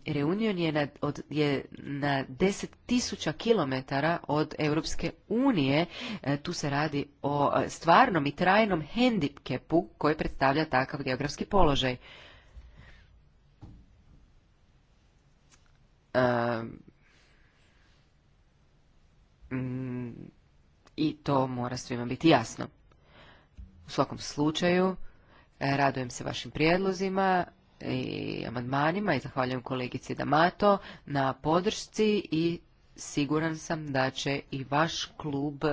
Reunion je na, od, je na 10.000 km od Europske unije. E, tu se radi o e, stvarnom i trajnom hendikepu koji predstavlja takav geografski položaj. Um, Mm, i to mora svima biti jasno. U svakom slučaju, e, radujem se vašim prijedlozima i amandmanima i zahvaljujem kolegici Damato na podršci i siguran sam da će i vaš klub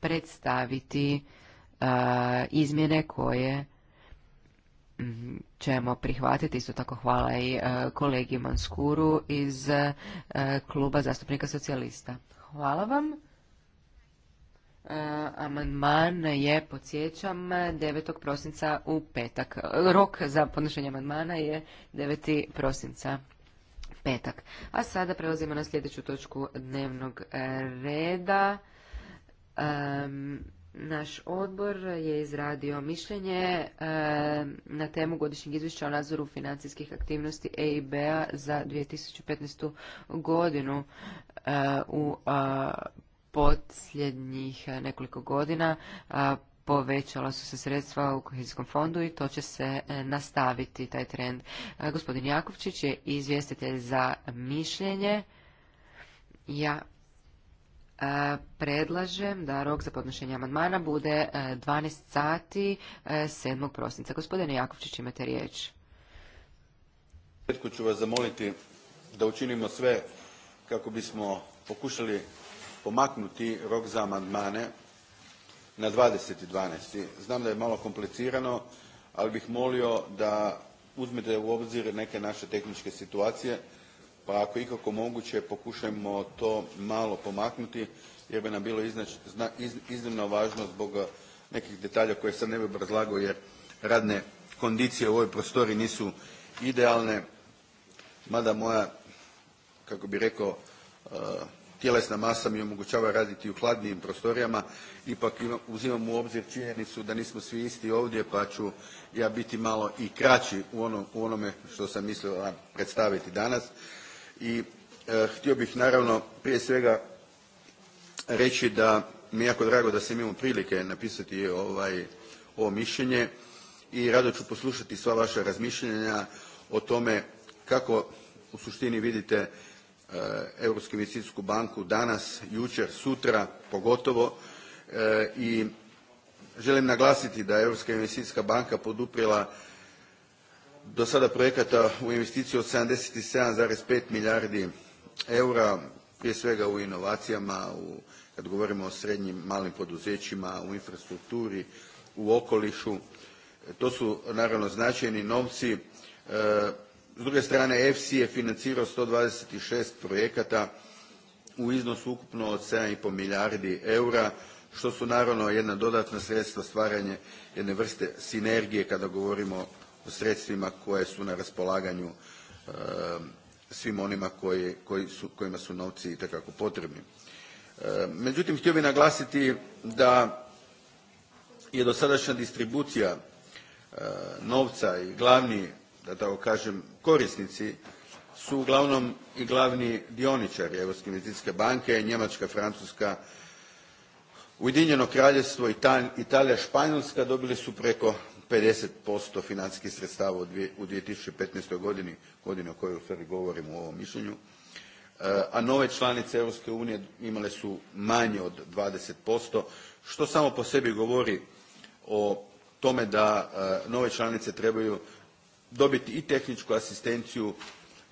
predstaviti e, izmjene koje mm, ćemo prihvatiti. Isto tako hvala i e, kolegi Manskuru iz kluba zastupnika socijalista. Hvala vam. E, amandman je, podsjećam, 9. prosinca u petak. Rok za podnošenje amandmana je 9. prosinca petak. A sada prelazimo na sljedeću točku dnevnog reda. Naš odbor je izradio mišljenje e, na temu godišnjeg izvješća o nadzoru financijskih aktivnosti EIB-a za 2015. godinu e, u posljednjih nekoliko godina povećala su se sredstva u kohezijskom fondu i to će se e, nastaviti taj trend. Gospodin Jakovčić je izvjestitelj za mišljenje. Ja E, predlažem da rok za podnošenje amandmana bude 12 e, sati 7. E, prosinca. Gospodine Jakovčić, imate riječ. Svetko ću vas zamoliti da učinimo sve kako bismo pokušali pomaknuti rok za amandmane na 20.12. Znam da je malo komplicirano, ali bih molio da uzmete u obzir neke naše tehničke situacije pa ako ikako moguće pokušajmo to malo pomaknuti jer bi nam bilo iznimno važno zbog eh, nekih detalja koje sad ne bi obrazlagao jer radne kondicije u ovoj prostori nisu idealne mada moja kako bi rekao eh, tjelesna masa mi omogućava raditi u hladnijim prostorijama ipak uzimam u obzir činjenicu da nismo svi isti ovdje pa ću ja biti malo i kraći u ono, onome što sam mislio predstaviti danas i e, htio bih naravno prije svega reći da mi je jako drago da sam imao prilike napisati ovaj, ovo mišljenje i rado ću poslušati sva vaša razmišljanja o tome kako u suštini vidite e, Europsku investicijsku banku danas, jučer, sutra pogotovo e, i želim naglasiti da je Europska investicijska banka poduprila do sada projekata u investiciju od 77,5 milijardi eura, prije svega u inovacijama, u, kad govorimo o srednjim malim poduzećima, u infrastrukturi, u okolišu. E, to su naravno značajni novci. E, s druge strane, EFSI je financirao 126 projekata u iznosu ukupno od 7,5 milijardi eura, što su naravno jedna dodatna sredstva, stvaranje jedne vrste sinergije kada govorimo sredstvima koje su na raspolaganju ehm, svim onima koji, su, kojima su novci itekako potrebni. Ehm, međutim, htio bih naglasiti da je dosadašnja distribucija ehm, novca i glavni, da tako kažem, korisnici su uglavnom i glavni dioničari Europske investicijske banke, Njemačka, Francuska, Ujedinjeno kraljevstvo, Italija, Španjolska dobili su preko 50% financijskih sredstava u 2015. godini, godini o kojoj ustvari govorimo u ovom mišljenju, e, a nove članice Europske unije imale su manje od 20%, što samo po sebi govori o tome da e, nove članice trebaju dobiti i tehničku asistenciju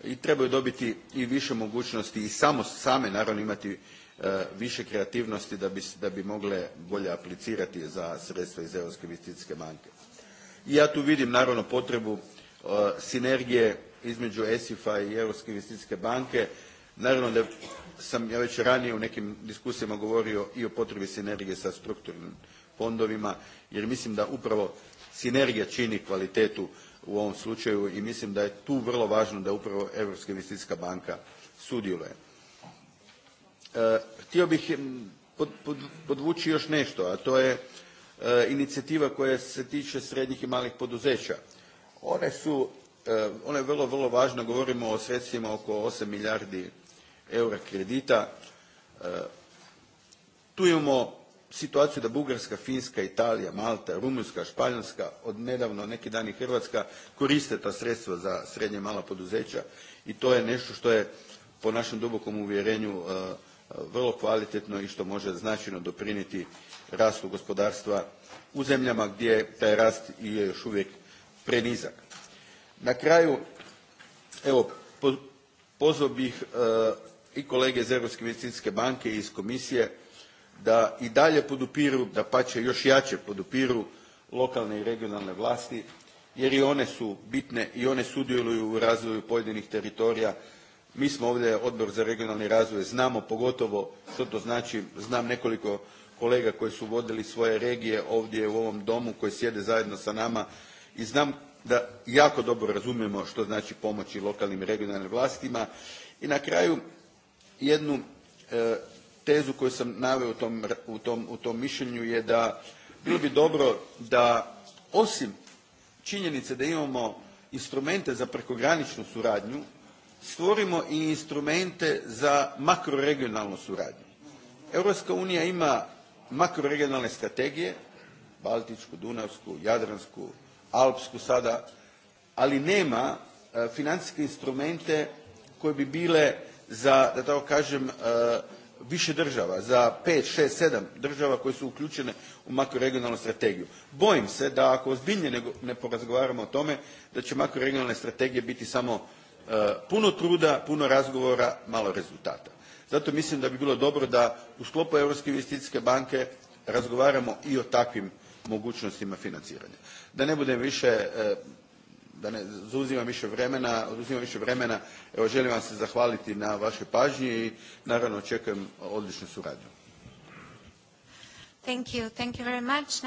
i trebaju dobiti i više mogućnosti i samo same naravno imati e, više kreativnosti da bi, da bi mogle bolje aplicirati za sredstva iz Europske investicijske banke i ja tu vidim naravno potrebu uh, sinergije između esif a i europske investicijske banke. naravno da sam ja već ranije u nekim diskusijama govorio i o potrebi sinergije sa strukturnim fondovima jer mislim da upravo sinergija čini kvalitetu u ovom slučaju i mislim da je tu vrlo važno da upravo europska investicijska banka sudjeluje. Uh, htio bih mm, podvući još nešto a to je E, inicijativa koja se tiče srednjih i malih poduzeća. One su, e, ona je vrlo, vrlo važna, govorimo o sredstvima oko 8 milijardi eura kredita. E, tu imamo situaciju da Bugarska, Finska, Italija, Malta, Rumunjska, Španjolska, od nedavno neki dan i Hrvatska koriste ta sredstva za srednje i mala poduzeća i to je nešto što je po našem dubokom uvjerenju vrlo kvalitetno i što može značajno doprinijeti rastu gospodarstva u zemljama gdje taj rast je još uvijek prenizak. Na kraju evo pozvao bih e, i kolege iz Europske medicinske banke i iz komisije da i dalje podupiru, da dapače još jače podupiru lokalne i regionalne vlasti jer i one su bitne i one sudjeluju u razvoju pojedinih teritorija. Mi smo ovdje Odbor za regionalni razvoj, znamo pogotovo što to znači, znam nekoliko kolega koji su vodili svoje regije ovdje u ovom domu koji sjede zajedno sa nama i znam da jako dobro razumijemo što znači pomoći lokalnim i regionalnim vlastima. I na kraju jednu e, tezu koju sam naveo u, u tom mišljenju je da bilo bi dobro da osim činjenice da imamo instrumente za prekograničnu suradnju stvorimo i instrumente za makroregionalnu suradnju. Europska unija ima makroregionalne strategije baltičku dunavsku jadransku alpsku sada ali nema e, financijske instrumente koje bi bile za da tako kažem e, više država za pet šest sedam država koje su uključene u makroregionalnu strategiju. bojim se da ako ozbiljnije ne porazgovaramo o tome da će makroregionalne strategije biti samo e, puno truda puno razgovora malo rezultata zato mislim da bi bilo dobro da u sklopu europske investicijske banke razgovaramo i o takvim mogućnostima financiranja. da ne budem više e, da ne zauzimam više vremena, oduzimam više vremena evo želim vam se zahvaliti na vašoj pažnji i naravno očekujem odličnu suradnju. Thank you. Thank you very much.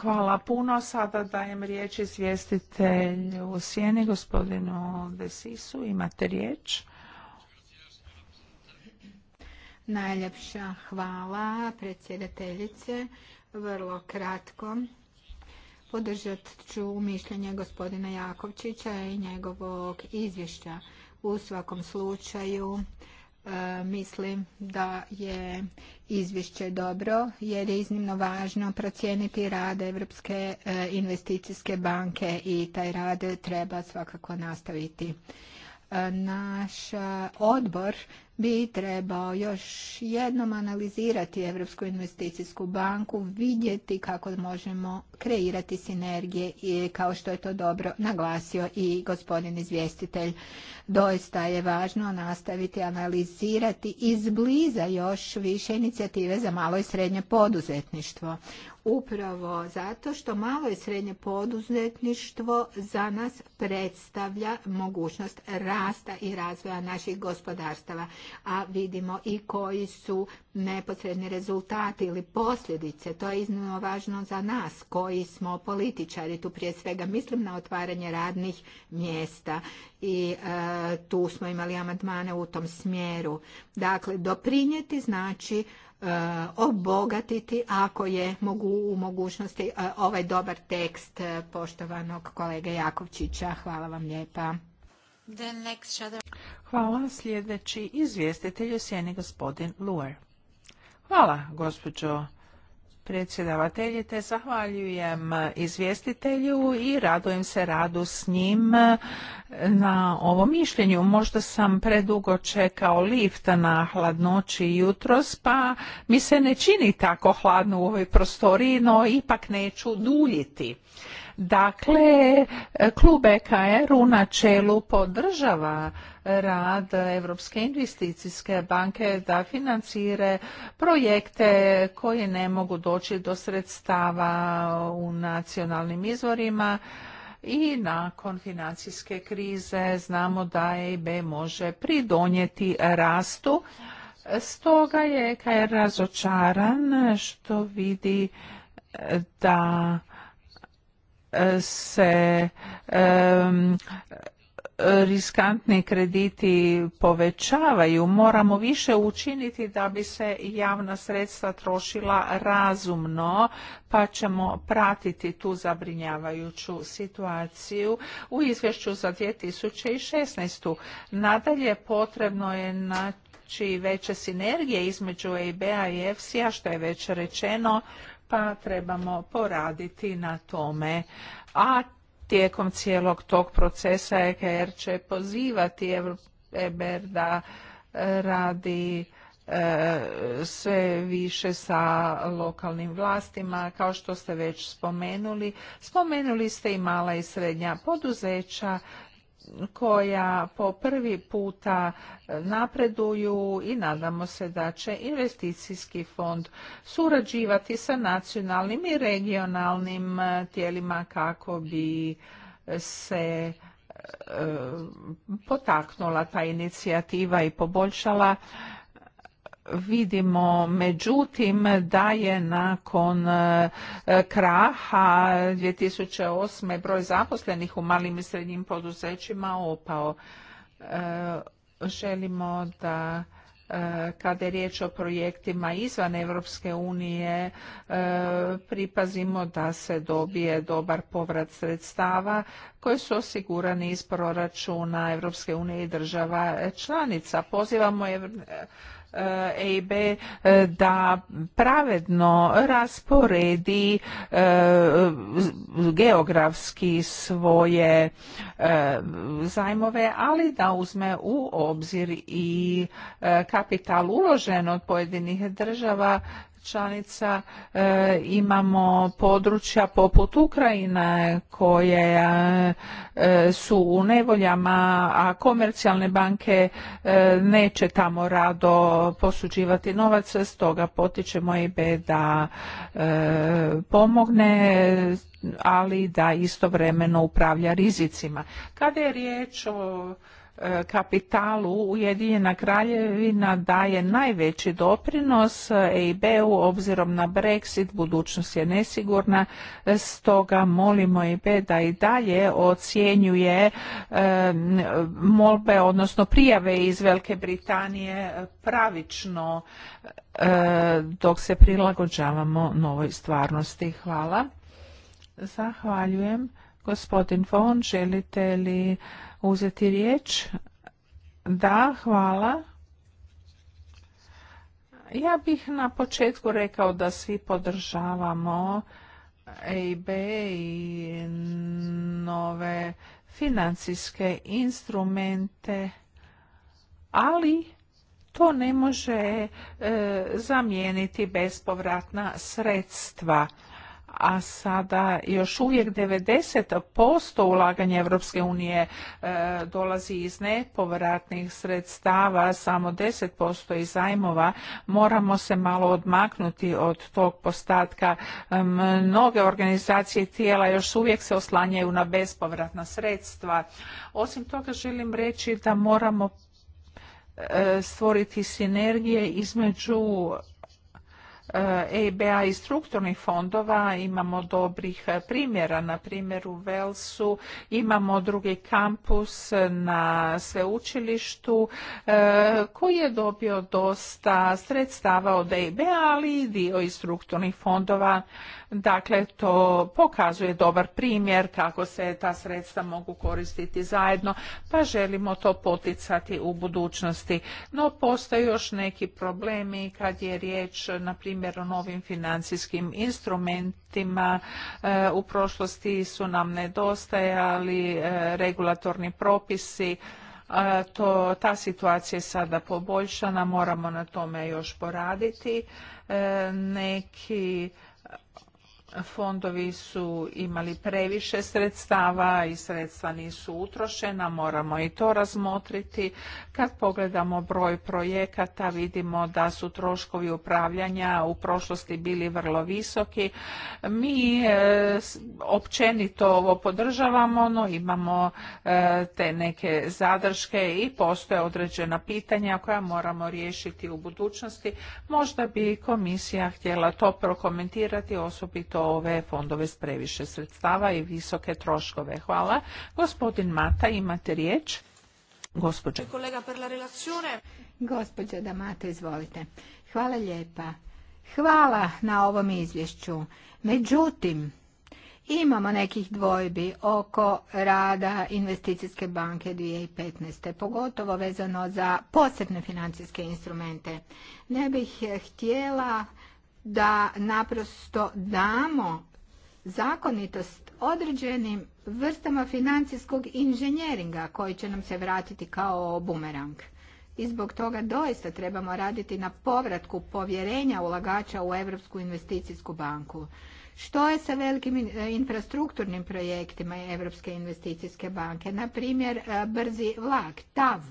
Hvala puno. Sada dajem riječ izvjestitelju u sjeni, gospodinu Desisu. Imate riječ. Najljepša hvala predsjedateljice. Vrlo kratko. Podržat ću mišljenje gospodina Jakovčića i njegovog izvješća. U svakom slučaju e, mislim da je izvješće dobro jer je iznimno važno procijeniti rad Europske e, investicijske banke i taj rad treba svakako nastaviti. E, naš odbor bi trebao još jednom analizirati Europsku investicijsku banku, vidjeti kako možemo kreirati sinergije i kao što je to dobro naglasio i gospodin izvjestitelj. Doista je važno nastaviti analizirati izbliza još više inicijative za malo i srednje poduzetništvo. Upravo zato što malo i srednje poduzetništvo za nas predstavlja mogućnost rasta i razvoja naših gospodarstava a vidimo i koji su neposredni rezultati ili posljedice. To je iznimno važno za nas koji smo političari. Tu prije svega mislim na otvaranje radnih mjesta i e, tu smo imali amandmane u tom smjeru. Dakle, doprinijeti znači e, obogatiti ako je mogu u mogućnosti e, ovaj dobar tekst poštovanog kolege Jakovčića. Hvala vam lijepa. Hvala. Sljedeći izvjestitelj je sjeni gospodin Luer. Hvala, gospođo te Zahvaljujem izvjestitelju i radujem se radu s njim na ovo mišljenju. Možda sam predugo čekao lift na hladnoći jutros, pa mi se ne čini tako hladno u ovoj prostoriji, no ipak neću duljiti. Dakle, klub EKR u načelu podržava rad Europske investicijske banke da financire projekte koji ne mogu doći do sredstava u nacionalnim izvorima i nakon financijske krize znamo da EIB može pridonijeti rastu. Stoga je EKR razočaran što vidi da se riskantni krediti povećavaju, moramo više učiniti da bi se javna sredstva trošila razumno, pa ćemo pratiti tu zabrinjavajuću situaciju u izvješću za 2016. Nadalje potrebno je naći veće sinergije između EIB-a i EFSI-a, što je već rečeno, pa trebamo poraditi na tome. A tijekom cijelog tog procesa EKR će pozivati EBR da e, radi e, sve više sa lokalnim vlastima, kao što ste već spomenuli. Spomenuli ste i mala i srednja poduzeća koja po prvi puta e, napreduju i nadamo se da će investicijski fond surađivati sa nacionalnim i regionalnim e, tijelima kako bi e, se potaknula ta inicijativa i poboljšala vidimo međutim da je nakon e, kraha 2008. broj zaposlenih u malim i srednjim poduzećima opao. E, želimo da e, kada je riječ o projektima izvan Europske unije pripazimo da se dobije dobar povrat sredstava koji su osigurani iz proračuna Europske unije i država članica. Pozivamo EIB e e, da pravedno rasporedi e, geografski svoje zajmove, ali da uzme u obzir i kapital uložen od pojedinih država članica e, imamo područja poput Ukrajine koje e, su u nevoljama, a komercijalne banke e, neće tamo rado posuđivati novac, stoga potičemo eib da pomogne ali da istovremeno upravlja rizicima. Kada je riječ o E, kapitalu Ujedinjena kraljevina daje najveći doprinos EIB-u obzirom na Brexit, budućnost je nesigurna, stoga molimo EIB da i dalje ocjenjuje e, molbe, odnosno prijave iz Velike Britanije pravično e, dok se prilagođavamo novoj stvarnosti. Hvala. Zahvaljujem. Gospodin Von, želite li uzeti riječ? Da, hvala. Ja bih na početku rekao da svi podržavamo EIB i nove financijske instrumente, ali to ne može e, zamijeniti bespovratna sredstva a sada još uvijek 90% ulaganja Europske unije e, dolazi iz nepovratnih sredstava, samo 10% iz zajmova. Moramo se malo odmaknuti od tog postatka. Mnoge organizacije tijela još uvijek se oslanjaju na bespovratna sredstva. Osim toga želim reći da moramo e, stvoriti sinergije između EBA e i strukturnih fondova imamo dobrih e, primjera. Na primjer u Velsu imamo drugi kampus na sveučilištu e, koji je dobio dosta sredstava od EBA, ali i dio iz strukturnih fondova. Dakle, to pokazuje dobar primjer kako se ta sredstva mogu koristiti zajedno, pa želimo to poticati u budućnosti. No, postoje još neki problemi kad je riječ, na primjer, o novim financijskim instrumentima. E, u prošlosti su nam nedostajali e, regulatorni propisi, e, to, ta situacija je sada poboljšana, moramo na tome još poraditi. Neki fondovi su imali previše sredstava i sredstva nisu utrošena, moramo i to razmotriti. Kad pogledamo broj projekata vidimo da su troškovi upravljanja u prošlosti bili vrlo visoki. Mi e, općenito ovo podržavamo, no imamo e, te neke zadrške i postoje određena pitanja koja moramo riješiti u budućnosti. Možda bi komisija htjela to prokomentirati osobito ove fondove s previše sredstava i visoke troškove. Hvala. Gospodin Mata, imate riječ? gospođe Kolega per la izvolite. Hvala lijepa. Hvala na ovom izvješću. Međutim, Imamo nekih dvojbi oko rada investicijske banke 2015. pogotovo vezano za posebne financijske instrumente. Ne bih htjela da naprosto damo zakonitost određenim vrstama financijskog inženjeringa koji će nam se vratiti kao bumerang. I zbog toga doista trebamo raditi na povratku povjerenja ulagača u Europsku investicijsku banku. Što je sa velikim e, infrastrukturnim projektima Europske investicijske banke? Na primjer, e, brzi vlak, TAV,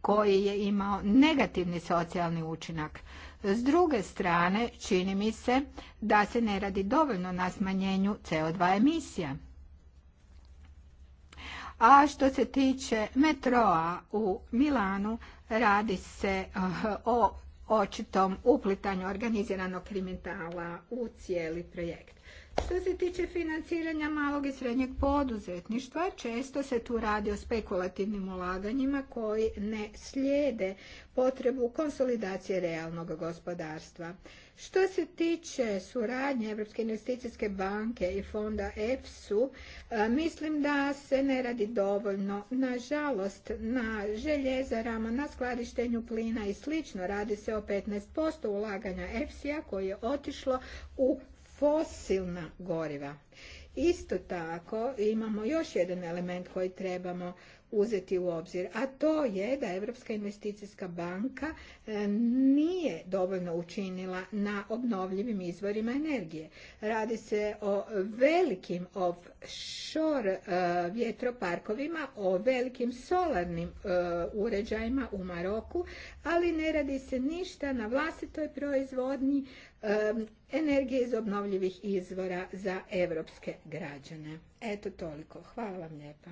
koji je imao negativni socijalni učinak. S druge strane, čini mi se da se ne radi dovoljno na smanjenju CO2 emisija. A što se tiče metroa u Milanu, radi se eh, o očitom uplitanju organiziranog kriminala u cijeli projekt. Što se tiče financiranja malog i srednjeg poduzetništva, često se tu radi o spekulativnim ulaganjima koji ne slijede potrebu konsolidacije realnog gospodarstva. Što se tiče suradnje Europske investicijske banke i fonda EFSU, e, mislim da se ne radi dovoljno. Nažalost, na željezarama, na skladištenju plina i slično radi se o 15% ulaganja EFSI-a koje je otišlo u fosilna goriva. Isto tako imamo još jedan element koji trebamo uzeti u obzir, a to je da Europska investicijska banka e, nije dovoljno učinila na obnovljivim izvorima energije. Radi se o velikim offshore e, vjetroparkovima, o velikim solarnim e, uređajima u Maroku, ali ne radi se ništa na vlastitoj proizvodnji energije iz obnovljivih izvora za evropske građane. Eto toliko. Hvala vam lijepa.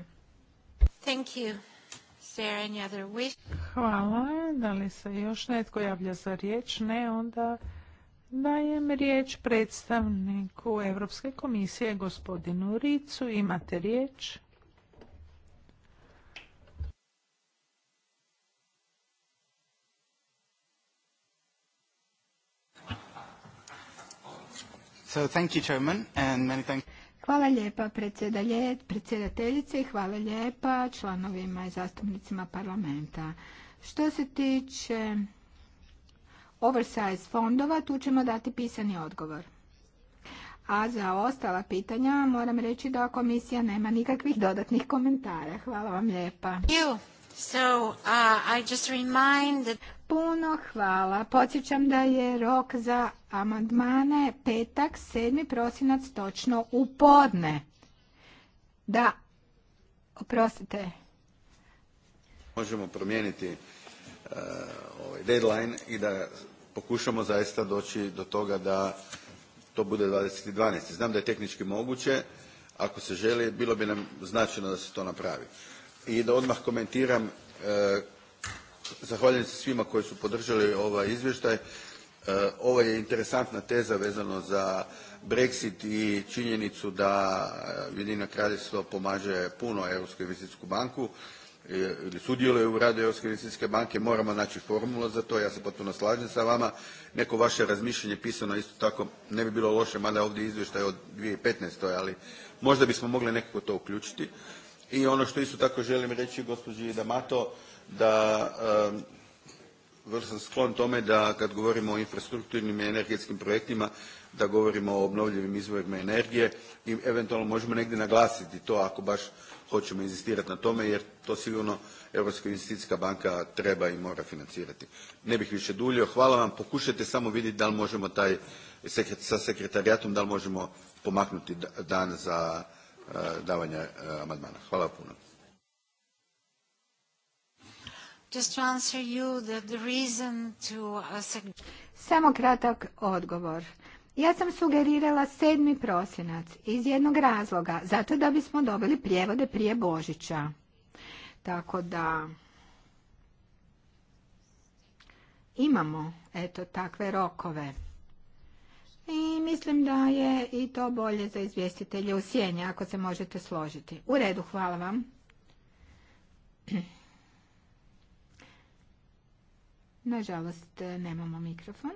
Hvala. Da li se još netko javlja za riječ? Ne, onda dajem riječ predstavniku Europske komisije, gospodinu Ricu. Imate riječ. So, thank Hvala lijepa predsjedateljice i hvala lijepa članovima i zastupnicima parlamenta. Što se tiče oversize fondova, tu ćemo dati pisani odgovor. A za ostala pitanja moram reći da komisija nema nikakvih dodatnih komentara. Hvala vam lijepa. So, uh, I Puno hvala. Podsjećam da je rok za amandmane petak, 7. prosinac, točno u podne. Da, oprostite. Možemo promijeniti e, ovaj deadline i da pokušamo zaista doći do toga da to bude 20.12. Znam da je tehnički moguće, ako se želi, bilo bi nam značajno da se to napravi. I da odmah komentiram, e, zahvaljujem se svima koji su podržali ovaj izvještaj E, ovo je interesantna teza vezano za brexit i činjenicu da e, ujedinjeno kraljevstvo pomaže puno europsku investicijsku banku e, ili sudjeluje u radu europske investicijske banke moramo naći formulu za to ja se potpuno slažem sa vama neko vaše razmišljanje pisano isto tako ne bi bilo loše mada ovdje izvještaj od 2015. ali možda bismo mogli nekako to uključiti i ono što isto tako želim reći gospođi d'amato da vrlo sam sklon tome da kad govorimo o infrastrukturnim i energetskim projektima da govorimo o obnovljivim izvorima energije i eventualno možemo negdje naglasiti to ako baš hoćemo inzistirati na tome jer to sigurno Europska investicijska banka treba i mora financirati. Ne bih više duljio. Hvala vam. Pokušajte samo vidjeti da li možemo taj, sa sekretarijatom da li možemo pomaknuti dan za eh, davanje eh, amandmana. Hvala puno. Just uh, Samo kratak odgovor. Ja sam sugerirala sedmi prosinac iz jednog razloga, zato da bismo dobili prijevode prije Božića. Tako da imamo eto takve rokove. I mislim da je i to bolje za izvjestitelje u sjeni, ako se možete složiti. U redu, hvala vam. Nažalost, nemamo mikrofon.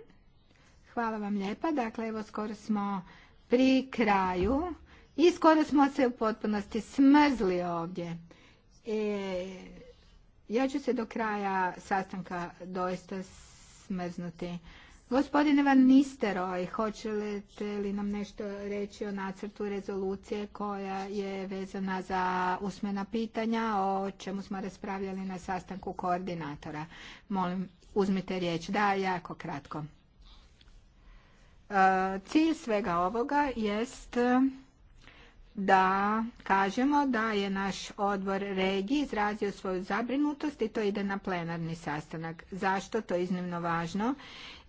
Hvala vam lijepa. Dakle, evo skoro smo pri kraju i skoro smo se u potpunosti smrzli ovdje. E, ja ću se do kraja sastanka doista smrznuti. Gospodine Van Nisteroj, hoćete li nam nešto reći o nacrtu rezolucije koja je vezana za usmena pitanja o čemu smo raspravljali na sastanku koordinatora? Molim uzmite riječ. Da, jako kratko. E, cilj svega ovoga jest da kažemo da je naš odbor regiji izrazio svoju zabrinutost i to ide na plenarni sastanak. Zašto? To je iznimno važno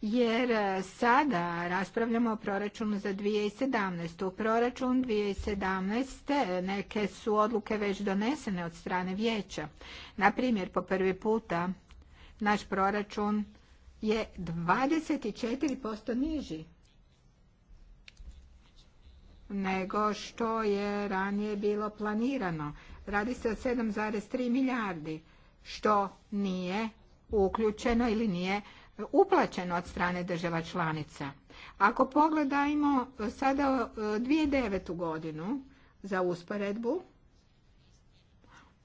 jer e, sada raspravljamo o proračunu za 2017. U proračun 2017. neke su odluke već donesene od strane vijeća. Na primjer, po prvi puta naš proračun je 24% niži nego što je ranije bilo planirano. Radi se o 7,3 milijardi što nije uključeno ili nije uplaćeno od strane država članica. Ako pogledajmo sada 2009. E, godinu za usporedbu,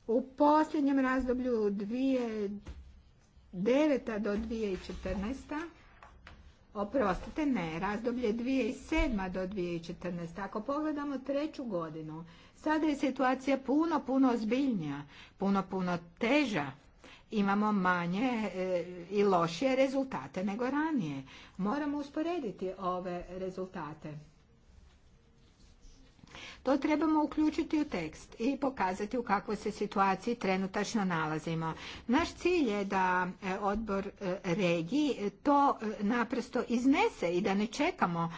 u posljednjem razdoblju 2009. 2009. do 2014. Oprostite, ne, razdoblje 2007. do 2014. Ako pogledamo treću godinu, sada je situacija puno, puno ozbiljnija, puno, puno teža. Imamo manje e, i lošije rezultate nego ranije. Moramo usporediti ove rezultate. To trebamo uključiti u tekst i pokazati u kakvoj se situaciji trenutačno nalazimo. Naš cilj je da e, odbor e, regiji to e, naprosto iznese i da ne čekamo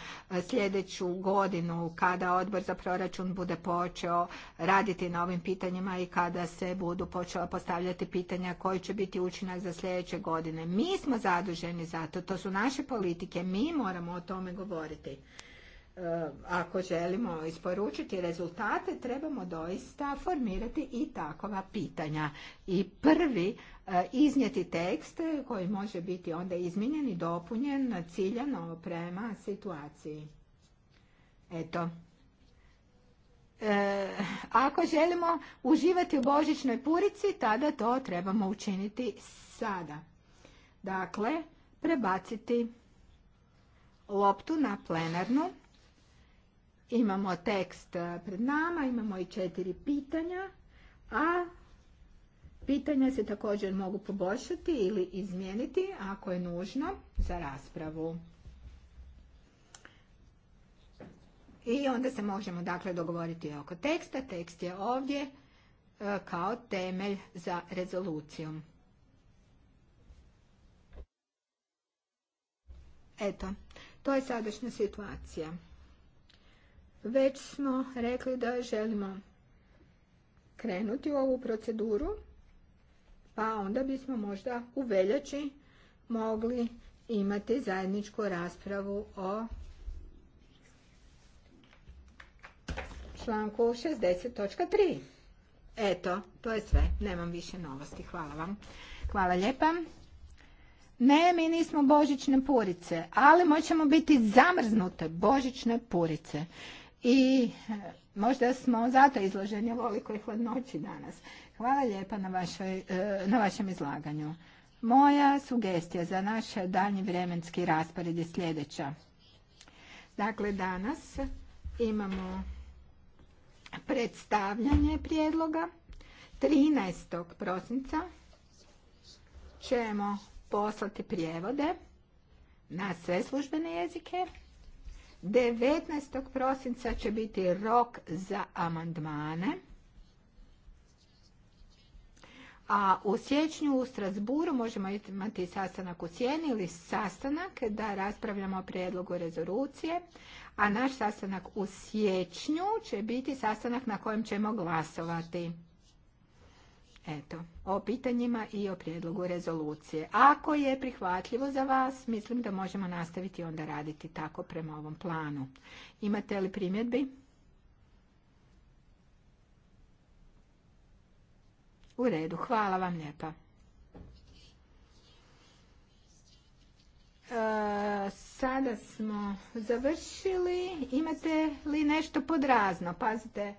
sljedeću godinu kada odbor za proračun bude počeo raditi na ovim pitanjima i kada se budu počela postavljati pitanja koji će biti učinak za sljedeće godine. Mi smo zaduženi za to, to su naše politike, mi moramo o tome govoriti. Eh, ako želimo isporučiti rezultate, trebamo doista formirati i takova pitanja. I prvi eh, iznijeti tekst koji može biti onda izmijenjen i dopunjen ciljano prema situaciji. Eto. Eh, ako želimo uživati u božićnoj purici, tada to trebamo učiniti sada. Dakle, prebaciti loptu na plenarnu Imamo tekst eh, pred nama, imamo i četiri pitanja, a pitanja se također mogu poboljšati ili izmijeniti ako je nužno za raspravu. I onda se možemo dakle dogovoriti oko teksta. Tekst je ovdje eh, kao temelj za rezolucijom. Eto, to je sadašnja situacija. Već smo rekli da želimo krenuti u ovu proceduru, pa onda bismo možda u veljači mogli imati zajedničku raspravu o članku 60.3. Eto, to je sve. Nemam više novosti. Hvala vam. Hvala lijepa. Ne, mi nismo božićne purice, ali moćemo biti zamrznute božićne purice i e, možda smo zato izloženi ovolikoj hladnoći danas. Hvala lijepa na, e, na vašem izlaganju. Moja sugestija za naš daljnji vremenski raspored je sljedeća. Dakle, danas imamo predstavljanje prijedloga. 13. prosinca ćemo poslati prijevode na sve službene jezike. 19. prosinca će biti rok za amandmane. A u siječnju u Strasburu možemo imati sastanak u cijeni ili sastanak da raspravljamo o prijedlogu rezolucije, a naš sastanak u siječnju će biti sastanak na kojem ćemo glasovati. Eto, o pitanjima i o prijedlogu rezolucije. Ako je prihvatljivo za vas, mislim da možemo nastaviti onda raditi tako prema ovom planu. Imate li primjedbi? U redu, hvala vam lijepa. E, sada smo završili. Imate li nešto podrazno? Pazite,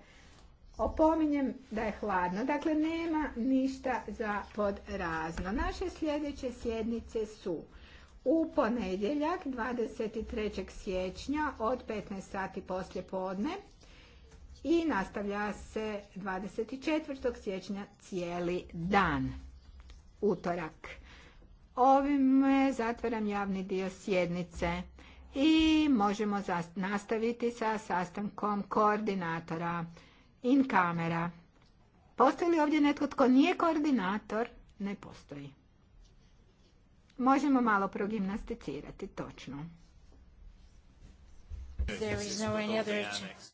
Opominjem da je hladno, dakle nema ništa za podrazno. Naše sljedeće sjednice su u ponedjeljak 23. siječnja od 15 sati poslje podne i nastavlja se 24. siječnja cijeli dan, utorak. Ovime zatvaram javni dio sjednice i možemo nastaviti sa sastankom koordinatora in kamera. Postoji li ovdje netko tko nije koordinator? Ne postoji. Možemo malo progimnasticirati, točno. There is no any other